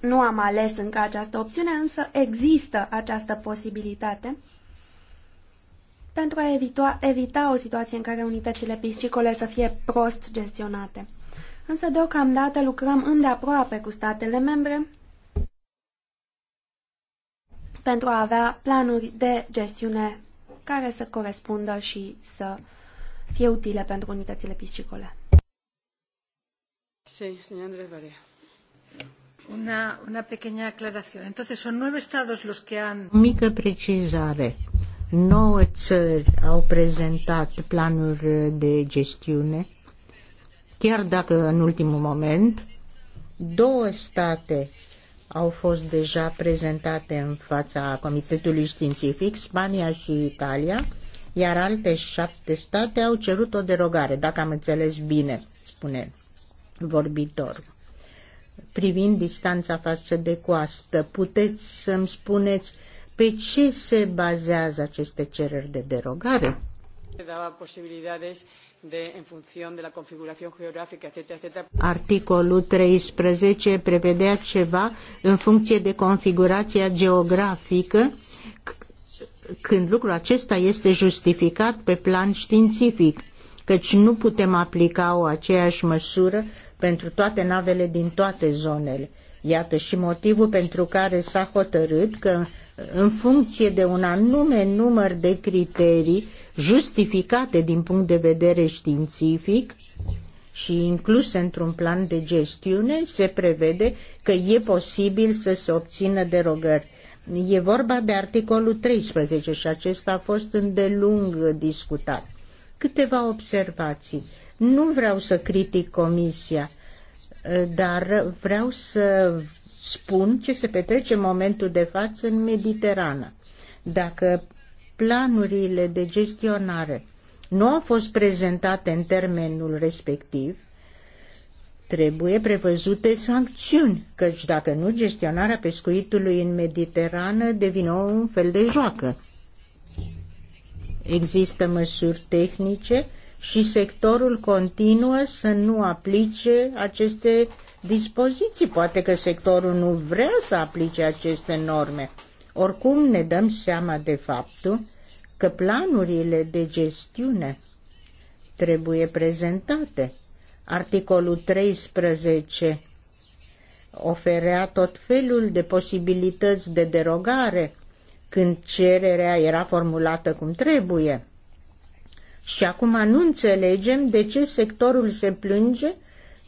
Nu am ales încă această opțiune, însă există această posibilitate pentru a evita, evita o situație în care unitățile piscicole să fie prost gestionate. Însă deocamdată lucrăm îndeaproape cu statele membre pentru a avea planuri de gestiune care să corespundă și să fie utile pentru unitățile piscicole. Sí, señor Andrés Una, una pequeña aclaración. Entonces, son nueve estados los que han... Mică precizare. Nouă țări au prezentat planuri de gestiune, chiar dacă în ultimul moment două state au fost deja prezentate în fața Comitetului Științific, Spania și Italia, iar alte șapte state au cerut o derogare, dacă am înțeles bine, spune vorbitorul privind distanța față de coastă. Puteți să-mi spuneți pe ce se bazează aceste cereri de derogare? Articolul 13 prevedea ceva în funcție de configurația geografică când lucrul acesta este justificat pe plan științific, căci nu putem aplica o aceeași măsură pentru toate navele din toate zonele. Iată și motivul pentru care s-a hotărât că în funcție de un anume număr de criterii justificate din punct de vedere științific și incluse într-un plan de gestiune, se prevede că e posibil să se obțină derogări. E vorba de articolul 13 și acesta a fost îndelung discutat. Câteva observații. Nu vreau să critic comisia, dar vreau să spun ce se petrece în momentul de față în Mediterană. Dacă planurile de gestionare nu au fost prezentate în termenul respectiv, trebuie prevăzute sancțiuni, căci dacă nu, gestionarea pescuitului în Mediterană devine un fel de joacă. Există măsuri tehnice și sectorul continuă să nu aplice aceste dispoziții. Poate că sectorul nu vrea să aplice aceste norme. Oricum ne dăm seama de faptul că planurile de gestiune trebuie prezentate. Articolul 13 oferea tot felul de posibilități de derogare când cererea era formulată cum trebuie. Și acum nu înțelegem de ce sectorul se plânge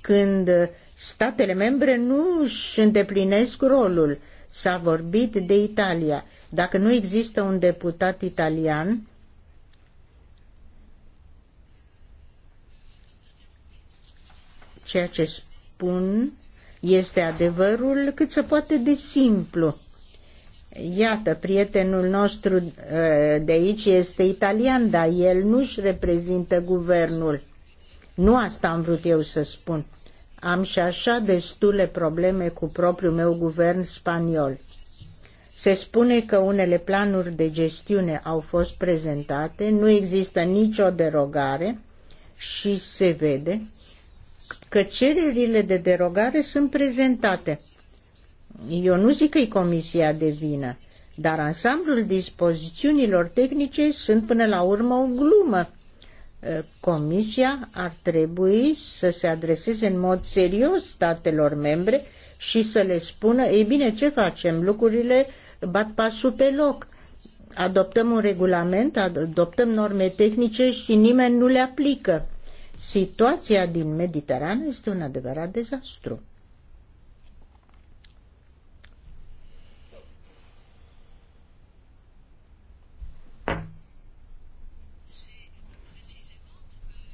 când statele membre nu își îndeplinesc rolul. S-a vorbit de Italia. Dacă nu există un deputat italian, ceea ce spun este adevărul cât se poate de simplu. Iată, prietenul nostru uh, de aici este italian, dar el nu-și reprezintă guvernul. Nu asta am vrut eu să spun. Am și așa destule probleme cu propriul meu guvern spaniol. Se spune că unele planuri de gestiune au fost prezentate, nu există nicio derogare și se vede că cererile de derogare sunt prezentate. Eu nu zic că e comisia de vină, dar ansamblul dispozițiunilor tehnice sunt până la urmă o glumă. Comisia ar trebui să se adreseze în mod serios statelor membre și să le spună, ei bine, ce facem? Lucrurile bat pasul pe loc. Adoptăm un regulament, adoptăm norme tehnice și nimeni nu le aplică. Situația din Mediterană este un adevărat dezastru.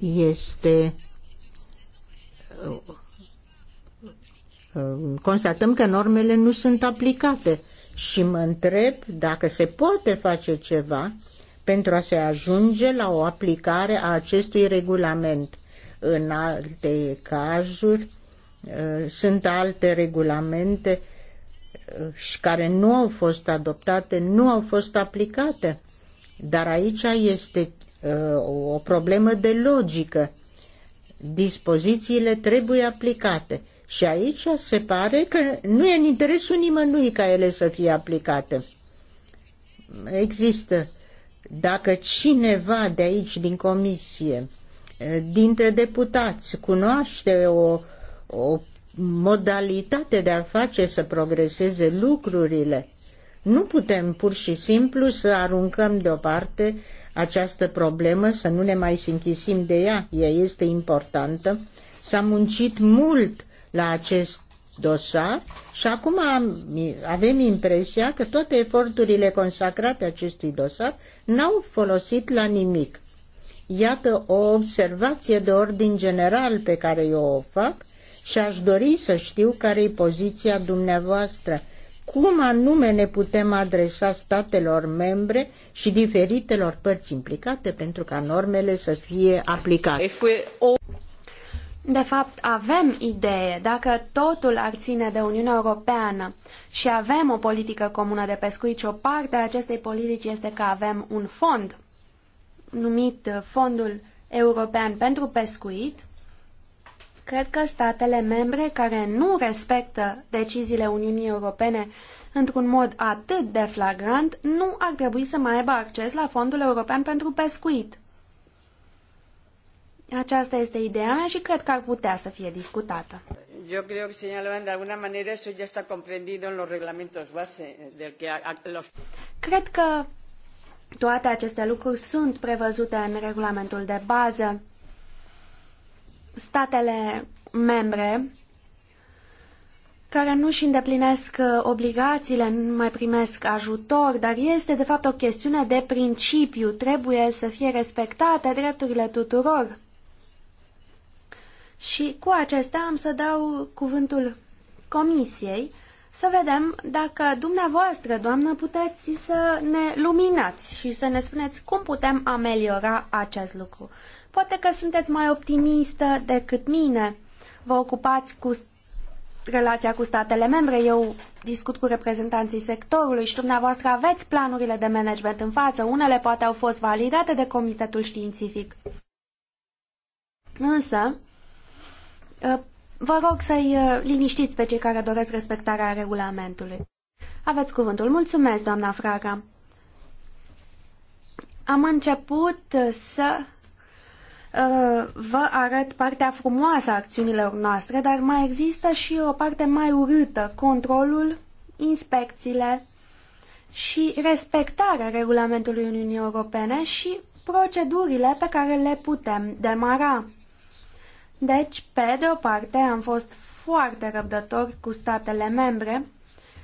este uh, uh, constatăm că normele nu sunt aplicate și mă întreb dacă se poate face ceva pentru a se ajunge la o aplicare a acestui regulament. În alte cazuri uh, sunt alte regulamente și care nu au fost adoptate, nu au fost aplicate. Dar aici este o problemă de logică. Dispozițiile trebuie aplicate. Și aici se pare că nu e în interesul nimănui ca ele să fie aplicate. Există. Dacă cineva de aici, din comisie, dintre deputați, cunoaște o, o modalitate de a face să progreseze lucrurile, nu putem pur și simplu să aruncăm deoparte uh, această problemă, să nu ne mai sinchisim de ea, ea este importantă. S-a muncit mult la acest dosar și acum am, avem impresia că toate eforturile consacrate acestui dosar n-au folosit la nimic. Iată o observație de ordin general pe care eu o fac și aș dori să știu care e poziția dumneavoastră cum anume ne putem adresa statelor membre și diferitelor părți implicate pentru ca normele să fie aplicate. De fapt, avem idee dacă totul ar ține de Uniunea Europeană și avem o politică comună de pescuit și o parte a acestei politici este că avem un fond numit Fondul European pentru Pescuit, Cred că statele membre care nu respectă deciziile Uniunii Europene într-un mod atât de flagrant nu ar trebui să mai aibă acces la Fondul European pentru Pescuit. Aceasta este ideea mea și cred că ar putea să fie discutată. Yo creo que señalaban de alguna manera eso ya está comprendido en los reglamentos base del que los... Cred că toate aceste lucruri sunt prevăzute în regulamentul de bază statele membre care nu își îndeplinesc uh, obligațiile, nu mai primesc ajutor, dar este de fapt o chestiune de principiu. Trebuie să fie respectate drepturile tuturor. Și cu acestea am să dau cuvântul Comisiei să vedem dacă dumneavoastră, doamnă, puteți să ne luminați și să ne spuneți cum putem ameliora acest lucru. Poate că sunteți mai optimistă decât mine. Vă ocupați cu relația cu statele membre, eu discut cu reprezentanții sectorului și dumneavoastră aveți planurile de management în față, unele poate au fost validate de comitetul științific. Însă, Vă rog să-i uh, liniștiți pe cei care doresc respectarea regulamentului. Aveți cuvântul. Mulțumesc, doamna Fraga. Am început uh, să uh, vă arăt partea frumoasă a acțiunilor noastre, dar mai există și o parte mai urâtă, controlul, inspecțiile și respectarea regulamentului Uniunii Europene și procedurile pe care le putem demara. Deci, pe de o parte, am fost foarte răbdători cu statele membre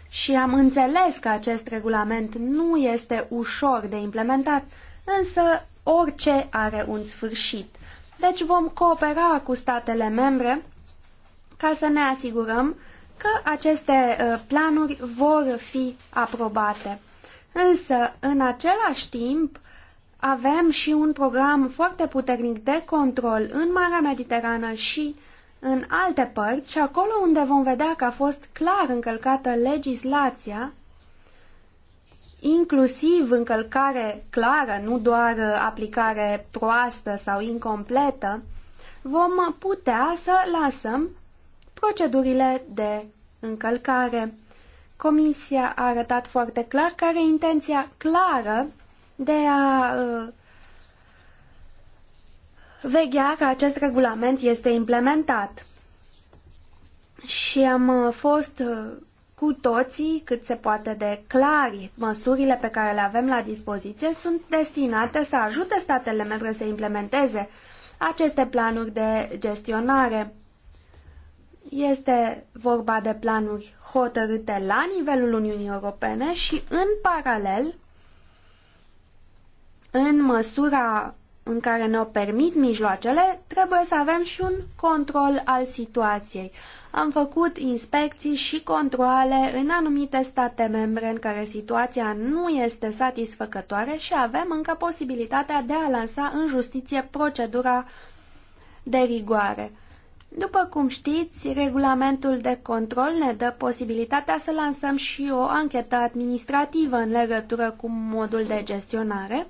și am înțeles că acest regulament nu este ușor de implementat, însă orice are un sfârșit. Deci vom coopera cu statele membre ca să ne asigurăm că aceste uh, planuri vor fi aprobate. Însă, în același timp, avem și un program foarte puternic de control în Marea Mediterană și în alte părți și acolo unde vom vedea că a fost clar încălcată legislația, inclusiv încălcare clară, nu doar aplicare proastă sau incompletă, vom putea să lasăm procedurile de încălcare. Comisia a arătat foarte clar care intenția clară de a uh, veghea că acest regulament este implementat. Și am uh, fost uh, cu toții cât se poate de clari. Măsurile pe care le avem la dispoziție sunt destinate să ajute statele membre să implementeze aceste planuri de gestionare. Este vorba de planuri hotărâte la nivelul Uniunii Europene și, în paralel, în măsura în care ne-o permit mijloacele, trebuie să avem și un control al situației. Am făcut inspecții și controle în anumite state membre în care situația nu este satisfăcătoare și avem încă posibilitatea de a lansa în justiție procedura de rigoare. După cum știți, regulamentul de control ne dă posibilitatea să lansăm și o anchetă administrativă în legătură cu modul de gestionare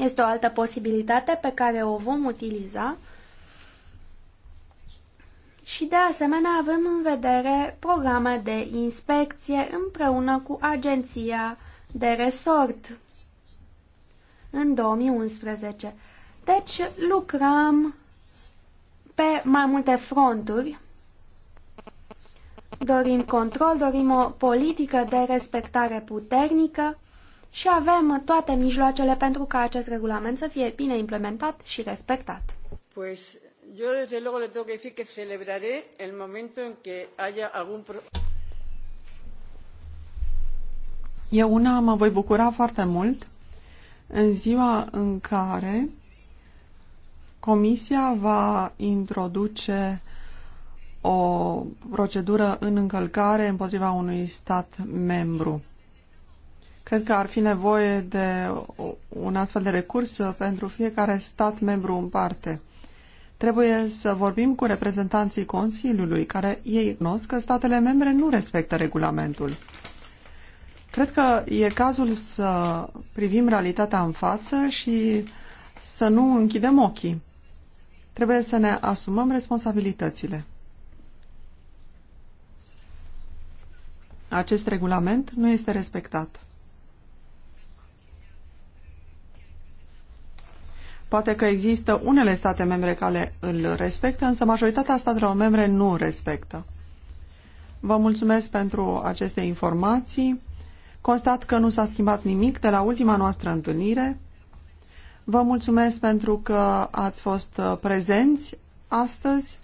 este o altă posibilitate pe care o vom utiliza. Și de asemenea avem în vedere programe de inspecție împreună cu agenția de resort în 2011. Deci lucrăm pe mai multe fronturi. Dorim control, dorim o politică de respectare puternică și avem toate mijloacele pentru ca acest regulament să fie bine implementat și respectat. Pues, yo desde luego le tengo que decir que celebraré el momento en que haya algún Eu una mă voi bucura foarte mult în ziua în care Comisia va introduce o procedură în încălcare împotriva unui stat membru. Cred că ar fi nevoie de un astfel de recurs pentru fiecare stat membru în parte. Trebuie să vorbim cu reprezentanții Consiliului, care ei cunosc că statele membre nu respectă regulamentul. Cred că e cazul să privim realitatea în față și să nu închidem ochii. Trebuie să ne asumăm responsabilitățile. Acest regulament nu este respectat. Poate că există unele state membre care îl respectă, însă majoritatea statelor membre nu respectă. Vă mulțumesc pentru aceste informații. Constat că nu s-a schimbat nimic de la ultima noastră întâlnire. Vă mulțumesc pentru că ați fost prezenți astăzi.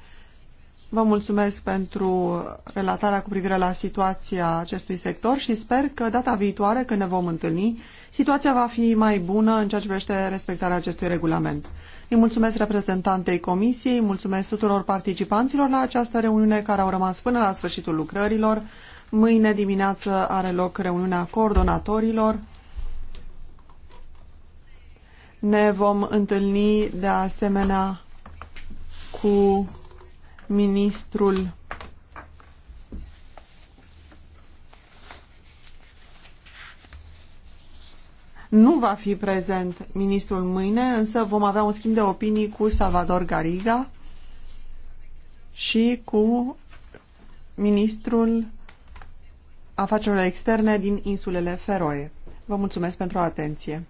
Vă mulțumesc pentru relatarea cu privire la situația acestui sector și sper că data viitoare, când ne vom întâlni, situația va fi mai bună în ceea ce privește respectarea acestui regulament. Îi mulțumesc reprezentantei Comisiei, mulțumesc tuturor participanților la această reuniune care au rămas până la sfârșitul lucrărilor. Mâine dimineață are loc reuniunea coordonatorilor. Ne vom întâlni de asemenea cu ministrul Nu va fi prezent ministrul mâine, însă vom avea un schimb de opinii cu Salvador Gariga și cu ministrul afacerilor externe din insulele Feroe. Vă mulțumesc pentru atenție.